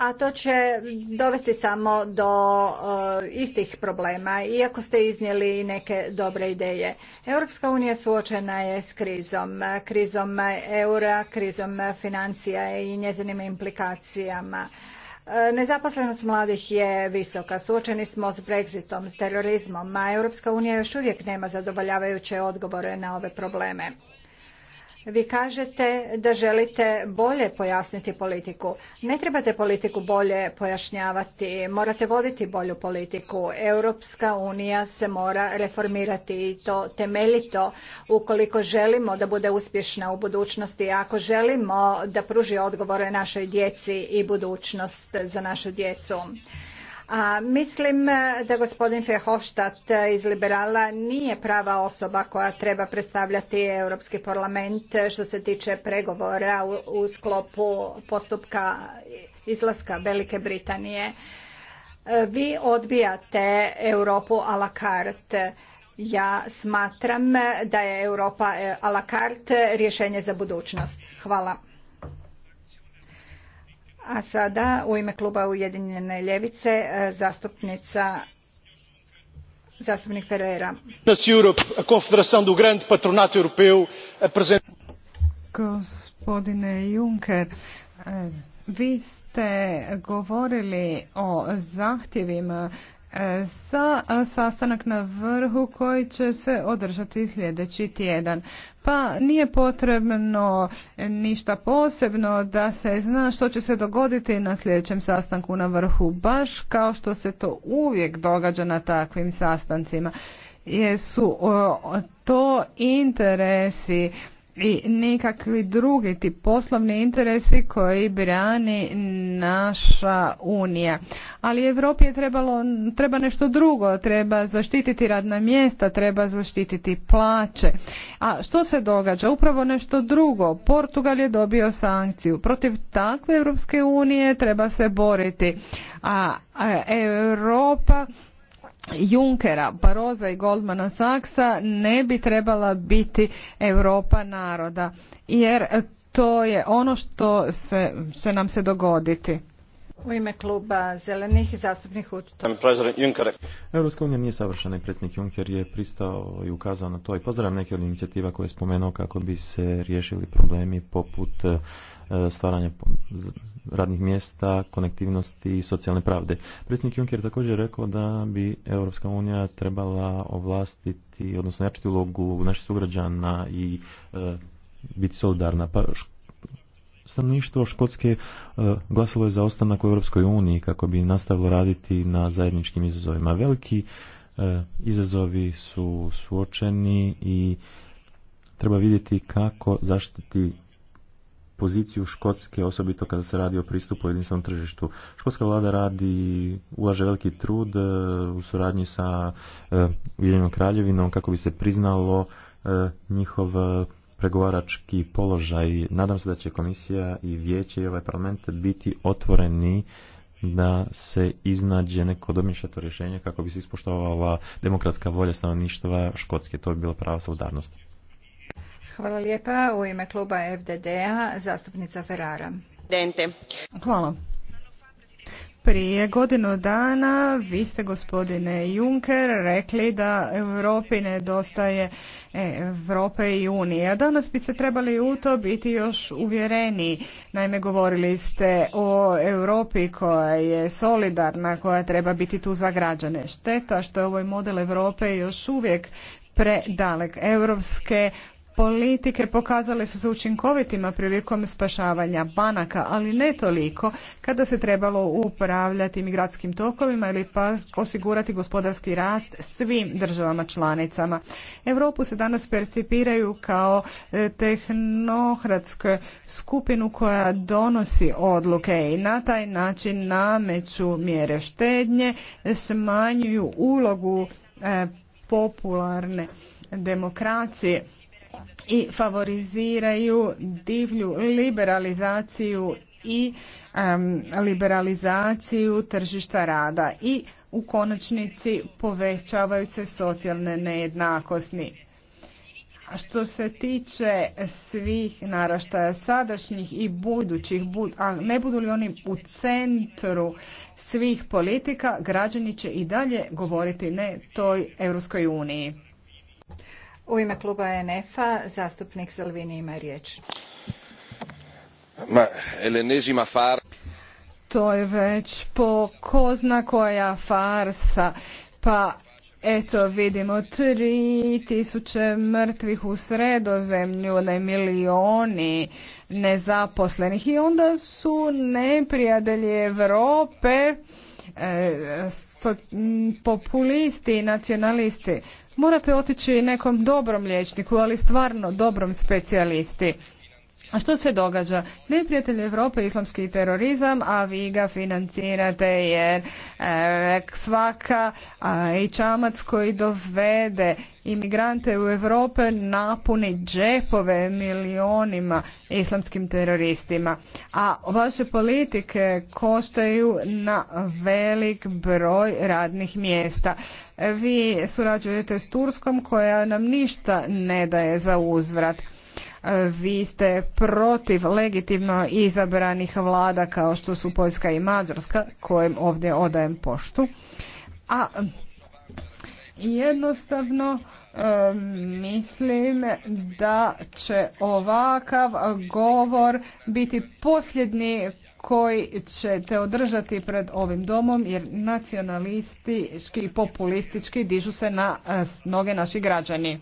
a to će dovesti samo do e, istih problema, iako ste iznijeli neke dobre ideje. Europska unija suočena je s krizom, krizom eura, krizom financija i njezinim implikacijama. E, nezaposlenost mladih je visoka. Suočeni smo s Brexitom, s terorizmom, a Europska unija još uvijek nema zadovoljavajuće odgovore na ove probleme. Vi kažete da želite bolje pojasniti politiku. Ne trebate politiku bolje pojašnjavati, morate voditi bolju politiku. Europska unija se mora reformirati i to temeljito ukoliko želimo da bude uspješna u budućnosti, ako želimo da pruži odgovore našoj djeci i budućnost za našu djecu mislim eh, da gospodin Verhofstadt eh, iz Liberala nije prava osoba koja treba predstavljati Europski parlament eh, što se tiče pregovora u, sklopu postupka izlaska Velike Britanije. Vi odbijate Europu a la carte. Ja smatram da je Europa a la carte rješenje za budućnost. Hvala. A sada u ime kluba Ujedinjene ljevice e, zastupnica zastupnik Ferreira. Gospodine Juncker, e, vi ste govorili o zahtjevima E, za sastanak na vrhu koji će se održati sljedeći tjedan. Pa nije potrebno ništa posebno da se zna što će se dogoditi na sljedećem sastanku na vrhu, baš kao što se to uvijek događa na takvim sastancima. Jesu to interesi i nikakvi drugi ti poslovni interesi koji brani naša unija. Ali Evropi je trebalo, treba nešto drugo, treba zaštititi radna mjesta, treba zaštititi plaće. A što se događa? Upravo nešto drugo. Portugal je dobio sankciju. Protiv takve Europske unije treba se boriti. A Europa Junckera, Baroza i Goldmana Sachsa ne bi trebala biti Europa naroda jer to je ono što se, će nam se dogoditi. U ime kluba zelenih zastupnik Europska unija nije savršena i predsjednik Juncker je pristao i ukazao na to i pozdravljam neke od inicijativa koje je spomenuo kako bi se riješili problemi poput eh, E, stvaranje radnih mjesta, konektivnosti i socijalne pravde. Predsjednik Juncker također rekao da bi Europska unija trebala ovlastiti, odnosno jačiti ulogu naših sugrađana i e, biti solidarna. Pa stanovništvo Škotske e, glasalo je za ostanak u Europskoj uniji kako bi nastavilo raditi na zajedničkim izazovima. Veliki izazovi su suočeni i treba vidjeti kako zaštiti poziciju Škotske, osobito kada se radi o pristupu u jedinstvenom tržištu. Škotska vlada radi, ulaže veliki trud e, u suradnji sa e, Ujedinjenom kraljevinom kako bi se priznalo e, njihov pregovarački položaj. Nadam se da će komisija i vijeće i ovaj parlament biti otvoreni da se iznađe neko domišljato rješenje kako bi se ispoštovala demokratska volja stanovništva Škotske. To bi bila prava solidarnost. Hvala lijepa. U ime kluba zastupnica Ferrara. Hvala. Prije godinu dana vi ste gospodine Juncker rekli da Europi nedostaje e, Europe i Unije. A danas biste trebali u to biti još uvjereniji. Naime, govorili ste o Europi koja je solidarna, koja treba biti tu za građane. Šteta što je ovaj model Europe još uvijek predalek. Europske politike pokazale su se učinkovitima prilikom spašavanja banaka, ali ne toliko kada se trebalo upravljati migratskim tokovima ili pa osigurati gospodarski rast svim državama članicama. Europu se danas percipiraju kao e, tehnokratsku skupinu koja donosi odluke i na taj način nameću mjere štednje, smanjuju ulogu e, popularne demokracije i favoriziraju divlju liberalizaciju i liberalizaciju tržišta rada i u konačnici povećavaju se socijalne nejednakosti. A što se tiče svih naraštaja sadašnjih i budućih, a ne budu li oni u centru svih politika, građani će i dalje govoriti ne toj Europskoj uniji. U ime kluba nf zastupnik Salvini ima riječ. Ma, far... To je već po ko zna koja farsa. Pa Eto, vidimo, 3000 mrtvih u sredozemlju, ne milioni nezaposlenih i onda su neprijatelji Europe, e, populisti i nacionalisti morate otići nekom dobrom liječniku, ali stvarno dobrom specijalisti. A što se događa? Neprijatelj Europe islamski terorizam, a vi ga financirate jer e, svaka i čamac koji dovede imigrante u Europe napuni džepove milionima islamskim teroristima. A vaše politike koštaju na velik broj radnih mjesta. Vi surađujete s Turskom koja nam ništa ne daje za uzvrat vi ste protiv legitimno izabranih vlada kao što su Poljska i Mađarska, kojem ovdje odajem poštu. A jednostavno e, mislim da će ovakav govor biti posljednji koji ćete održati pred ovim domom jer nacionalistički i populistički dižu se na e, noge naši građani.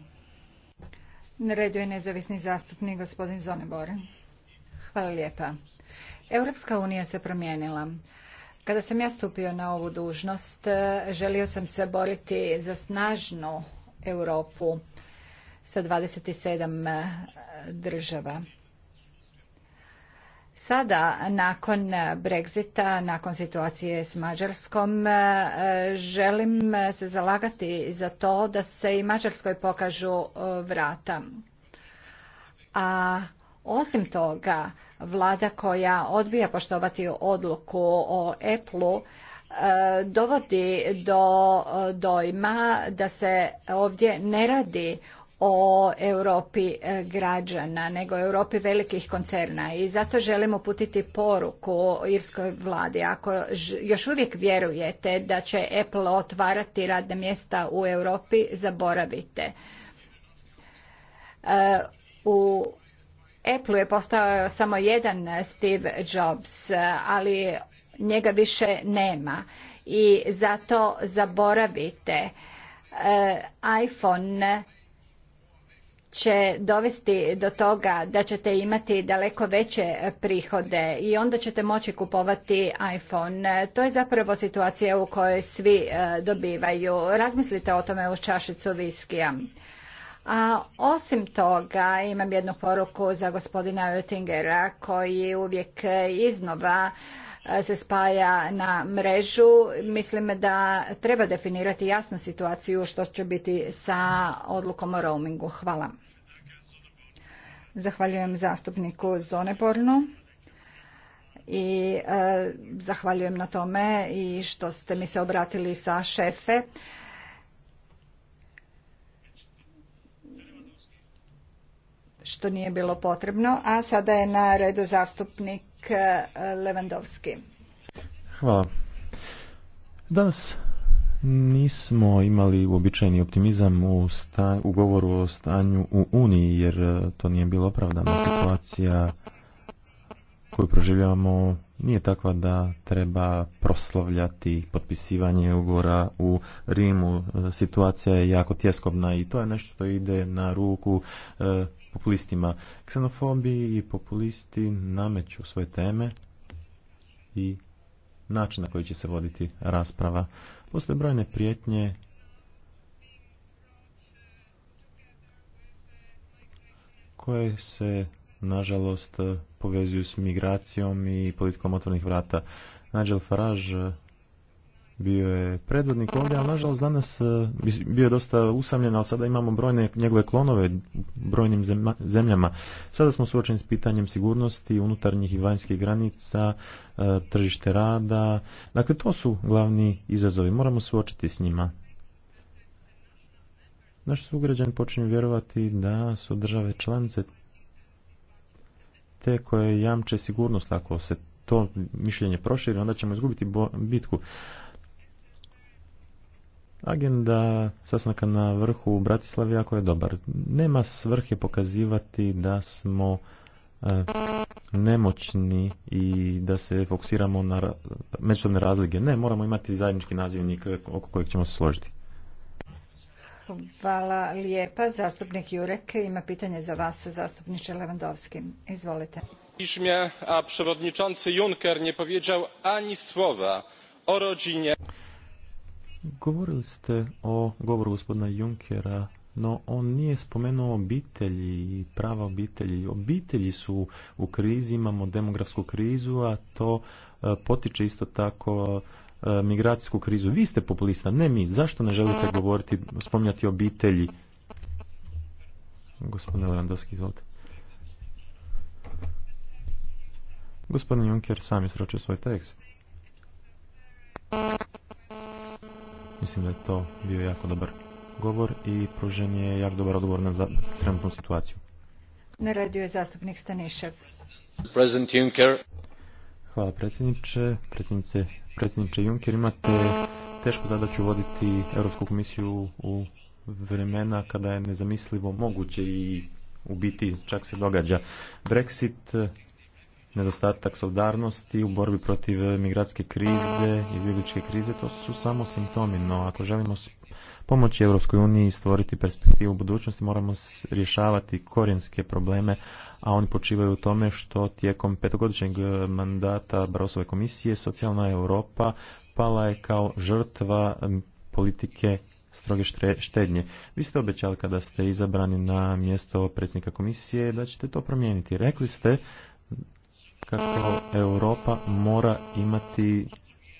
Na redu je nezavisni zastupnik gospodin Zonebor. Hvala lijepa. Europska unija se promijenila. Kada sam ja stupio na ovu dužnost, e, želio sam se boriti za snažnu Europu sa 27 e, država. Sada, nakon Brexita, nakon situacije s Mađarskom, e, želim se zalagati za to da se i Mađarskoj pokažu e, vrata. A osim toga, vlada koja odbija poštovati odluku o Apple-u, e, dovodi do dojma da se ovdje ne radi o Europi e, građana, nego o Europi velikih koncerna i zato želimo putiti poruku irskoj vladi. Ako još uvijek vjerujete da će Apple otvarati radna mjesta u Europi, zaboravite. E, u Apple je postao samo jedan Steve Jobs, ali njega više nema i zato zaboravite e, iPhone će dovesti do toga da ćete imati daleko veće prihode i onda ćete moći kupovati iPhone. To je zapravo situacija u kojoj svi e, dobivaju. Razmislite o tome u čašicu viskija. A osim toga imam jednu poruku za gospodina Oettingera koji uvijek iznova se spaja na mrežu. Mislim da treba definirati jasnu situaciju što će biti sa odlukom o roamingu. Hvala. Zahvaljujem zastupniku Zonepornu i e, zahvaljujem na tome i što ste mi se obratili sa šefe. što nije bilo potrebno. A sada je na redu zastupnik Eh, Levandovski. Hvala. Danas nismo imali uobičajeni optimizam u, sta, u govoru o stanju u Uniji, jer eh, to nije bilo opravdana Situacija koju proživljavamo nije takva da treba proslavljati potpisivanje ugovora u Rimu. Eh, situacija je jako tjeskobna i to je nešto što ide na ruku populistima. Ksenofobi i populisti nameću svoje teme i način na koji će se voditi rasprava. Postoje brojne prijetnje koje se nažalost povezuju s migracijom i politikom otvornih vrata. Nigel Farage bio je predvodnik ovdje, ali nažalost danas e, bio je dosta usamljen, ali sada imamo brojne njegove klonove brojnim zemljama. Sada smo suočeni s pitanjem sigurnosti, unutarnjih i vanjskih granica, e, tržište rada. Dakle, to su glavni izazovi. Moramo suočiti s njima. Naši sugrađani počinju vjerovati da su države članice te koje jamče sigurnost. Ako se to mišljenje proširi, onda ćemo izgubiti bitku. Agenda sasnaka na vrhu u Bratislavi jako je dobar. Nema svrhe pokazivati da smo e, nemoćni i da se fokusiramo na ra međusobne razlike. Ne, moramo imati zajednički nazivnik oko kojeg ćemo se složiti. Hvala lijepa. Zastupnik Jurek ima pitanje za vas, zastupniče Lewandowski. Izvolite. Piśmie, a przewodniczący Juncker nie powiedział ani słowa o rodzinie. Govorili ste o govoru gospodina Junkera, no on nije spomenuo obitelji i prava obitelji. Obitelji su u krizi, imamo demografsku krizu, a to e, potiče isto tako e, migracijsku krizu. Vi ste populista, ne mi. Zašto ne želite govoriti, spominjati obitelji? Gospodine Lewandowski, izvolite. Gospodin Juncker sam je sročio svoj tekst. Mislim da je to bio jako dobar govor i pružen je jako dobar odgovor na trenutnu situaciju. Na radiju je zastupnik Stanišev. Juncker. Hvala predsjedniče. Predsjednice, predsjedniče Juncker, imate tešku zadaću voditi Europsku komisiju u vremena kada je nezamislivo moguće i u biti čak se događa. Brexit nedostatak solidarnosti u borbi protiv eh, migratske krize, izbjegličke krize, to su samo simptomi, no ako želimo pomoći Europskoj uniji stvoriti perspektivu u budućnosti, moramo rješavati korijenske probleme, a oni počivaju u tome što tijekom petogodišnjeg eh, mandata Barosove komisije socijalna Europa pala je kao žrtva politike stroge štednje. Vi ste obećali kada ste izabrani na mjesto predsjednika komisije da ćete to promijeniti. Rekli ste kako Europa mora imati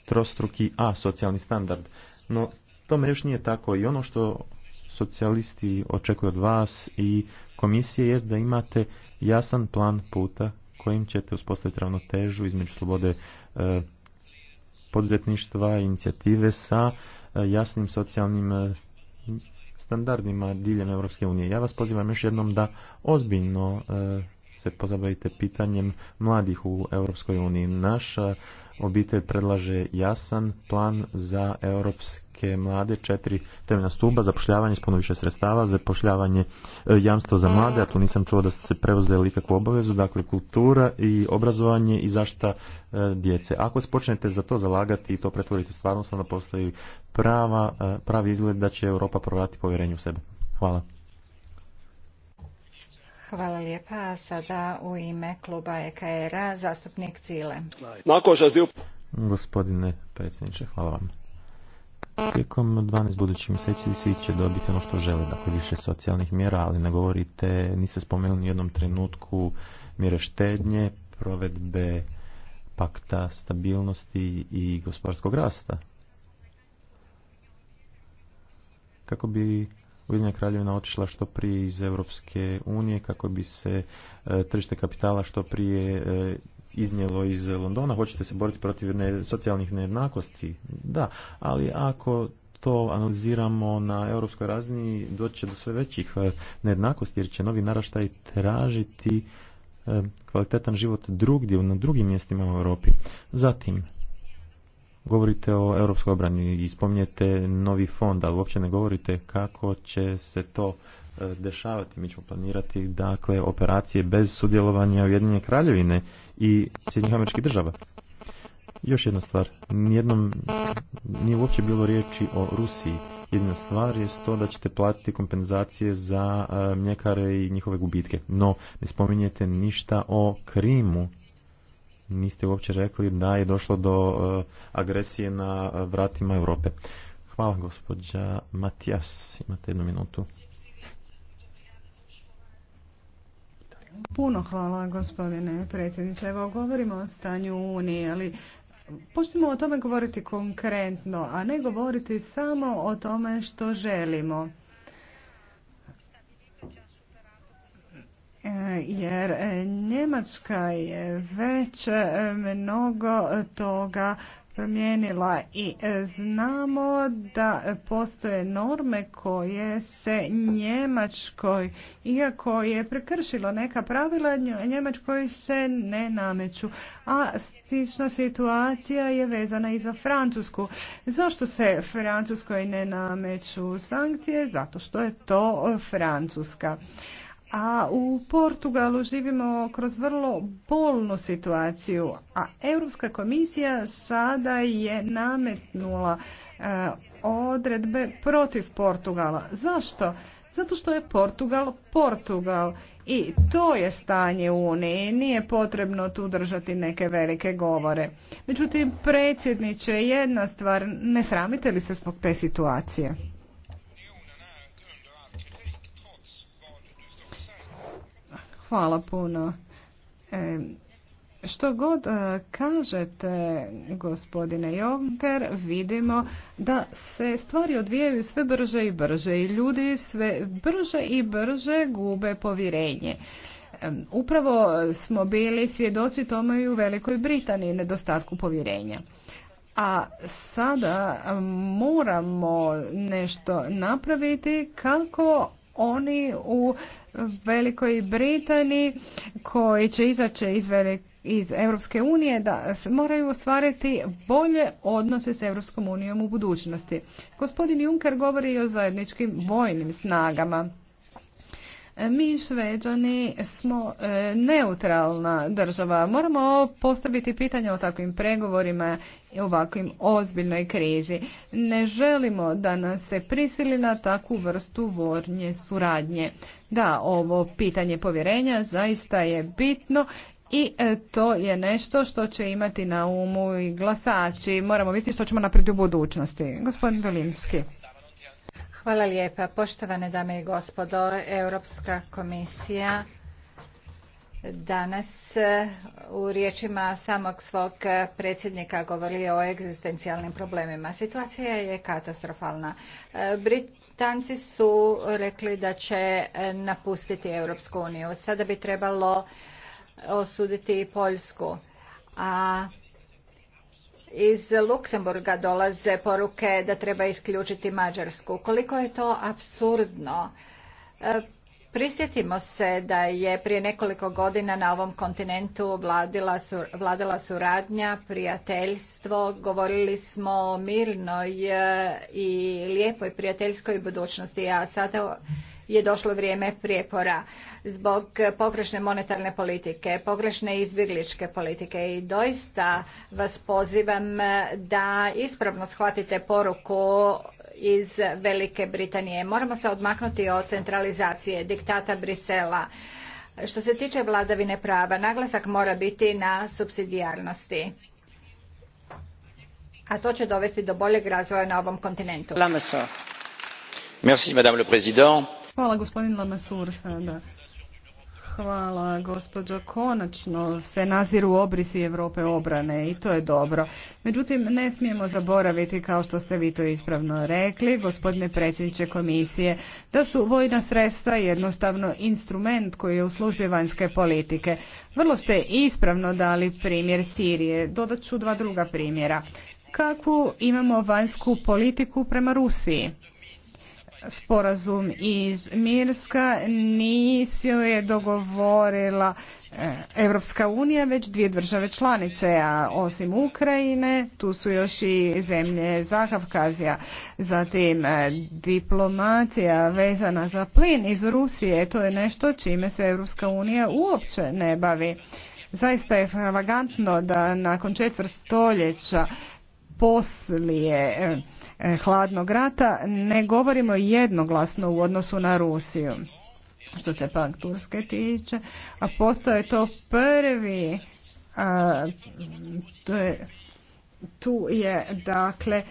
trostruki A socijalni standard. No, tome još nije tako i ono što socijalisti očekuju od vas i komisije jest da imate jasan plan puta kojim ćete uspostaviti ravnotežu između slobode e, poduzetništva, inicijative sa e, jasnim socijalnim e, standardima diljem Europske unije. Ja vas pozivam još jednom da ozbiljno e, se pozabavite pitanjem mladih u Europskoj uniji. Naša obitelj predlaže jasan plan za europske mlade četiri temeljna stuba, zapošljavanje s više sredstava, zapošljavanje e, jamstvo za mlade, a tu nisam čuo da ste se preuzeli ikakvu obavezu, dakle kultura i obrazovanje i zašta e, djece. Ako se počnete za to zalagati i to pretvorite stvarnost, onda postoji prava, e, pravi izgled da će Europa provrati povjerenje u sebe. Hvala. Hvala lijepa. sada u ime kluba ekr zastupnik Cile. Gospodine predsjedniče, hvala vam. Tijekom 12 budućih mjeseci svi će dobiti ono što žele, dakle više socijalnih mjera, ali ne govorite, niste spomenuli u jednom trenutku mjere štednje, provedbe pakta stabilnosti i gospodarskog rasta. Kako bi Ujedinjena kraljevina otišla što prije iz Europske unije kako bi se e, tržište kapitala što prije e, iznijelo iz Londona. Hoćete se boriti protiv ne, socijalnih nejednakosti? Da, ali ako to analiziramo na europskoj razini doći će do sve većih e, nejednakosti jer će novi naraštaj tražiti kvalitetan život drugdje, na drugim mjestima u Europi. Zatim, govorite o europskoj obrani i spominjete novi fond, ali uopće ne govorite kako će se to e, dešavati. Mi ćemo planirati dakle operacije bez sudjelovanja Ujedinjene kraljevine i Sjedinjenih američkih država. Još jedna stvar, nijednom nije uopće bilo riječi o Rusiji. Jedna stvar je to da ćete platiti kompenzacije za e, mljekare i njihove gubitke. No, ne spominjete ništa o Krimu niste uopće rekli da je došlo do eh, agresije na eh, vratima Europe. Hvala gospođa Matijas, imate jednu minutu. Puno hvala gospodine predsjedniče. Evo govorimo o stanju Unije, ali počnemo o tome govoriti konkretno, a ne govoriti samo o tome što želimo. jer e, Njemačka je već e, mnogo toga promijenila i e, znamo da postoje norme koje se Njemačkoj, iako je prekršilo neka pravila, Njemačkoj se ne nameću. A slična situacija je vezana i za Francusku. Zašto se Francuskoj ne nameću sankcije? Zato što je to Francuska a u Portugalu živimo kroz vrlo bolnu situaciju, a Europska komisija sada je nametnula eh, odredbe protiv Portugala. Zašto? Zato što je Portugal Portugal i to je stanje u Uniji. Nije potrebno tu držati neke velike govore. Međutim, predsjedniče, jedna stvar, ne sramite li se zbog te situacije? Hvala puno. E, što god e, kažete, gospodine Jonker, vidimo da se stvari odvijaju sve brže i brže i ljudi sve brže i brže gube povjerenje. E, upravo smo bili svjedoci tome i u Velikoj Britaniji nedostatku povjerenja. A sada moramo nešto napraviti kako oni u Velikoj Britaniji koji će izaći iz, iz Europske unije da moraju ostvariti bolje odnose s Europskom unijom u budućnosti. Gospodin Juncker govori i o zajedničkim vojnim snagama. Mi Šveđani smo e, neutralna država. Moramo postaviti pitanje o takvim pregovorima i ovakvim ozbiljnoj krizi. Ne želimo da nas se prisili na takvu vrstu vornje suradnje. Da, ovo pitanje povjerenja zaista je bitno i e, to je nešto što će imati na umu i glasači. Moramo vidjeti što ćemo naprijed u budućnosti. Gospodin Dolinski. Hvala lijepa. Poštovane dame i gospodo, Europska komisija danas eh, u riječima samog svog eh, predsjednika govori o egzistencijalnim problemima. Situacija je katastrofalna. Eh, Britanci su rekli da će napustiti Europsku uniju. Sada bi trebalo osuditi i Poljsku. A iz Luksemburga dolaze poruke da treba isključiti Mađarsku. Koliko je to absurdno? E, prisjetimo se da je prije nekoliko godina na ovom kontinentu vladala suradnja, prijateljstvo, govorili smo o mirnoj e, i lijepoj prijateljskoj budućnosti, a sada je došlo vrijeme prijepora zbog pogrešne monetarne politike, pogrešne izbjegličke politike i doista vas pozivam da ispravno shvatite poruku iz Velike Britanije. Moramo se odmaknuti od centralizacije, diktata Brisela. Što se tiče vladavine prava, naglasak mora biti na subsidijarnosti a to će dovesti do boljeg razvoja na ovom kontinentu. Merci, Hvala gospodin Lamasur sada. Hvala gospođo. Konačno se naziru obrisi Europe obrane i to je dobro. Međutim, ne smijemo zaboraviti, kao što ste vi to ispravno rekli, gospodine predsjedniče komisije, da su vojna sredstva jednostavno instrument koji je u službi vanjske politike. Vrlo ste ispravno dali primjer Sirije. Dodat ću dva druga primjera. Kakvu imamo vanjsku politiku prema Rusiji? sporazum iz Mirska nisu je dogovorila e, Evropska unija, već dvije države članice, a osim Ukrajine, tu su još i zemlje Zakavkazija, zatim e, diplomacija vezana za plin iz Rusije, to je nešto čime se Evropska unija uopće ne bavi. Zaista je fravagantno da nakon četvrt stoljeća poslije e, E, hladnog rata ne govorimo jednoglasno u odnosu na Rusiju. Što se pak Turske tiče, a je to prvi, a, to je, tu je dakle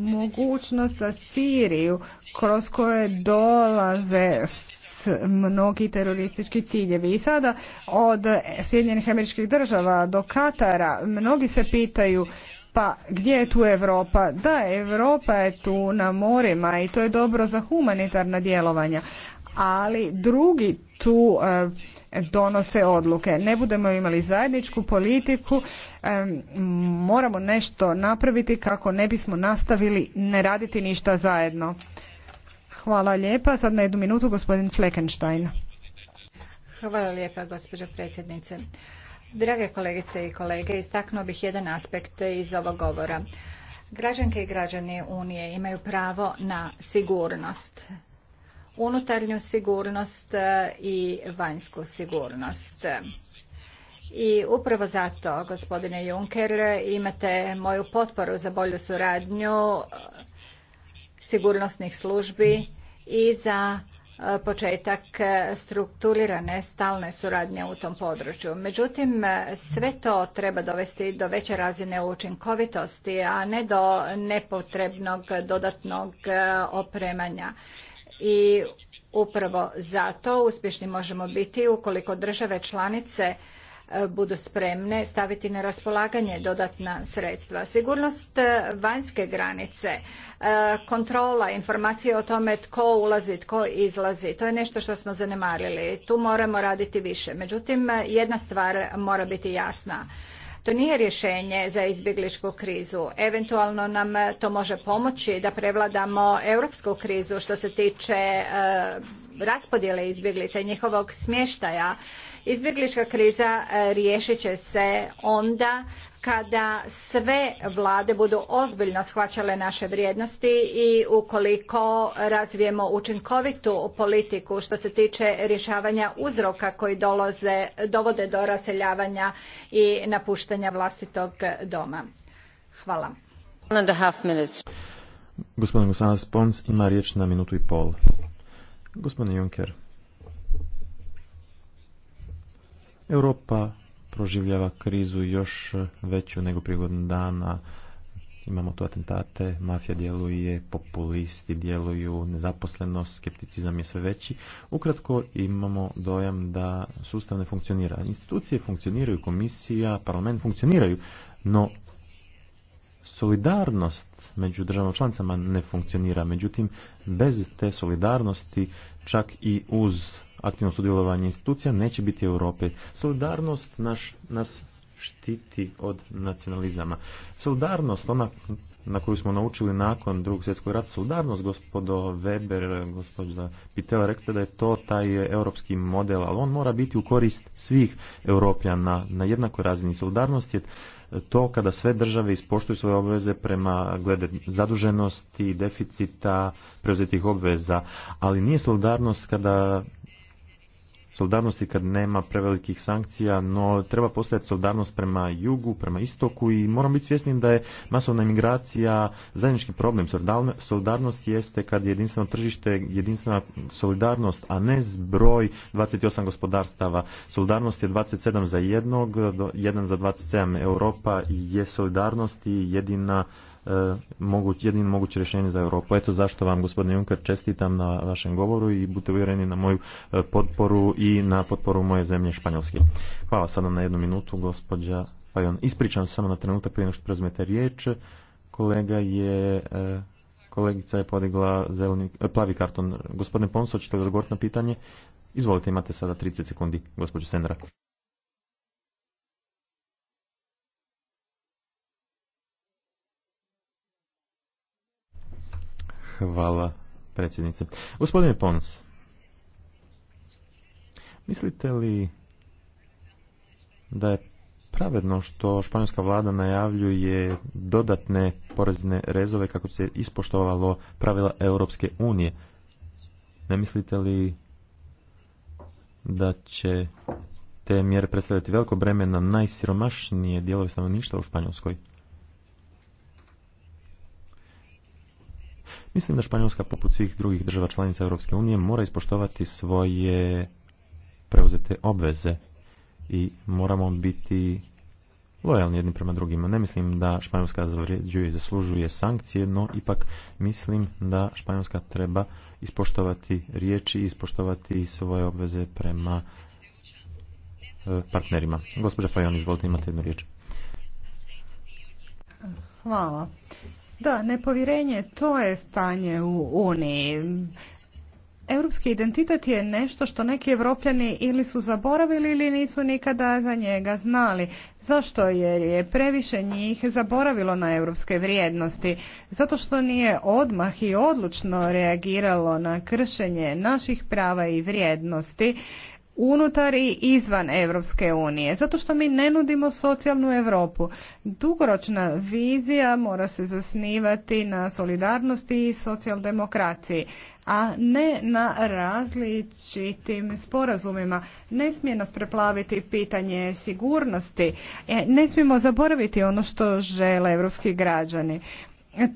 mogućnost za Siriju kroz koje dolaze mnogi teroristički ciljevi. I sada od Sjedinjenih američkih država do Katara mnogi se pitaju pa gdje je tu Europa? Da, Europa je tu na morima i to je dobro za humanitarna djelovanja, ali drugi tu eh, donose odluke. Ne budemo imali zajedničku politiku, moramo nešto napraviti kako ne bismo nastavili ne raditi ništa zajedno. Hvala lijepa. Sad na jednu minutu gospodin Fleckenstein. Hvala lijepa gospođo predsjednice. Drage kolegice i kolege, istaknuo bih jedan aspekt iz ovog govora. Građanke i građani Unije imaju pravo na sigurnost. Unutarnju sigurnost e, i vanjsku sigurnost. I upravo zato, gospodine Juncker, imate moju potporu za bolju suradnju e, sigurnosnih službi i za E, početak e, strukturirane stalne suradnje u tom području. Međutim, e, sve to treba dovesti do veće razine učinkovitosti, a ne do nepotrebnog dodatnog opremanja. I upravo zato uspješni možemo biti ukoliko države članice E, budu spremne staviti na raspolaganje dodatna sredstva. Sigurnost e, vanjske granice, e, kontrola, informacije o tome tko ulazi, tko izlazi, to je nešto što smo zanemarili. Tu moramo raditi više. Međutim, jedna stvar mora biti jasna. To nije rješenje za izbjegličku krizu. Eventualno nam to može pomoći da prevladamo europsku krizu što se tiče raspodjele izbjeglica i njihovog smještaja Izbjeglička kriza e, riješit će se onda kada sve vlade budu ozbiljno shvaćale naše vrijednosti i ukoliko razvijemo učinkovitu politiku što se tiče rješavanja uzroka koji dolaze, dovode do raseljavanja i napuštanja vlastitog doma. Hvala. Gospodin ima riječ na minutu i pol. Gospodin Juncker. Europa proživljava krizu još veću nego prije godinu dana. Imamo tu atentate, mafija djeluje, populisti djeluju, nezaposlenost, skepticizam je sve veći. Ukratko imamo dojam da sustav ne funkcionira. Institucije funkcioniraju, komisija, parlament funkcioniraju, no solidarnost među državama članicama ne funkcionira. Međutim, bez te solidarnosti čak i uz aktivno sudjelovanje institucija neće biti Europe. Solidarnost naš, nas štiti od nacionalizama. Solidarnost, ona na koju smo naučili nakon drugog svjetskog rata, solidarnost, gospodo Weber, gospođa Pitela, rekste da je to taj europski model, ali on mora biti u korist svih europljana na jednakoj razini. Solidarnost je to kada sve države ispoštuju svoje obveze prema glede zaduženosti, deficita, preuzetih obveza, ali nije solidarnost kada solidarnosti kad nema prevelikih sankcija, no treba postojati solidarnost prema jugu, prema istoku i moram biti svjesni da je masovna imigracija zajednički problem. Solidarnost jeste kad je jedinstveno tržište, jedinstvena solidarnost, a ne zbroj 28 gospodarstava. Solidarnost je 27 za jednog, jedan za 27 Europa je solidarnost i jedina E, moguć, jedino moguće rješenje za Europu. Eto zašto vam, gospodine Juncker, čestitam na vašem govoru i budite uvjereni na moju e, potporu i na potporu moje zemlje Španjolske. Hvala sada na jednu minutu, gospođa Fajon. Ispričam samo na trenutak prije što preuzmete riječ. Kolega je e, kolegica je podigla plavi karton. Gospodine Ponso, ćete odgovoriti na pitanje? Izvolite, imate sada 30 sekundi, gospođo Sendra. Hvala, predsjednice. Gospodine Pons, mislite li da je pravedno što španjolska vlada najavljuje dodatne porezne rezove kako se ispoštovalo pravila Europske unije? Ne mislite li da će te mjere predstavljati veliko breme na najsiromašnije dijelove stanovništva u Španjolskoj? Mislim da Španjolska, poput svih drugih država članica Europske unije, mora ispoštovati svoje preuzete obveze i moramo biti lojalni jedni prema drugima. Ne mislim da Španjolska zavređuje i zaslužuje sankcije, no ipak mislim da Španjolska treba ispoštovati riječi i ispoštovati svoje obveze prema e, partnerima. Gospođa Fajon, izvolite, imate jednu riječ. Hvala. Da, nepovjerenje, to je stanje u Uniji. Europski identitet je nešto što neki evropljani ili su zaboravili ili nisu nikada za njega znali. Zašto? Jer je previše njih zaboravilo na europske vrijednosti. Zato što nije odmah i odlučno reagiralo na kršenje naših prava i vrijednosti unutar i izvan Europske unije, zato što mi ne nudimo socijalnu Europu. Dugoročna vizija mora se zasnivati na solidarnosti i socijaldemokraciji, a ne na različitim sporazumima. Ne smije nas preplaviti pitanje sigurnosti. E, ne smijemo zaboraviti ono što žele evropski građani.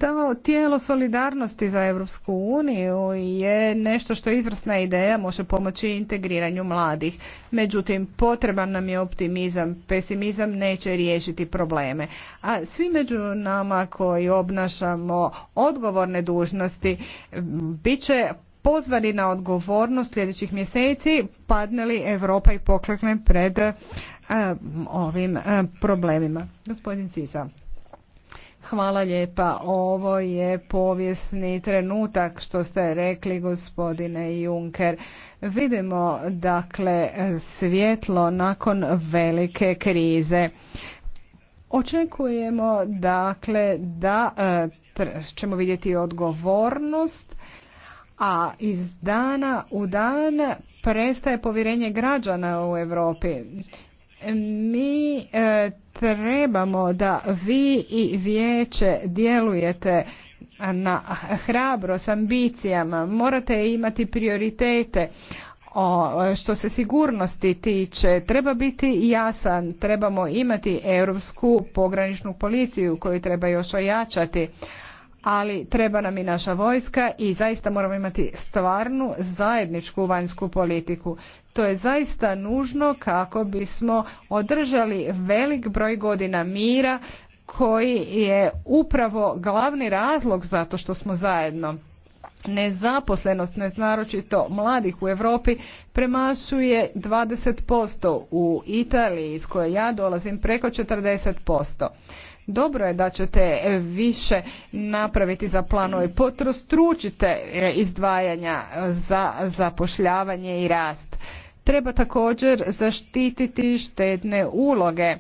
To tijelo solidarnosti za Europsku uniju je nešto što je izvrsna ideja, može pomoći integriranju mladih. Međutim, potreban nam je optimizam, pesimizam neće riješiti probleme. A svi među nama koji obnašamo odgovorne dužnosti bit će pozvani na odgovornost sljedećih mjeseci, padne li Europa i poklekne pred ovim problemima. Gospodin Sisa. Hvala lijepa. Ovo je povijesni trenutak što ste rekli gospodine Juncker. Vidimo dakle svjetlo nakon velike krize. Očekujemo dakle da e, ćemo vidjeti odgovornost a iz dana u dan prestaje povjerenje građana u Europi mi e, trebamo da vi i vijeće djelujete na hrabro s ambicijama, morate imati prioritete o, što se sigurnosti tiče, treba biti jasan, trebamo imati europsku pograničnu policiju koju treba još ojačati, ali treba nam i naša vojska i zaista moramo imati stvarnu zajedničku vanjsku politiku. To je zaista nužno kako bismo održali velik broj godina mira koji je upravo glavni razlog zato što smo zajedno. Nezaposlenost, naročito mladih u Europi, premašuje 20% u Italiji, iz koje ja dolazim, preko 40%. Dobro je da ćete više napraviti za planove. Potrostručite izdvajanja za zapošljavanje i rast. Treba također zaštititi štedne uloge.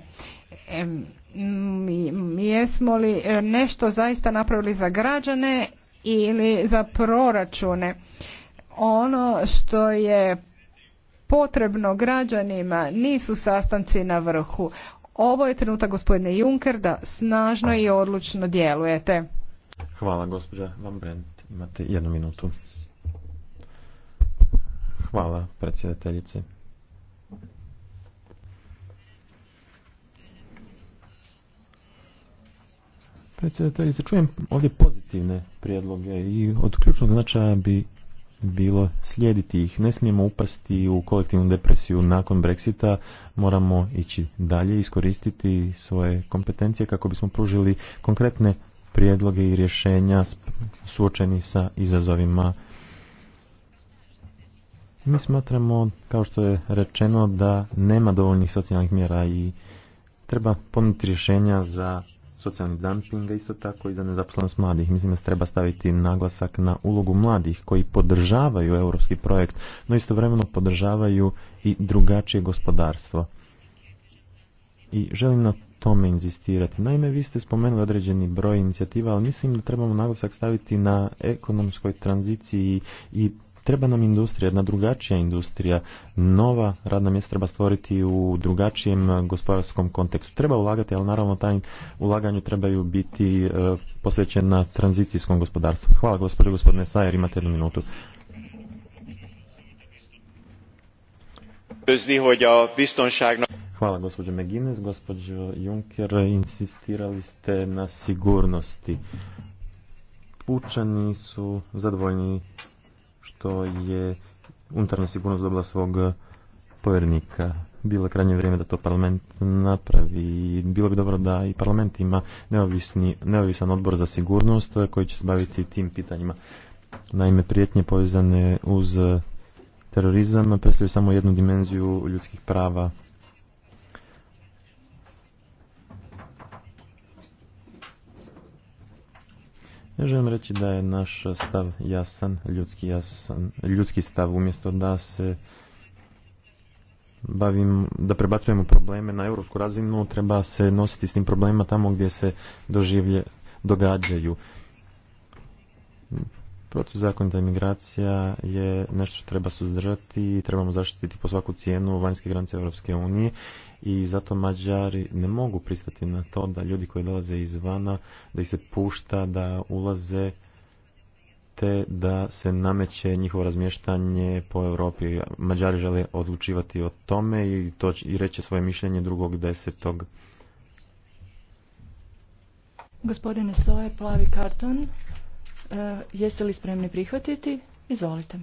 Jesmo li e, nešto zaista napravili za građane ili za proračune? Ono što je potrebno građanima nisu sastanci na vrhu. Ovo je trenutak gospodine Juncker da snažno i odlučno djelujete. Hvala gospođa Van Brent. Imate jednu minutu. Hvala, predsjedateljice. Predsjedateljice, čujem ovdje pozitivne prijedloge i od ključnog značaja bi bilo slijediti ih. Ne smijemo upasti u kolektivnu depresiju nakon Brexita, moramo ići dalje, iskoristiti svoje kompetencije kako bismo pružili konkretne prijedloge i rješenja suočeni sa izazovima mi smatramo, kao što je rečeno, da nema dovoljnih socijalnih mjera i treba ponuditi rješenja za socijalni dumping, isto tako i za nezaposlenost mladih. Mislim da se treba staviti naglasak na ulogu mladih koji podržavaju europski projekt, no istovremeno podržavaju i drugačije gospodarstvo. I želim na tome inzistirati. Naime, vi ste spomenuli određeni broj inicijativa, ali mislim da trebamo naglasak staviti na ekonomskoj tranziciji i Treba nam industrija, jedna drugačija industrija, nova radna mjesta treba stvoriti u drugačijem e, gospodarskom kontekstu. Treba ulagati, ali naravno taj ulaganju trebaju biti e, posvećena tranzicijskom gospodarstvu. Hvala gospođo, gospodine Sajer, imate jednu minutu. Hvala gospođo Megines, gospođo Juncker, insistirali ste na sigurnosti. Pučani su zadovoljni to je unutarnja sigurnost dobila svog povjernika. Bilo je krajnje vrijeme da to parlament napravi. Bilo bi dobro da i parlament ima neovisni, neovisan odbor za sigurnost koji će se baviti tim pitanjima. Naime, prijetnje povezane uz terorizam predstavljaju samo jednu dimenziju ljudskih prava Ja želim reći da je naš stav jasan, ljudski, jasan, ljudski stav, umjesto da se bavim, da prebacujemo probleme na europsku razinu, treba se nositi s tim problemima tamo gdje se doživlje, događaju. Protuzakonita imigracija je nešto što treba suzdržati i trebamo zaštititi po svaku cijenu vanjske granice Europske unije i zato Mađari ne mogu pristati na to da ljudi koji dolaze izvana, da ih se pušta, da ulaze te da se nameće njihovo razmještanje po Europi. Mađari žele odlučivati o tome i, to, i reće svoje mišljenje drugog desetog. Gospodine Soje, plavi karton. E, jeste li spremni prihvatiti? Izvolite.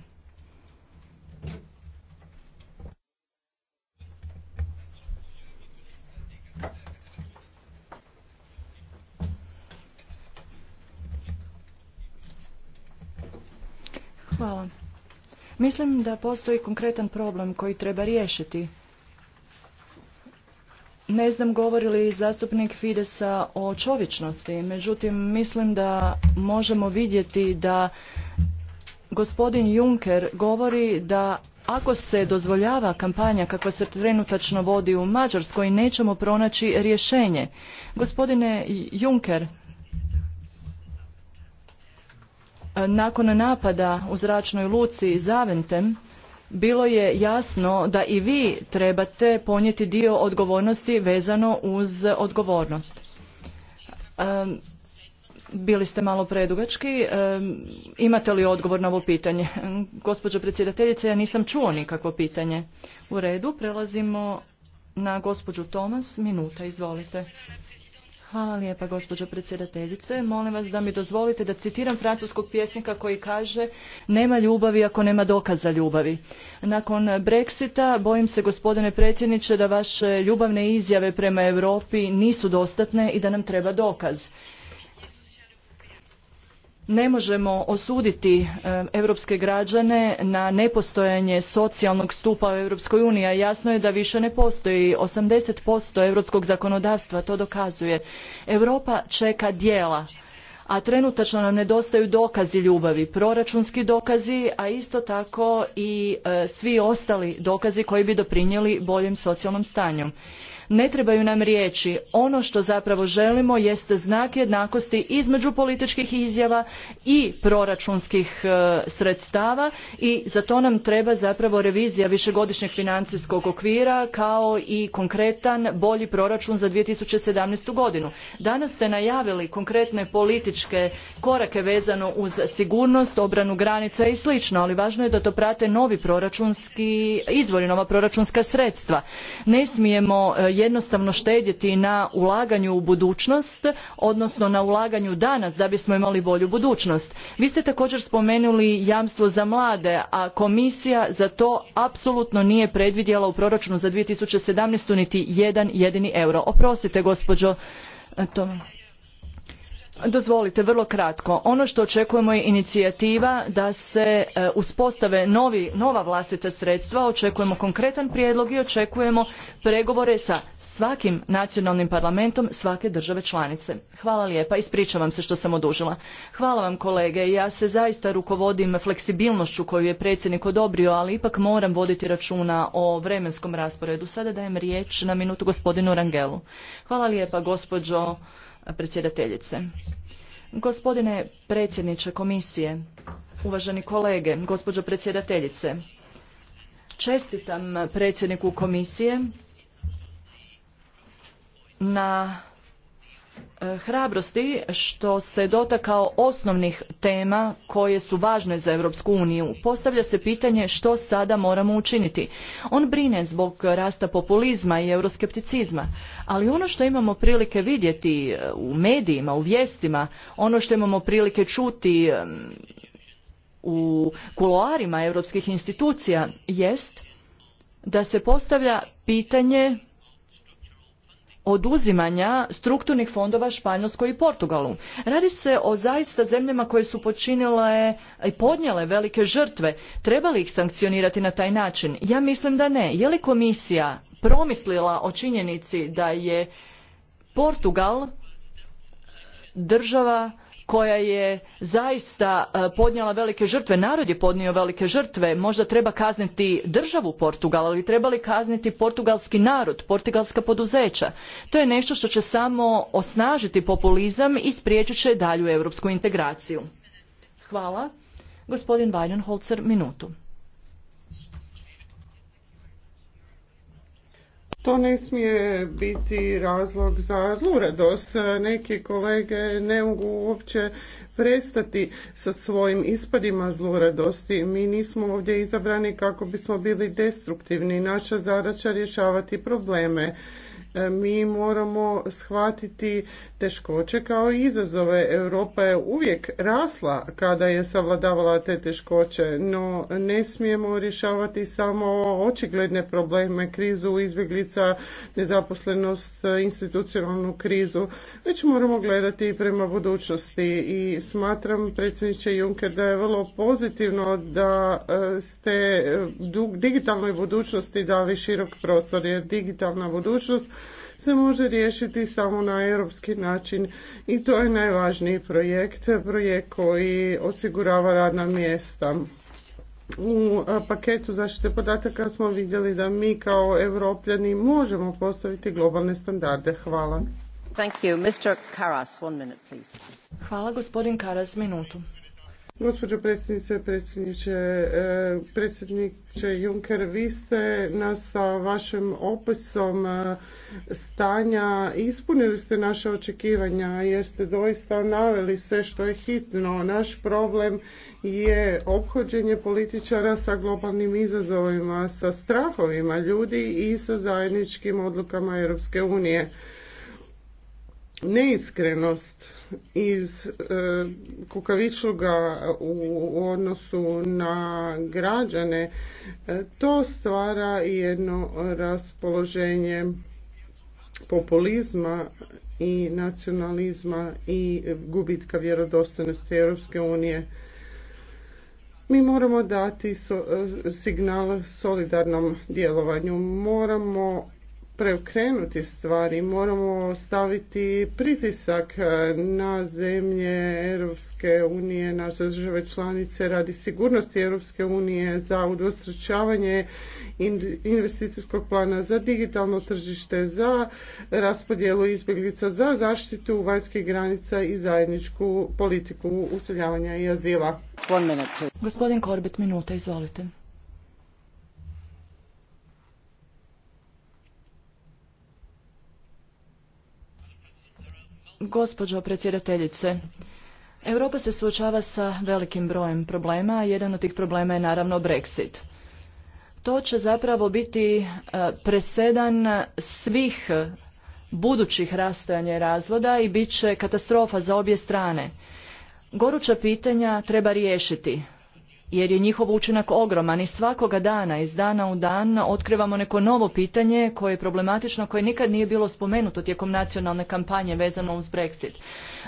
Hvala. Mislim da postoji konkretan problem koji treba riješiti ne znam govori li zastupnik Fidesa o čovječnosti, međutim mislim da možemo vidjeti da gospodin Juncker govori da ako se dozvoljava kampanja kakva se trenutačno vodi u Mađarskoj, nećemo pronaći rješenje. Gospodine Juncker, nakon napada u zračnoj luci Zaventem, bilo je jasno da i vi trebate ponijeti dio odgovornosti vezano uz odgovornost. bili ste malo predugački. imate li odgovor na ovo pitanje? [laughs] Gospođo predsjedateljice, ja nisam čuo nikakvo pitanje. U redu, prelazimo na gospođu Tomas. Minuta, izvolite. Hvala lijepa, gospođo predsjedateljice. Molim vas da mi dozvolite da citiram francuskog pjesnika koji kaže nema ljubavi ako nema dokaza ljubavi. Nakon Brexita bojim se, gospodine predsjedniče, da vaše ljubavne izjave prema Europi nisu dostatne i da nam treba dokaz ne možemo osuditi europske građane na nepostojanje socijalnog stupa u Europskoj uniji, a jasno je da više ne postoji. 80% europskog zakonodavstva to dokazuje. Europa čeka dijela, a trenutačno nam nedostaju dokazi ljubavi, proračunski dokazi, a isto tako i e, svi ostali dokazi koji bi doprinijeli boljem socijalnom stanju. Ne trebaju nam riječi. Ono što zapravo želimo jeste znak jednakosti između političkih izjava i proračunskih e, sredstava i za to nam treba zapravo revizija višegodišnjeg financijskog okvira kao i konkretan bolji proračun za 2017. godinu. Danas ste najavili konkretne političke korake vezano uz sigurnost, obranu granica i slično, ali važno je da to prate novi proračunski izvori, nova proračunska sredstva. Ne smijemo e, jednostavno štedjeti na ulaganju u budućnost, odnosno na ulaganju danas da bismo imali bolju budućnost. Vi ste također spomenuli jamstvo za mlade, a komisija za to apsolutno nije predvidjela u proračunu za 2017. niti jedan jedini euro. Oprostite, gospođo. E, to... Dozvolite, vrlo kratko. Ono što očekujemo je inicijativa da se e, uspostave novi, nova vlastita sredstva, očekujemo konkretan prijedlog i očekujemo pregovore sa svakim nacionalnim parlamentom svake države članice. Hvala lijepa, ispričavam se što sam odužila. Hvala vam kolege, ja se zaista rukovodim fleksibilnošću koju je predsjednik odobrio, ali ipak moram voditi računa o vremenskom rasporedu. Sada dajem riječ na minutu gospodinu Rangelu. Hvala lijepa gospođo predsjedateljice. Gospodine predsjedniče komisije, uvaženi kolege, gospođo predsjedateljice, čestitam predsjedniku komisije na E, hrabrosti što se dotakao osnovnih tema koje su važne za Europsku uniju. Postavlja se pitanje što sada moramo učiniti. On brine zbog rasta populizma i euroskepticizma, ali ono što imamo prilike vidjeti e, u medijima, u vijestima, ono što imamo prilike čuti e, u kuloarima europskih institucija jest da se postavlja pitanje oduzimanja strukturnih fondova Španjolskoj i Portugalu. Radi se o zaista zemljama koje su počinile i podnijele velike žrtve. Treba li ih sankcionirati na taj način? Ja mislim da ne. Je li komisija promislila o činjenici da je Portugal država koja je zaista e, podnijela velike žrtve, narod je podnio velike žrtve, možda treba kazniti državu Portugal, ali treba li kazniti portugalski narod, portugalska poduzeća. To je nešto što će samo osnažiti populizam i spriječit će dalju europsku integraciju. Hvala. Gospodin Weidenholzer, minutu. to ne smije biti razlog za zluradost. Neki kolege ne mogu uopće prestati sa svojim ispadima zluradosti. Mi nismo ovdje izabrani kako bismo bili destruktivni. Naša zadaća rješavati probleme. E, mi moramo shvatiti teškoće kao i izazove. Europa je uvijek rasla kada je savladavala te teškoće, no ne smijemo rješavati samo očigledne probleme, krizu izbjeglica, nezaposlenost, institucionalnu krizu, već moramo gledati i prema budućnosti i smatram predsjedniče Juncker da je vrlo pozitivno da e, ste digitalnoj budućnosti dali širok prostor jer digitalna budućnost se može riješiti samo na europski način i to je najvažniji projekt, projekt koji osigurava radna mjesta. U paketu zaštite podataka smo vidjeli da mi kao europljani možemo postaviti globalne standarde. Hvala. Thank Hvala gospodin Karas, minutu. Gospođo predsjednice, predsjedniče, e, predsjedniče Juncker, vi ste nas sa vašim opisom e, stanja ispunili ste naše očekivanja jer ste doista naveli sve što je hitno. Naš problem je obhođenje političara sa globalnim izazovima, sa strahovima ljudi i sa zajedničkim odlukama Europske unije neiskrenost iz e, kukavičluga u odnosu na građane, e, to stvara jedno raspoloženje populizma i nacionalizma i gubitka vjerodostojnosti Europske unije. Mi moramo dati e, signal solidarnom djelovanju. Moramo preokrenuti stvari, moramo staviti pritisak e, na zemlje Europske unije, na države članice radi sigurnosti Europske unije za udostračavanje investicijskog plana za digitalno tržište, za raspodjelu izbjeglica, za zaštitu vanjskih granica i zajedničku politiku useljavanja i azila. Gospodin Korbit, minuta, izvolite. Gospođo predsjedateljice, Europa se suočava sa velikim brojem problema, a jedan od tih problema je naravno Brexit. To će zapravo biti e, presedan svih budućih rastajanja i razvoda i bit će katastrofa za obje strane. Goruća pitanja treba riješiti jer je njihov učinak ogroman i svakoga dana, iz dana u dan, otkrivamo neko novo pitanje koje je problematično, koje nikad nije bilo spomenuto tijekom nacionalne kampanje vezano uz Brexit.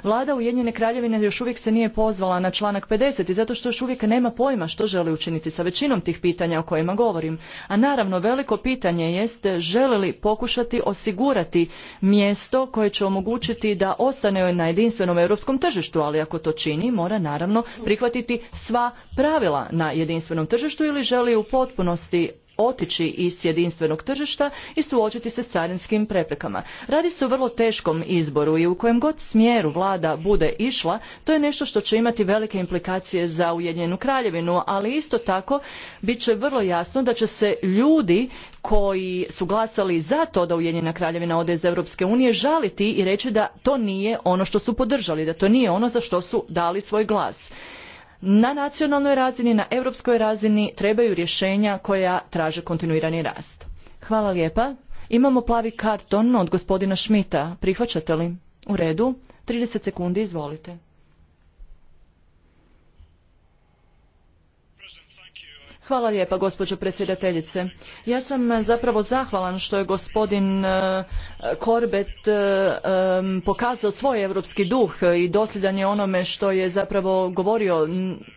Vlada Ujedinjene kraljevine još uvijek se nije pozvala na članak 50 i zato što još uvijek nema pojma što želi učiniti sa većinom tih pitanja o kojima govorim. A naravno veliko pitanje jest želi li pokušati osigurati mjesto koje će omogućiti da ostane na jedinstvenom europskom tržištu, ali ako to čini mora naravno prihvatiti sva pravila pravila na jedinstvenom tržištu ili želi u potpunosti otići iz jedinstvenog tržišta i suočiti se s carinskim preprekama. Radi se o vrlo teškom izboru i u kojem god smjeru vlada bude išla, to je nešto što će imati velike implikacije za Ujedinjenu kraljevinu, ali isto tako bit će vrlo jasno da će se ljudi koji su glasali za to da Ujedinjena kraljevina ode iz Europske unije žaliti i reći da to nije ono što su podržali, da to nije ono za što su dali svoj glas na nacionalnoj razini, na europskoj razini trebaju rješenja koja traže kontinuirani rast. Hvala lijepa. Imamo plavi karton od gospodina Šmita. Prihvaćate li? U redu. 30 sekundi, izvolite. Hvala lijepa, gospođo predsjedateljice. Ja sam e, zapravo zahvalan što je gospodin e, Korbet e, pokazao svoj europski duh i dosljedan je onome što je zapravo govorio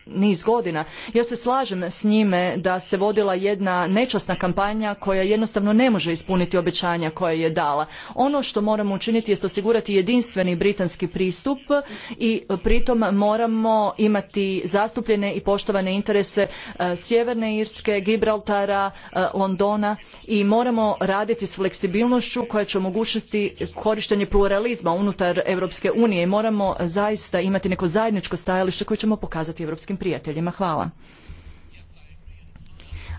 niz godina. Ja se slažem s njime da se vodila jedna nečasna kampanja koja jednostavno ne može ispuniti obećanja koje je dala. Ono što moramo učiniti jest osigurati jedinstveni britanski pristup i pritom moramo imati zastupljene i poštovane interese sjeverne Irske, Gibraltara, eh, Londona i moramo raditi s fleksibilnošću koja će omogućiti korištenje pluralizma unutar Europske unije i moramo eh, zaista imati neko zajedničko stajalište koje ćemo pokazati europskim prijateljima. Hvala.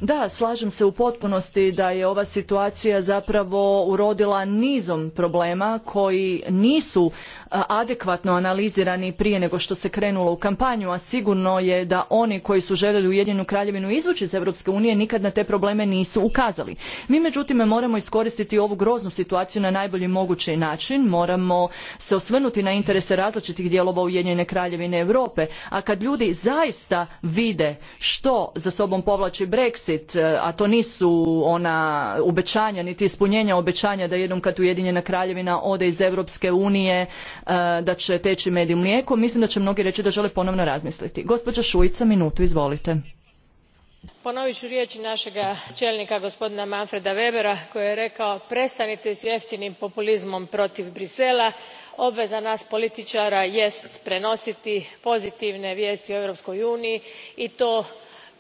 Da, slažem se u potpunosti da je ova situacija zapravo urodila nizom problema koji nisu adekvatno analizirani prije nego što se krenulo u kampanju, a sigurno je da oni koji su željeli Ujedinjenu kraljevinu izvući iz Europske unije nikad na te probleme nisu ukazali. Mi međutim moramo iskoristiti ovu groznu situaciju na najbolji mogući način, moramo se osvrnuti na interese različitih dijelova Ujedinjene kraljevine Europe, a kad ljudi zaista vide što za sobom povlači Brexit, e, a to nisu ona obećanja niti ispunjenja obećanja da jednom kad Ujedinjena kraljevina ode iz Europske unije E, da će teći med i mlijeko, mislim da će mnogi reći da žele ponovno razmisliti. Gospođa Šujica, minutu, izvolite. Ponovit ću riječi našega čelnika gospodina Manfreda Webera koji je rekao prestanite s jeftinim populizmom protiv Brisela. Obveza nas političara jest prenositi pozitivne vijesti o Europskoj uniji i to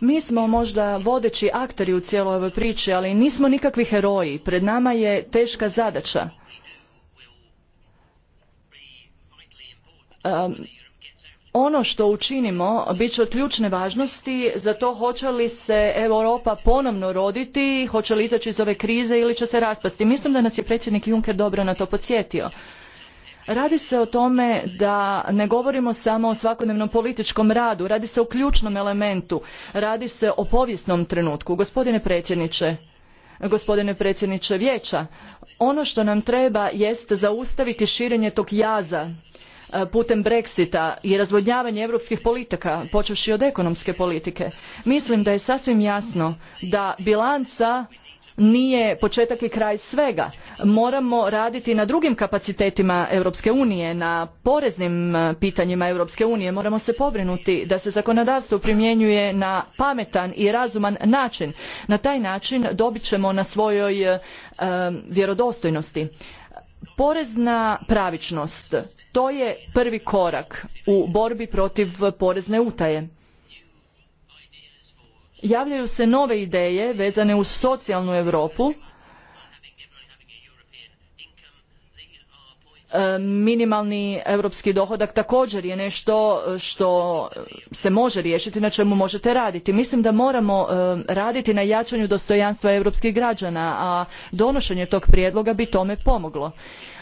mi smo možda vodeći akteri u cijeloj ovoj priči, ali nismo nikakvi heroji. Pred nama je teška zadaća. ono što učinimo bit će od ključne važnosti za to hoće li se Europa ponovno roditi, hoće li izaći iz ove krize ili će se raspasti. Mislim da nas je predsjednik Juncker dobro na to podsjetio. Radi se o tome da ne govorimo samo o svakodnevnom političkom radu, radi se o ključnom elementu, radi se o povijesnom trenutku. Gospodine predsjedniče, gospodine predsjedniče vijeća, ono što nam treba jest zaustaviti širenje tog jaza e, putem Brexita i razvodnjavanje europskih politika, počevši od ekonomske politike. Mislim da je sasvim jasno da bilanca nije početak i kraj svega. Moramo raditi na drugim kapacitetima Europske unije, na poreznim e, pitanjima Europske unije. Moramo se pobrinuti da se zakonodavstvo primjenjuje na pametan i razuman način. Na taj način dobit ćemo na svojoj e, e, vjerodostojnosti. Porezna pravičnost to je prvi korak u borbi protiv porezne utaje javljaju se nove ideje vezane uz socijalnu Europu, e, minimalni europski dohodak također je nešto e, što se može riješiti na čemu možete raditi. Mislim da moramo e, raditi na jačanju dostojanstva europskih građana, a donošenje tog prijedloga bi tome pomoglo.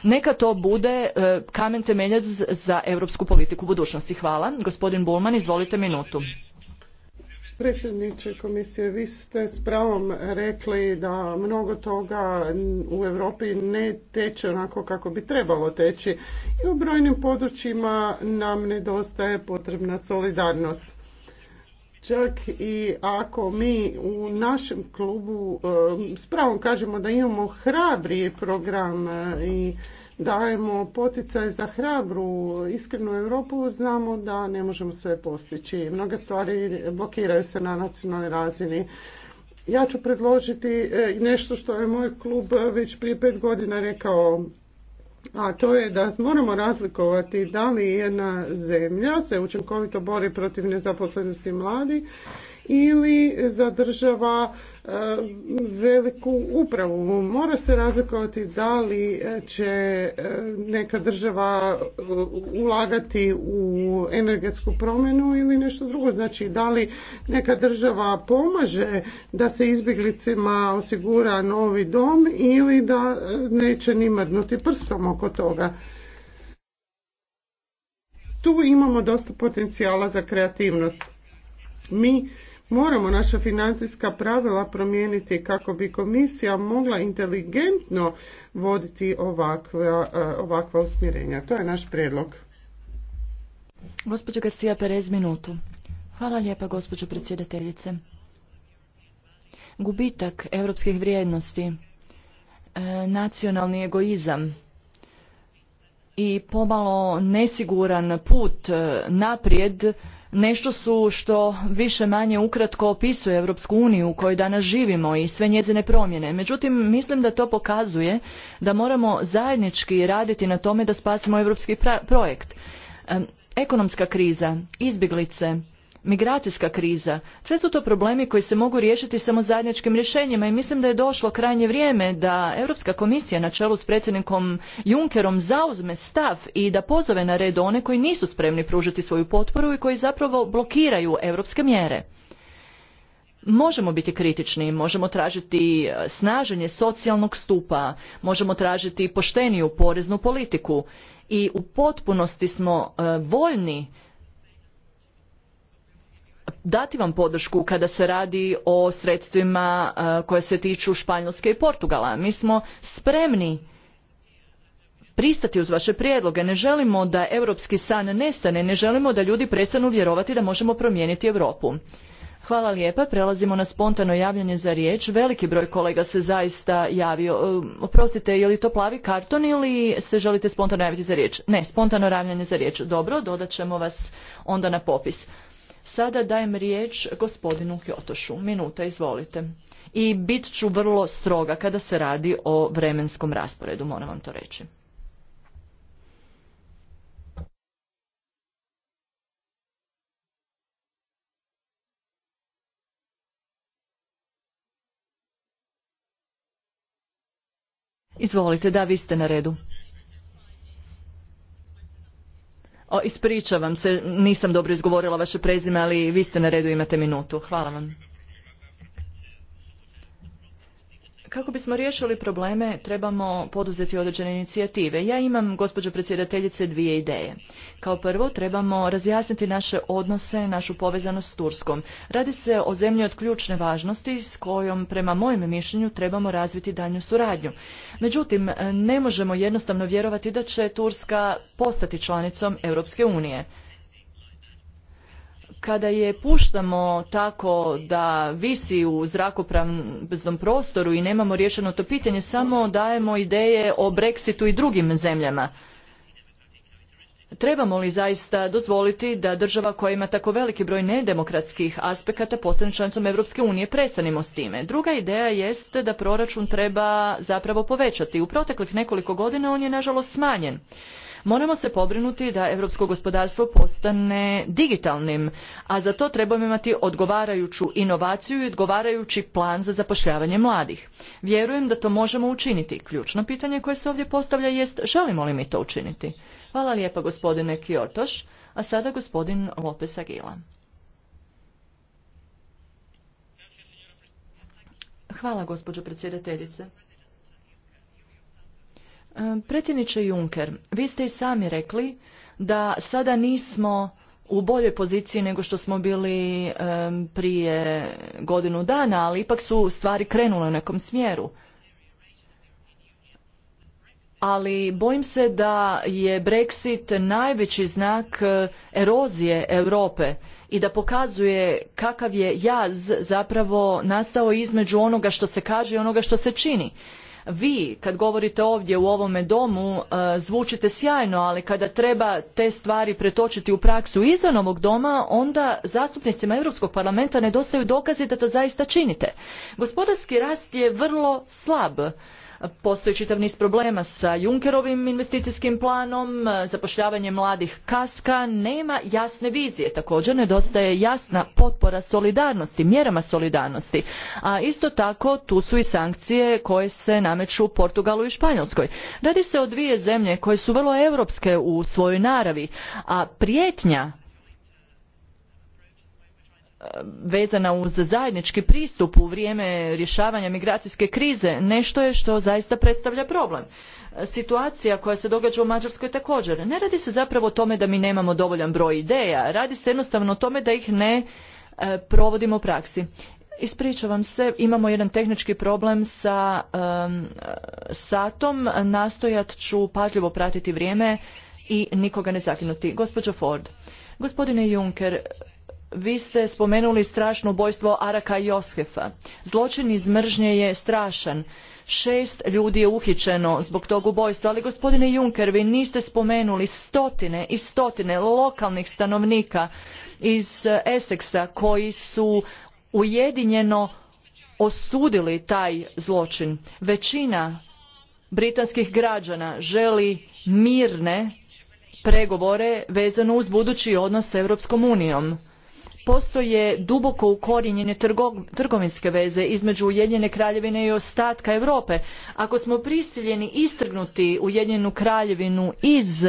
Neka to bude kamen temeljac za europsku politiku budućnosti. Hvala. Gospodin Bulman, izvolite minutu. Predsjedniče komisije, vi ste s pravom rekli da mnogo toga u Europi ne teče onako kako bi trebalo teći i u brojnim područjima nam nedostaje potrebna solidarnost. Čak i ako mi u našem klubu eh, s pravom kažemo da imamo hrabri program eh, i dajemo poticaj za hrabru, iskrenu Europu, znamo da ne možemo sve postići. Mnoge stvari blokiraju se na nacionalnoj razini. Ja ću predložiti e, nešto što je moj klub već prije pet godina rekao a to je da moramo razlikovati da li jedna zemlja se učinkovito bori protiv nezaposlenosti mladi ili zadržava e, veliku upravu. Mora se razlikovati da li e, će e, neka država ulagati u energetsku promjenu ili nešto drugo. Znači da li neka država pomaže da se izbjeglicima osigura novi dom ili da neće ni mrdnuti prstom oko toga. Tu imamo dosta potencijala za kreativnost. Mi Moramo naša financijska pravila promijeniti kako bi komisija mogla inteligentno voditi ovakva, e, ovakva usmjerenja. To je naš predlog. Gospođo Garcia Perez, minutu. Hvala lijepa, gospođo predsjedateljice. Gubitak europskih vrijednosti, e, nacionalni egoizam i pomalo nesiguran put e, naprijed nešto su što više manje ukratko opisuje Europsku uniju u kojoj danas živimo i sve njezine promjene. Međutim, mislim da to pokazuje da moramo zajednički raditi na tome da spasimo europski projekt. Ekonomska kriza, izbjeglice, migracijska kriza. Sve su to problemi koji se mogu riješiti samo zajedničkim rješenjima i mislim da je došlo krajnje vrijeme da Europska komisija na čelu s predsjednikom Junckerom zauzme stav i da pozove na red one koji nisu spremni pružiti svoju potporu i koji zapravo blokiraju europske mjere. Možemo biti kritični, možemo tražiti e, snaženje socijalnog stupa, možemo tražiti pošteniju poreznu politiku i u potpunosti smo e, voljni dati vam podršku kada se radi o sredstvima e, koje se tiču Španjolske i Portugala. Mi smo spremni pristati uz vaše prijedloge. Ne želimo da europski san nestane, ne želimo da ljudi prestanu vjerovati da možemo promijeniti Europu. Hvala lijepa. Prelazimo na spontano javljanje za riječ. Veliki broj kolega se zaista javio. E, oprostite, je li to plavi karton ili se želite spontano javiti za riječ? Ne, spontano javljanje za riječ. Dobro, dodat ćemo vas onda na popis. Sada dajem riječ gospodinu Kjotošu. Minuta, izvolite. I bit ću vrlo stroga kada se radi o vremenskom rasporedu, moram vam to reći. Izvolite, da, vi ste na redu. O, ispričavam se, nisam dobro izgovorila vaše prezime, ali vi ste na redu, imate minutu. Hvala vam. Kako bismo riješili probleme, trebamo poduzeti određene inicijative. Ja imam, gospođo predsjedateljice, dvije ideje. Kao prvo, trebamo razjasniti naše odnose, našu povezanost s Turskom. Radi se o zemlji od ključne važnosti s kojom, prema mojem mišljenju, trebamo razviti danju suradnju. Međutim, ne možemo jednostavno vjerovati da će Turska postati članicom Europske unije kada je puštamo tako da visi u zrakopravnom prostoru i nemamo riješeno to pitanje, samo dajemo ideje o Brexitu i drugim zemljama. Trebamo li zaista dozvoliti da država koja ima tako veliki broj nedemokratskih aspekata postane članicom Europske unije? Prestanimo s time. Druga ideja jest da proračun treba zapravo povećati. U proteklih nekoliko godina on je nažalost smanjen. Moramo se pobrinuti da europsko gospodarstvo postane digitalnim, a za to trebamo imati odgovarajuću inovaciju i odgovarajući plan za zapošljavanje mladih. Vjerujem da to možemo učiniti. Ključno pitanje koje se ovdje postavlja jest želimo li mi to učiniti? Hvala lijepa gospodine Kiotoš, a sada gospodin Lopes Agila. Hvala gospođo predsjedateljice. Predsjedniče Juncker, vi ste i sami rekli da sada nismo u boljoj poziciji nego što smo bili prije godinu dana, ali ipak su stvari krenule u nekom smjeru. Ali bojim se da je Brexit najveći znak e, erozije Europe i da pokazuje kakav je jaz zapravo nastao između onoga što se kaže i onoga što se čini vi kad govorite ovdje u ovome domu e, zvučite sjajno, ali kada treba te stvari pretočiti u praksu izvan ovog doma, onda zastupnicima Europskog parlamenta nedostaju dokazi da to zaista činite. Gospodarski rast je vrlo slab Postoji čitav niz problema sa Junkerovim investicijskim planom, zapošljavanje mladih kaska, nema jasne vizije. Također nedostaje jasna potpora solidarnosti, mjerama solidarnosti. A isto tako tu su i sankcije koje se nameću Portugalu i Španjolskoj. Radi se o dvije zemlje koje su vrlo europske u svojoj naravi, a prijetnja vezana uz zajednički pristup u vrijeme rješavanja migracijske krize nešto je što zaista predstavlja problem. Situacija koja se događa u Mađarskoj također. Ne radi se zapravo o tome da mi nemamo dovoljan broj ideja, radi se jednostavno o tome da ih ne e, provodimo u praksi. Ispričavam se, imamo jedan tehnički problem sa satom, nastojat ću pažljivo pratiti vrijeme i nikoga ne zakinuti. Gospođo Ford, gospodine Juncker, vi ste spomenuli strašno ubojstvo Araka i Josefa. Zločin iz mržnje je strašan. Šest ljudi je uhićeno zbog tog ubojstva, ali gospodine Juncker, vi niste spomenuli stotine i stotine lokalnih stanovnika iz eh, Essexa koji su ujedinjeno osudili taj zločin. Većina britanskih građana želi mirne pregovore vezano uz budući odnos s Europskom unijom postoje duboko ukorijenjene trgovinske veze između Ujedinjene kraljevine i ostatka Europe. Ako smo prisiljeni istrgnuti Ujedinjenu kraljevinu iz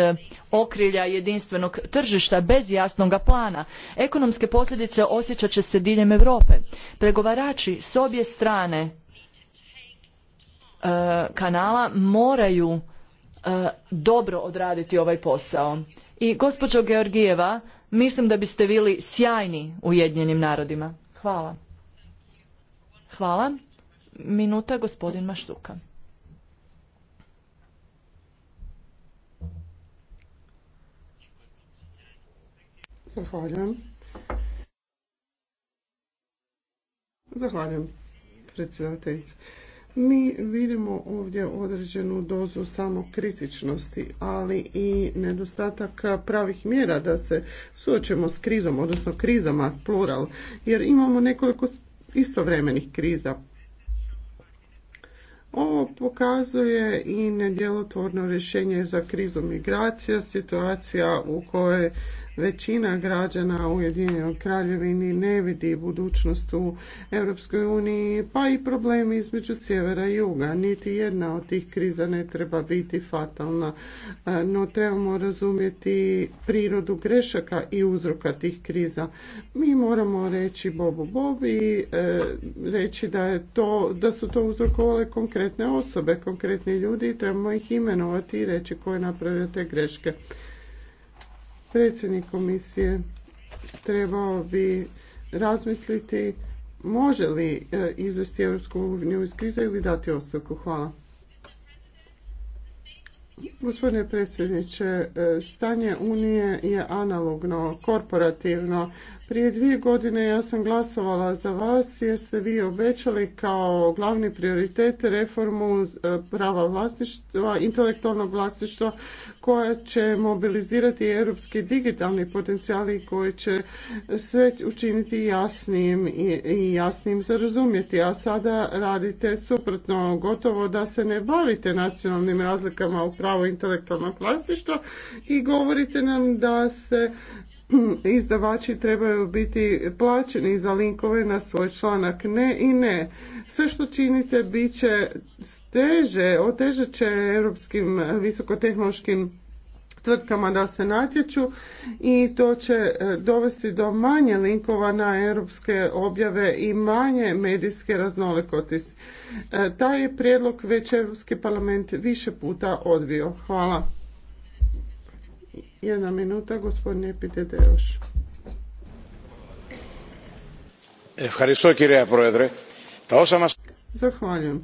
okrilja jedinstvenog tržišta bez jasnoga plana, ekonomske posljedice osjećat će se diljem Europe. Pregovarači s obje strane e, kanala moraju e, dobro odraditi ovaj posao. I gospođo Georgijeva, Mislim da biste bili sjajni Ujedinjenim narodima. Hvala. Hvala. Minuta gospodin Maštuka. Zahvaljujem. Zahvaljujem predsjedateljice. Mi vidimo ovdje određenu dozu samokritičnosti, ali i nedostatak pravih mjera da se suočemo s krizom, odnosno krizama plural, jer imamo nekoliko istovremenih kriza. Ovo pokazuje i nedjelotvorno rješenje za krizu migracija, situacija u kojoj većina građana u Ujedinjenoj Kraljevini ne vidi budućnost u Europskoj uniji, pa i problemi između sjevera i juga. Niti jedna od tih kriza ne treba biti fatalna, e, no trebamo razumjeti prirodu grešaka i uzroka tih kriza. Mi moramo reći Bobu Bob e, reći da, je to, da su to uzrokovale konkretne osobe, konkretni ljudi i trebamo ih imenovati i reći koje je napravio te greške predsjednik komisije trebao bi razmisliti može li e, izvesti Europsku uniju iz krize ili dati ostavku. Hvala. Gospodine predsjedniče, e, stanje Unije je analogno, korporativno, prije dvije godine ja sam glasovala za vas jer ste vi obećali kao glavni prioritet reformu e, prava vlasništva, intelektualnog vlasništva koja će mobilizirati europski digitalni i koji će sve učiniti jasnim i jasnim za razumjeti, a sada radite suprotno, gotovo da se ne bavite nacionalnim razlikama u pravu intelektualnog vlasništva i govorite nam da se [clears throat] izdavači trebaju biti plaćeni za linkove na svoj članak. Ne i ne. Sve što činite bit će steže, otežat će europskim visokotehnološkim tvrtkama da se natječu i to će e, dovesti do manje linkova na europske objave i manje medijske raznolikosti. E, taj je prijedlog već Europski parlament više puta odbio. Hvala. Jedna minuta, gospodine još. Zahvaljujem.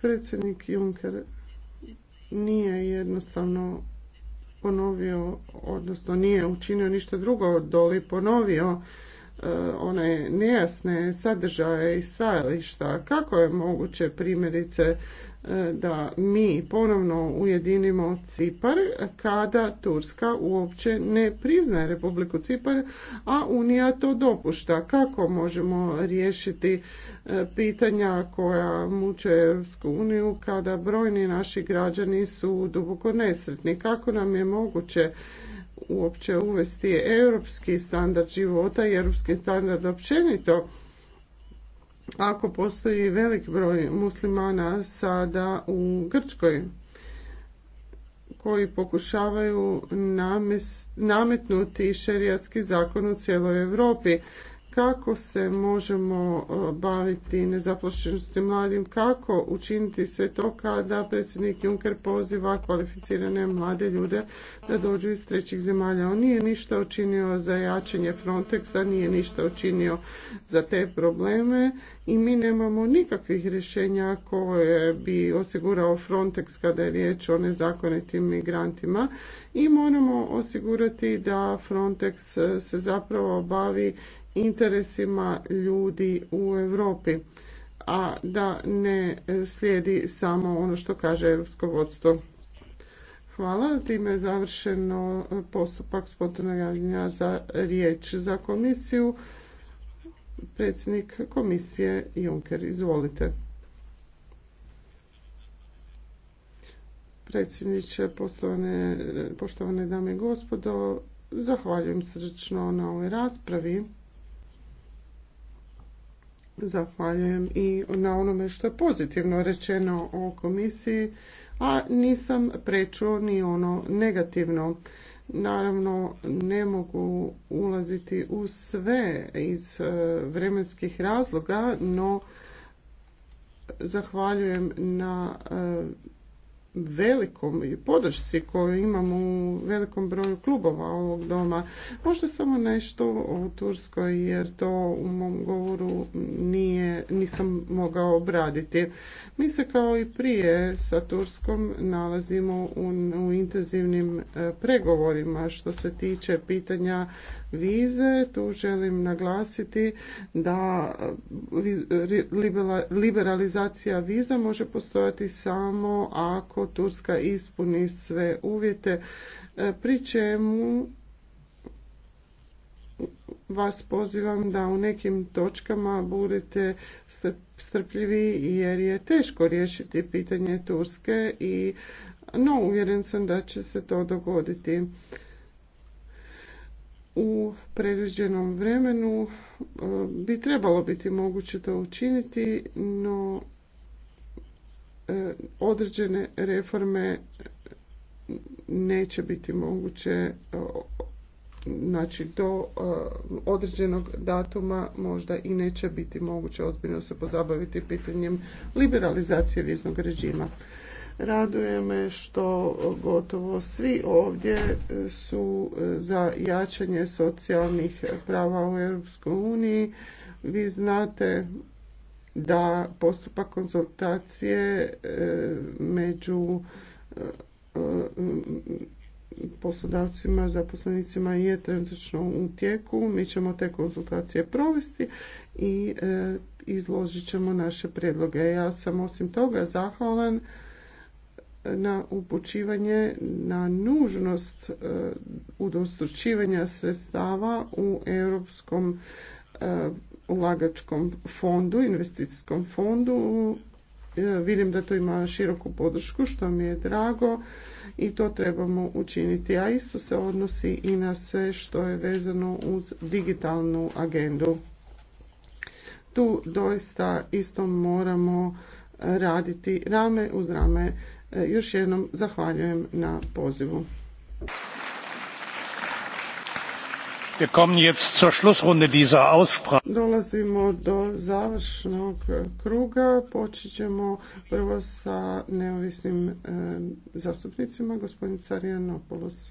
Predsjednik Juncker nije jednostavno ponovio, odnosno nije učinio ništa drugo doli ponovio e, one nejasne sadržaje i stajališta. Kako je moguće primjerice da mi ponovno ujedinimo Cipar kada Turska uopće ne priznaje Republiku Cipar, a Unija to dopušta. Kako možemo riješiti e, pitanja koja muče Europsku uniju kada brojni naši građani su duboko nesretni? Kako nam je moguće uopće uvesti europski standard života i europski standard općenito? ako postoji velik broj muslimana sada u Grčkoj koji pokušavaju nametnuti šerijatski zakon u cijeloj Europi kako se možemo e, baviti nezaposlenošću mladim, kako učiniti sve to kada predsjednik Juncker poziva kvalificirane mlade ljude da dođu iz trećih zemalja. On nije ništa učinio za jačanje Frontexa, nije ništa učinio za te probleme i mi nemamo nikakvih rješenja koje bi osigurao Frontex kada je riječ o nezakonitim migrantima i moramo osigurati da Frontex se zapravo bavi interesima ljudi u Europi, a da ne slijedi samo ono što kaže europsko vodstvo. Hvala. Time je završeno postupak spontanog javljanja za riječ za komisiju. Predsjednik komisije Juncker, izvolite. Predsjedniče, poštovane dame i gospodo, zahvaljujem srčno na ovoj raspravi zahvaljujem i na onome što je pozitivno rečeno o komisiji, a nisam prečuo ni ono negativno. Naravno, ne mogu ulaziti u sve iz e, vremenskih razloga, no zahvaljujem na e, velikom podršci koju imamo u velikom broju klubova ovog doma. Možda samo nešto o Turskoj jer to u mom govoru nije, nisam mogao obraditi. Mi se kao i prije sa Turskom nalazimo u, u intenzivnim e, pregovorima što se tiče pitanja vize. Tu želim naglasiti da eh, liberalizacija viza može postojati samo ako Turska ispuni sve uvjete, eh, pri čemu vas pozivam da u nekim točkama budete strpljivi jer je teško riješiti pitanje Turske i no uvjeren sam da će se to dogoditi u predviđenom vremenu e, bi trebalo biti moguće to učiniti, no e, određene reforme neće biti moguće e, znači do određenog datuma možda i neće biti moguće ozbiljno se pozabaviti pitanjem liberalizacije viznog režima. Raduje me što gotovo svi ovdje su za jačanje socijalnih prava u Europskoj uniji. Vi znate da postupak konzultacije e, među e, poslodavcima, zaposlenicima je trenutno u tijeku. Mi ćemo te konzultacije provesti i e, izložit ćemo naše prijedloge. Ja sam osim toga zahvalan na upućivanje na nužnost e, udostručivanja sredstava u Europskom e, ulagačkom fondu, investicijskom fondu. E, vidim da to ima široku podršku, što mi je drago i to trebamo učiniti. A isto se odnosi i na sve što je vezano uz digitalnu agendu. Tu doista isto moramo raditi rame uz rame E, još jednom zahvaljujem na pozivu. Dolazimo do završnog kruga. Počet ćemo prvo sa neovisnim e, zastupnicima, gospodin Carijanopoulos.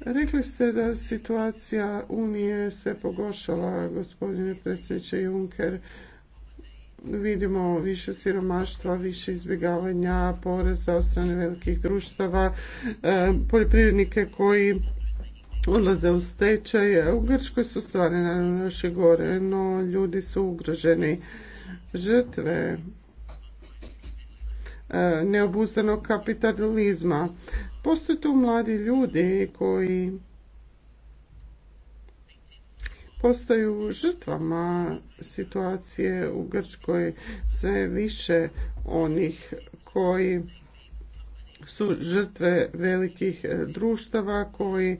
Rekli ste da situacija Unije se pogošala, gospodine predsjedniče Juncker vidimo više siromaštva, više izbjegavanja poreza od strane velikih društava, e, poljoprivrednike koji odlaze u stečaj. U Grčkoj su stvari naravno još i gore, no ljudi su ugroženi. Žrtve e, neobustanog kapitalizma. Postoje tu mladi ljudi koji postaju žrtvama situacije u Grčkoj sve više onih koji su žrtve velikih društava koji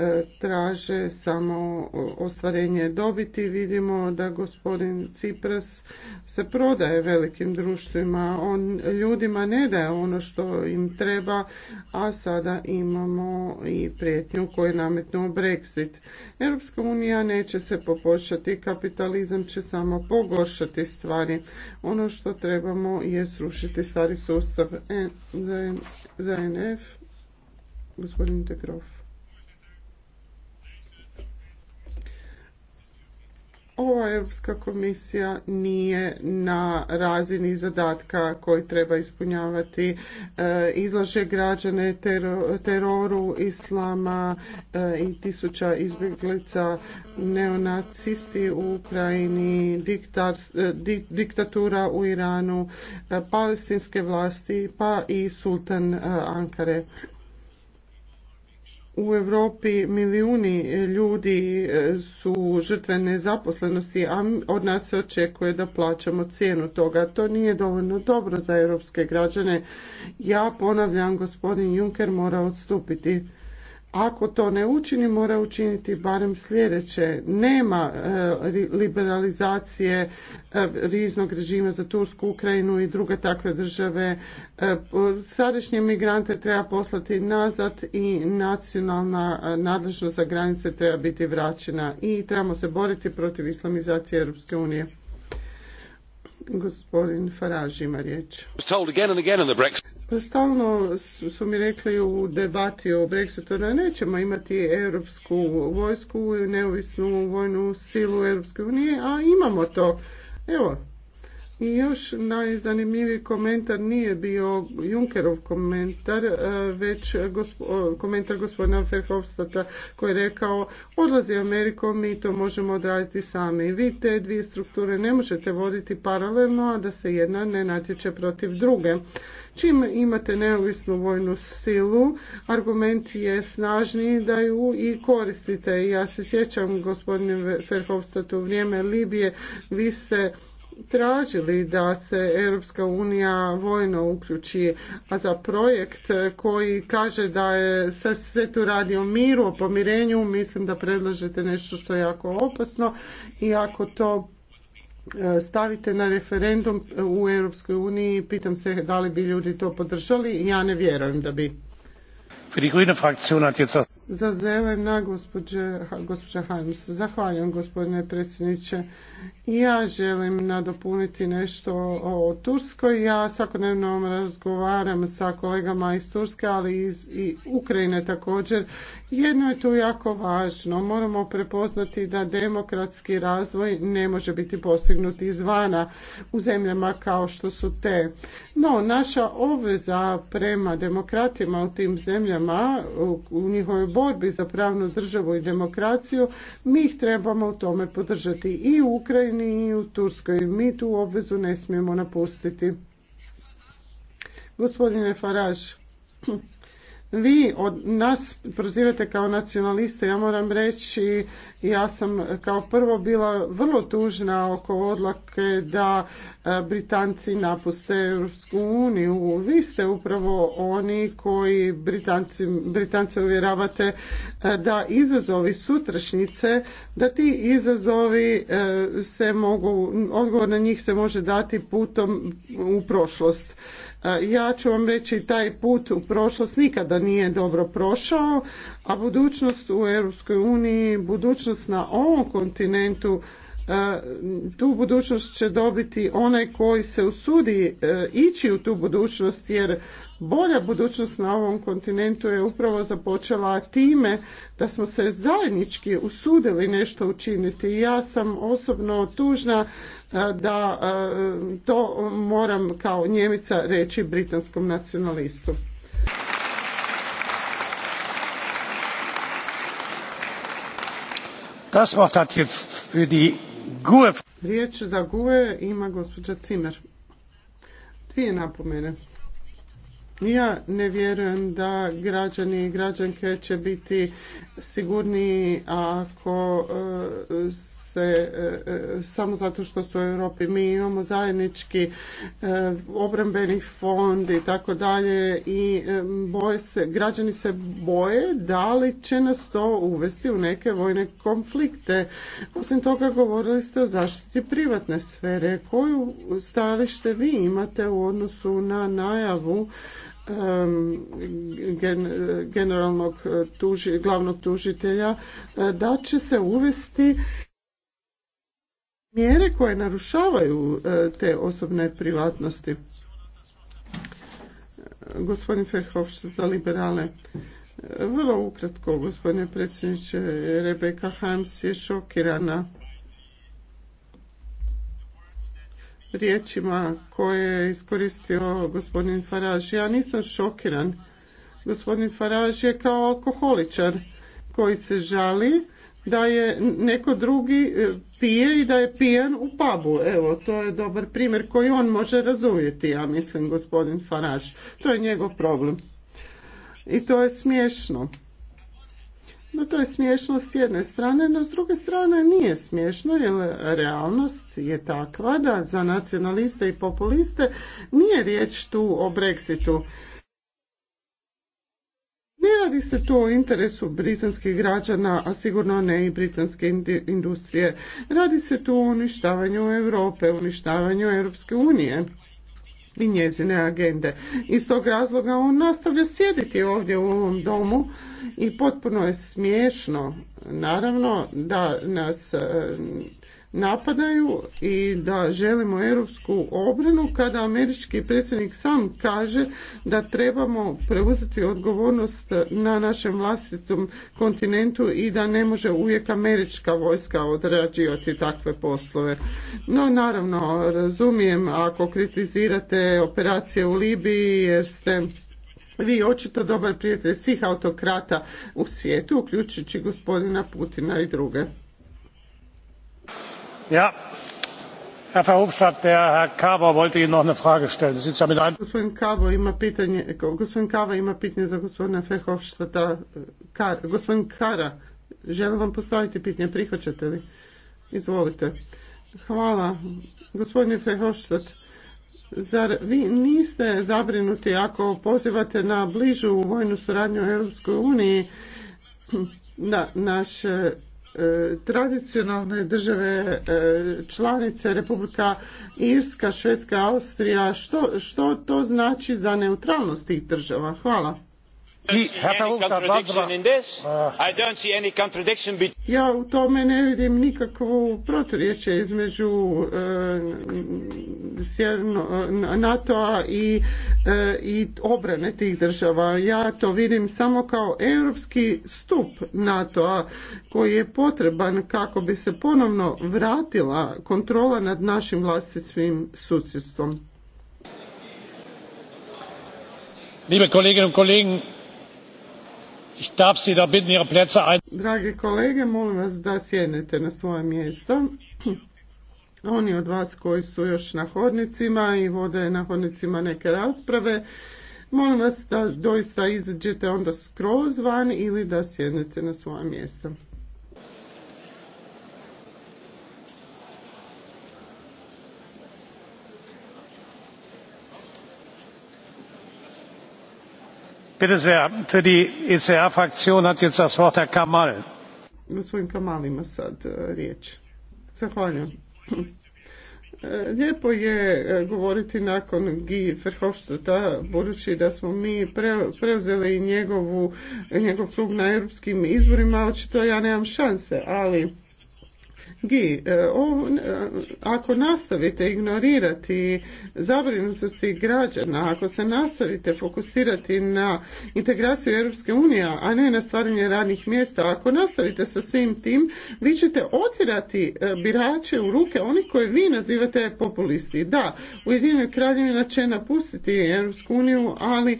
E, traže samo ostvarenje dobiti. Vidimo da gospodin Cipras se prodaje velikim društvima. On ljudima ne daje ono što im treba, a sada imamo i prijetnju koju je nametnuo Brexit. Europska unija neće se poboljšati, kapitalizam će samo pogoršati stvari. Ono što trebamo je srušiti stari sustav. za, NF, gospodin De ova Europska komisija nije na razini zadatka koji treba ispunjavati e, izlaže građane teroru, islama e, i tisuća izbjeglica, neonacisti u Ukrajini, e, diktatura u Iranu, palestinske vlasti pa i sultan Ankare u Europi milijuni e, ljudi e, su žrtve nezaposlenosti, a od nas se očekuje da plaćamo cijenu toga. To nije dovoljno dobro za europske građane. Ja ponavljam, gospodin Juncker mora odstupiti ako to ne učini, mora učiniti barem sljedeće. Nema e, liberalizacije e, riznog režima za Tursku, Ukrajinu i druge takve države. E, sadašnje migrante treba poslati nazad i nacionalna nadležnost za granice treba biti vraćena i trebamo se boriti protiv islamizacije Europske unije. Gospodin Farage ima riječ. Pa stalno su mi rekli u debati o Brexitu da nećemo imati europsku vojsku, neovisnu vojnu silu Europske unije, a imamo to. Evo, i još najzanimljiviji komentar nije bio Junkerov komentar, e, već komentar gospodina Verhofstata koji je rekao odlazi Amerikom, mi to možemo odraditi sami. Vi te dvije strukture ne možete voditi paralelno, a da se jedna ne natječe protiv druge. Čim imate neovisnu vojnu silu, argument je snažniji da ju i koristite. Ja se sjećam, gospodine Verhofstatu, u vrijeme Libije vi ste tražili da se Europska unija vojno uključi, a za projekt koji kaže da je sve tu radi o miru, o pomirenju, mislim da predlažete nešto što je jako opasno i ako to e, stavite na referendum u Europskoj uniji, pitam se da li bi ljudi to podržali, ja ne vjerujem da bi za zelena gospođa Hans, Zahvaljujem gospodine predsjedniče. Ja želim nadopuniti nešto o Turskoj. Ja svakodnevno razgovaram sa kolegama iz Turske, ali iz i Ukrajine također. Jedno je tu jako važno. Moramo prepoznati da demokratski razvoj ne može biti postignut izvana u zemljama kao što su te. No, naša obveza prema demokratima u tim zemljama, u njihovoj borbi za pravnu državu i demokraciju, mi ih trebamo u tome podržati i u Ukrajini i u Turskoj. Mi tu obvezu ne smijemo napustiti. Gospodine Faraž, vi od nas prozivate kao nacionaliste, ja moram reći, ja sam kao prvo bila vrlo tužna oko odlake da e, Britanci napuste Europsku uniju. Vi ste upravo oni koji Britanci, Britance uvjeravate e, da izazovi sutrašnjice, da ti izazovi e, se mogu, odgovor na njih se može dati putom u prošlost. Ja ću vam reći taj put u prošlost nikada nije dobro prošao, a budućnost u Europskoj uniji, budućnost na ovom kontinentu e, tu budućnost će dobiti onaj koji se usudi e, ići u tu budućnost jer bolja budućnost na ovom kontinentu je upravo započela time da smo se zajednički usudili nešto učiniti. Ja sam osobno tužna da to moram kao Njemica reći britanskom nacionalistu. Das Wort hat jetzt für die GUE. Riječ za GUE ima gospođa Cimer. Dvije napomene. Ja ne vjerujem da građani i građanke će biti sigurniji ako e, se e, e, samo zato što su u Europi. Mi imamo zajednički e, obrambeni fond i tako dalje i boje se, građani se boje da li će nas to uvesti u neke vojne konflikte. Osim toga govorili ste o zaštiti privatne sfere. Koju stavište vi imate u odnosu na najavu generalnog tuži, glavnog tužitelja da će se uvesti mjere koje narušavaju e, te osobne privatnosti. E, gospodin Ferhovšt za liberale. E, vrlo ukratko, gospodine predsjedniče, Rebeka Hams je šokirana riječima koje je iskoristio gospodin Faraž. Ja nisam šokiran. Gospodin Faraž je kao alkoholičar koji se žali da je neko drugi e, pije i da je pijan u pubu. Evo, to je dobar primjer koji on može razumjeti, ja mislim, gospodin Faraš. To je njegov problem. I to je smiješno. No to je smiješno s jedne strane, no s druge strane nije smiješno jer realnost je takva da za nacionaliste i populiste nije riječ tu o Brexitu. Ne radi se tu o interesu britanskih građana, a sigurno ne i britanske industrije. Radi se tu o uništavanju Europe, uništavanju Europske unije i njezine agende. Iz tog razloga on nastavlja sjediti ovdje u ovom domu i potpuno je smiješno naravno da nas napadaju i da želimo europsku obranu kada američki predsjednik sam kaže da trebamo preuzeti odgovornost na našem vlastitom kontinentu i da ne može uvijek američka vojska odrađivati takve poslove. No naravno razumijem ako kritizirate operacije u Libiji jer ste vi očito dobar prijatelj svih autokrata u svijetu, uključujući gospodina Putina i druge. Ja. Herr Verhofstadt, der Herr Carver wollte Ihnen noch eine Frage stellen. Gospodin Kavo ima pitanje, Kava ima pitanje za gospodina Verhofstadta. gospodin Kara, želim vam postaviti pitanje, prihvaćate li? Izvolite. Hvala. Gospodine Verhofstadt, Zar vi niste zabrinuti ako pozivate na bližu vojnu suradnju u Europskoj uniji na naš E, tradicionalne države e, članice Republika Irska, Švedska, Austrija, što, što to znači za neutralnost tih država? Hvala. Ja u tome ne vidim nikakvu proturječje između eh, eh, NATO-a eh, i, obrane tih država. Ja to vidim samo kao europski stup NATO-a koji je potreban kako bi se ponovno vratila kontrola nad našim vlastitim susjedstvom. Liebe Kolleginnen und Kollegen, Ich Dragi kolege, molim vas da sjednete na svoje mjesta. Oni od vas koji su još na hodnicima i vode na hodnicima neke rasprave, molim vas da doista izađete onda skroz van ili da sjednete na svoje mjesta. Bitte sehr, für die ECR fraktion hat jetzt das ima sad e, riječ. Zahvaljujem. E, lijepo je e, govoriti nakon Guy Verhofstadta, budući da smo mi preuzeli njegovu, njegov klub na europskim izborima, očito ja nemam šanse, ali Gi, e, e, ako nastavite ignorirati zabrinutosti građana, ako se nastavite fokusirati na integraciju Europske unije, a ne na stvaranje radnih mjesta, ako nastavite sa svim tim, vi ćete otirati e, birače u ruke onih koje vi nazivate populisti. Da, Ujedinjena kraljevina će napustiti Europsku uniju, ali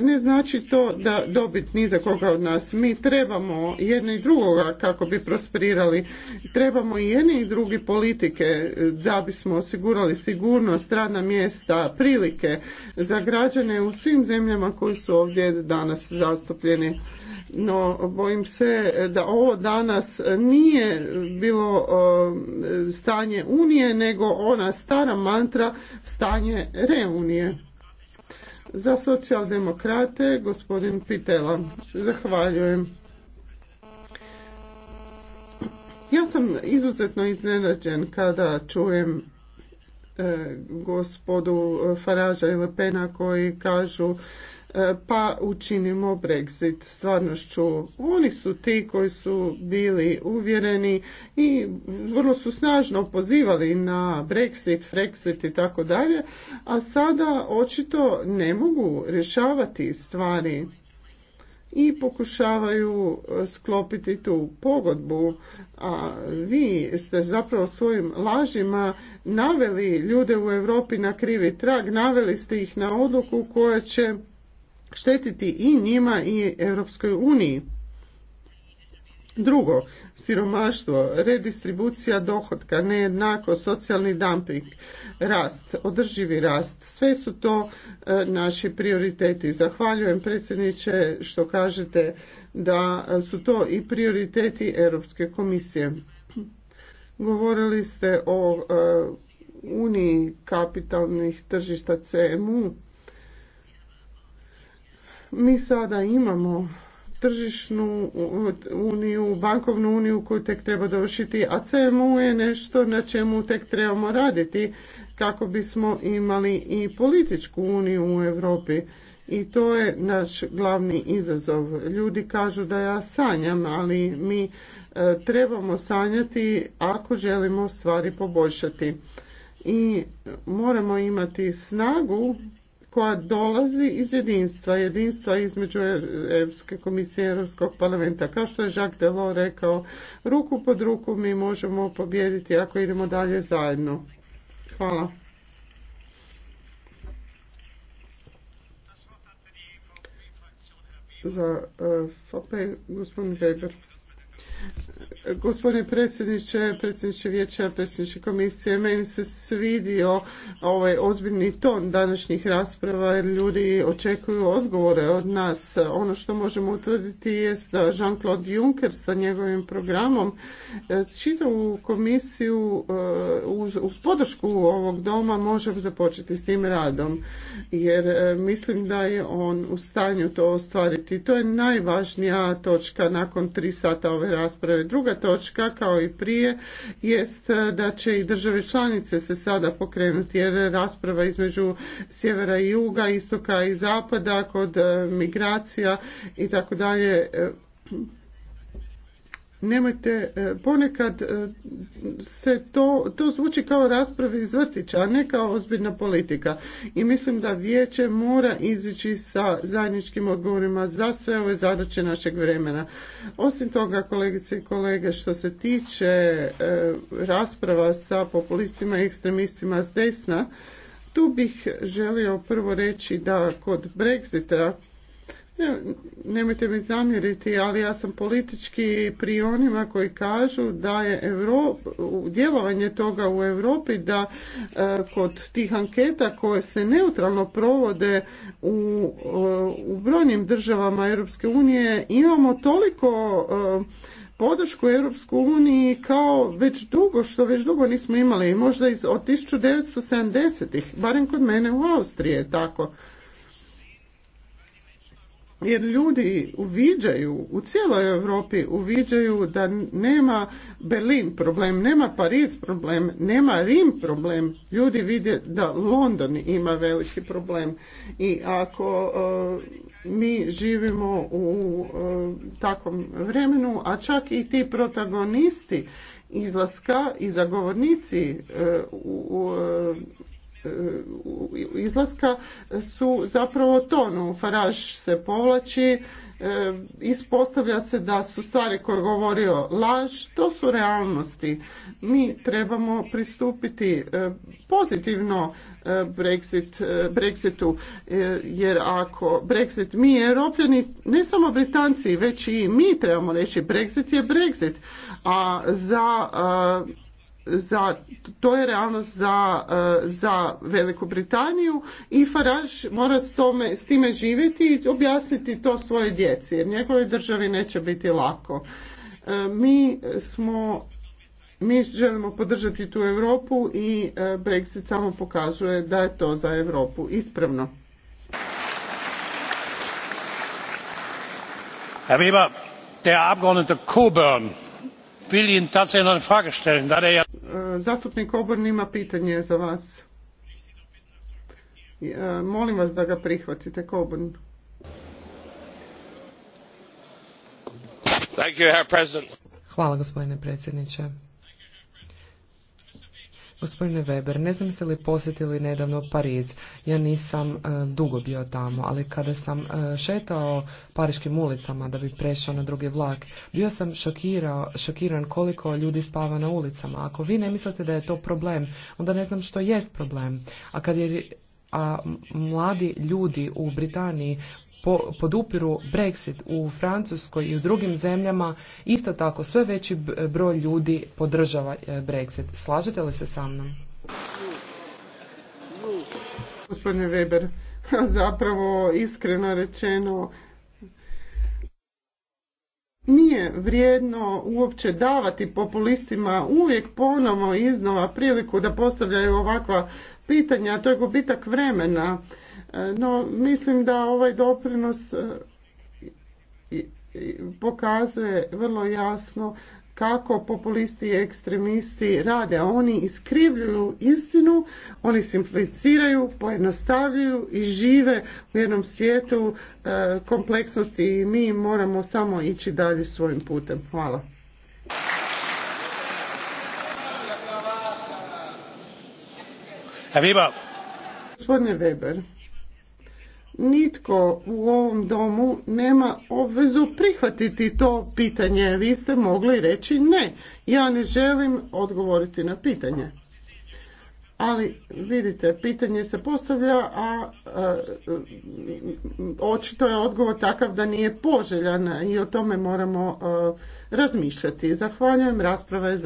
ne znači to da dobit ni za koga od nas. Mi trebamo jedno i drugoga kako bi prosperirali. Trebamo i jedni i drugi politike e, da bismo osigurali sigurnost, radna mjesta, prilike za građane u svim zemljama koji su ovdje danas zastupljeni. No, bojim se da ovo danas nije bilo e, stanje Unije, nego ona stara mantra stanje reunije. Za socijaldemokrate, gospodin Pitela. Zahvaljujem. Ja sam izuzetno iznenađen kada čujem e, gospodu Faraža i Lepena koji kažu e, pa učinimo Brexit stvarnošću. Oni su ti koji su bili uvjereni i vrlo su snažno pozivali na Brexit, Frexit i tako dalje, a sada očito ne mogu rješavati stvari i pokušavaju e, sklopiti tu pogodbu. A vi ste zapravo svojim lažima naveli ljude u Europi na krivi trag, naveli ste ih na odluku koja će štetiti i njima i Europskoj uniji. Drugo, siromaštvo, redistribucija dohotka, nejednako, socijalni dumping, rast, održivi rast, sve su to e, naši prioriteti. Zahvaljujem predsjedniče što kažete da su to i prioriteti Europske komisije. Govorili ste o e, uniji kapitalnih tržišta CMU. Mi sada imamo tržišnu uniju, bankovnu uniju koju tek treba dovršiti, a CMU je nešto na čemu tek trebamo raditi kako bismo imali i političku uniju u Europi. I to je naš glavni izazov. Ljudi kažu da ja sanjam, ali mi e, trebamo sanjati ako želimo stvari poboljšati. I moramo imati snagu koja dolazi iz jedinstva, jedinstva između Europske komisije i Europskog parlamenta. Kao što je Jacques Delors rekao, ruku pod ruku mi možemo pobijediti ako idemo dalje zajedno. Hvala. Za eh, gospodin Weber. Gospodine predsjedniče, predsjedniče vijeća, predsjedniče komisije, meni se svidio ovaj ozbiljni ton današnjih rasprava jer ljudi očekuju odgovore od nas. Ono što možemo utvrditi je da Jean-Claude Juncker sa njegovim programom e, u komisiju e, uz, uz podršku ovog doma može započeti s tim radom jer e, mislim da je on u stanju to ostvariti. To je najvažnija točka nakon tri sata ove rasprave Druga točka, kao i prije, jest e, da će i države članice se sada pokrenuti, jer rasprava između sjevera i juga, istoka i zapada, kod e, migracija i tako dalje, e, nemojte, e, ponekad e, se to, to zvuči kao raspravi iz vrtića, a ne kao ozbiljna politika. I mislim da vijeće mora izići sa zajedničkim odgovorima za sve ove zadaće našeg vremena. Osim toga, kolegice i kolege, što se tiče e, rasprava sa populistima i ekstremistima s desna, tu bih želio prvo reći da kod Brexita ne, nemojte mi zamjeriti, ali ja sam politički pri onima koji kažu da je djelovanje toga u Europi da e, kod tih anketa koje se neutralno provode e, u, brojnim državama Europske unije imamo toliko e, podršku Europsku uniji kao već dugo, što već dugo nismo imali, možda iz, od 1970-ih, barem kod mene u Austriji tako jer ljudi uviđaju u cijeloj Europi uviđaju da nema Berlin problem, nema Pariz problem, nema Rim problem. Ljudi vide da London ima veliki problem i ako e, mi živimo u e, takvom vremenu, a čak i ti protagonisti izlaska i zagovornici e, u E, izlaska su zapravo tonu. faraž se povlači, e, ispostavlja se da su stvari koje je govorio laž, to su realnosti. Mi trebamo pristupiti e, pozitivno Brexit, Brexitu, jer ako Brexit, mi europljani, ne samo Britanci, već i mi trebamo reći Brexit je Brexit, a za za, to je realnost za, e, za Veliku Britaniju i Farage mora s, tome, s time živjeti i objasniti to svoje djeci jer njegovoj državi neće biti lako. E, mi smo mi želimo podržati tu Europu i e, Brexit samo pokazuje da je to za Europu ispravno. Herr Weber, der Coburn E, zastupnik Oborn ima pitanje za vas. E, molim vas da ga prihvatite, Coburn. Hvala, gospodine predsjedniče. Gospodine Weber, ne znam ste li posjetili nedavno Pariz. Ja nisam e, dugo bio tamo, ali kada sam e, šetao pariškim ulicama da bi prešao na drugi vlak, bio sam šokirao, šokiran koliko ljudi spava na ulicama. Ako vi ne mislite da je to problem, onda ne znam što jest problem. A kad je a mladi ljudi u Britaniji po, podupiru Brexit u Francuskoj i u drugim zemljama, isto tako sve veći broj ljudi podržava e, Brexit. Slažete li se sa mnom? Gospodine Weber, [laughs] zapravo iskreno rečeno nije vrijedno uopće davati populistima uvijek ponovo iznova priliku da postavljaju ovakva pitanja, to je gubitak vremena. E, no, mislim da ovaj doprinos e, pokazuje vrlo jasno kako populisti i ekstremisti rade. Oni iskrivljuju istinu, oni simpliciraju, pojednostavljuju i žive u jednom svijetu e, kompleksnosti i mi moramo samo ići dalje svojim putem. Hvala. Gospodine Weber nitko u ovom domu nema obvezu prihvatiti to pitanje. Vi ste mogli reći ne, ja ne želim odgovoriti na pitanje. Ali vidite, pitanje se postavlja, a, a očito je odgovor takav da nije poželjan i o tome moramo razmišljati. Zahvaljujem, rasprava je za.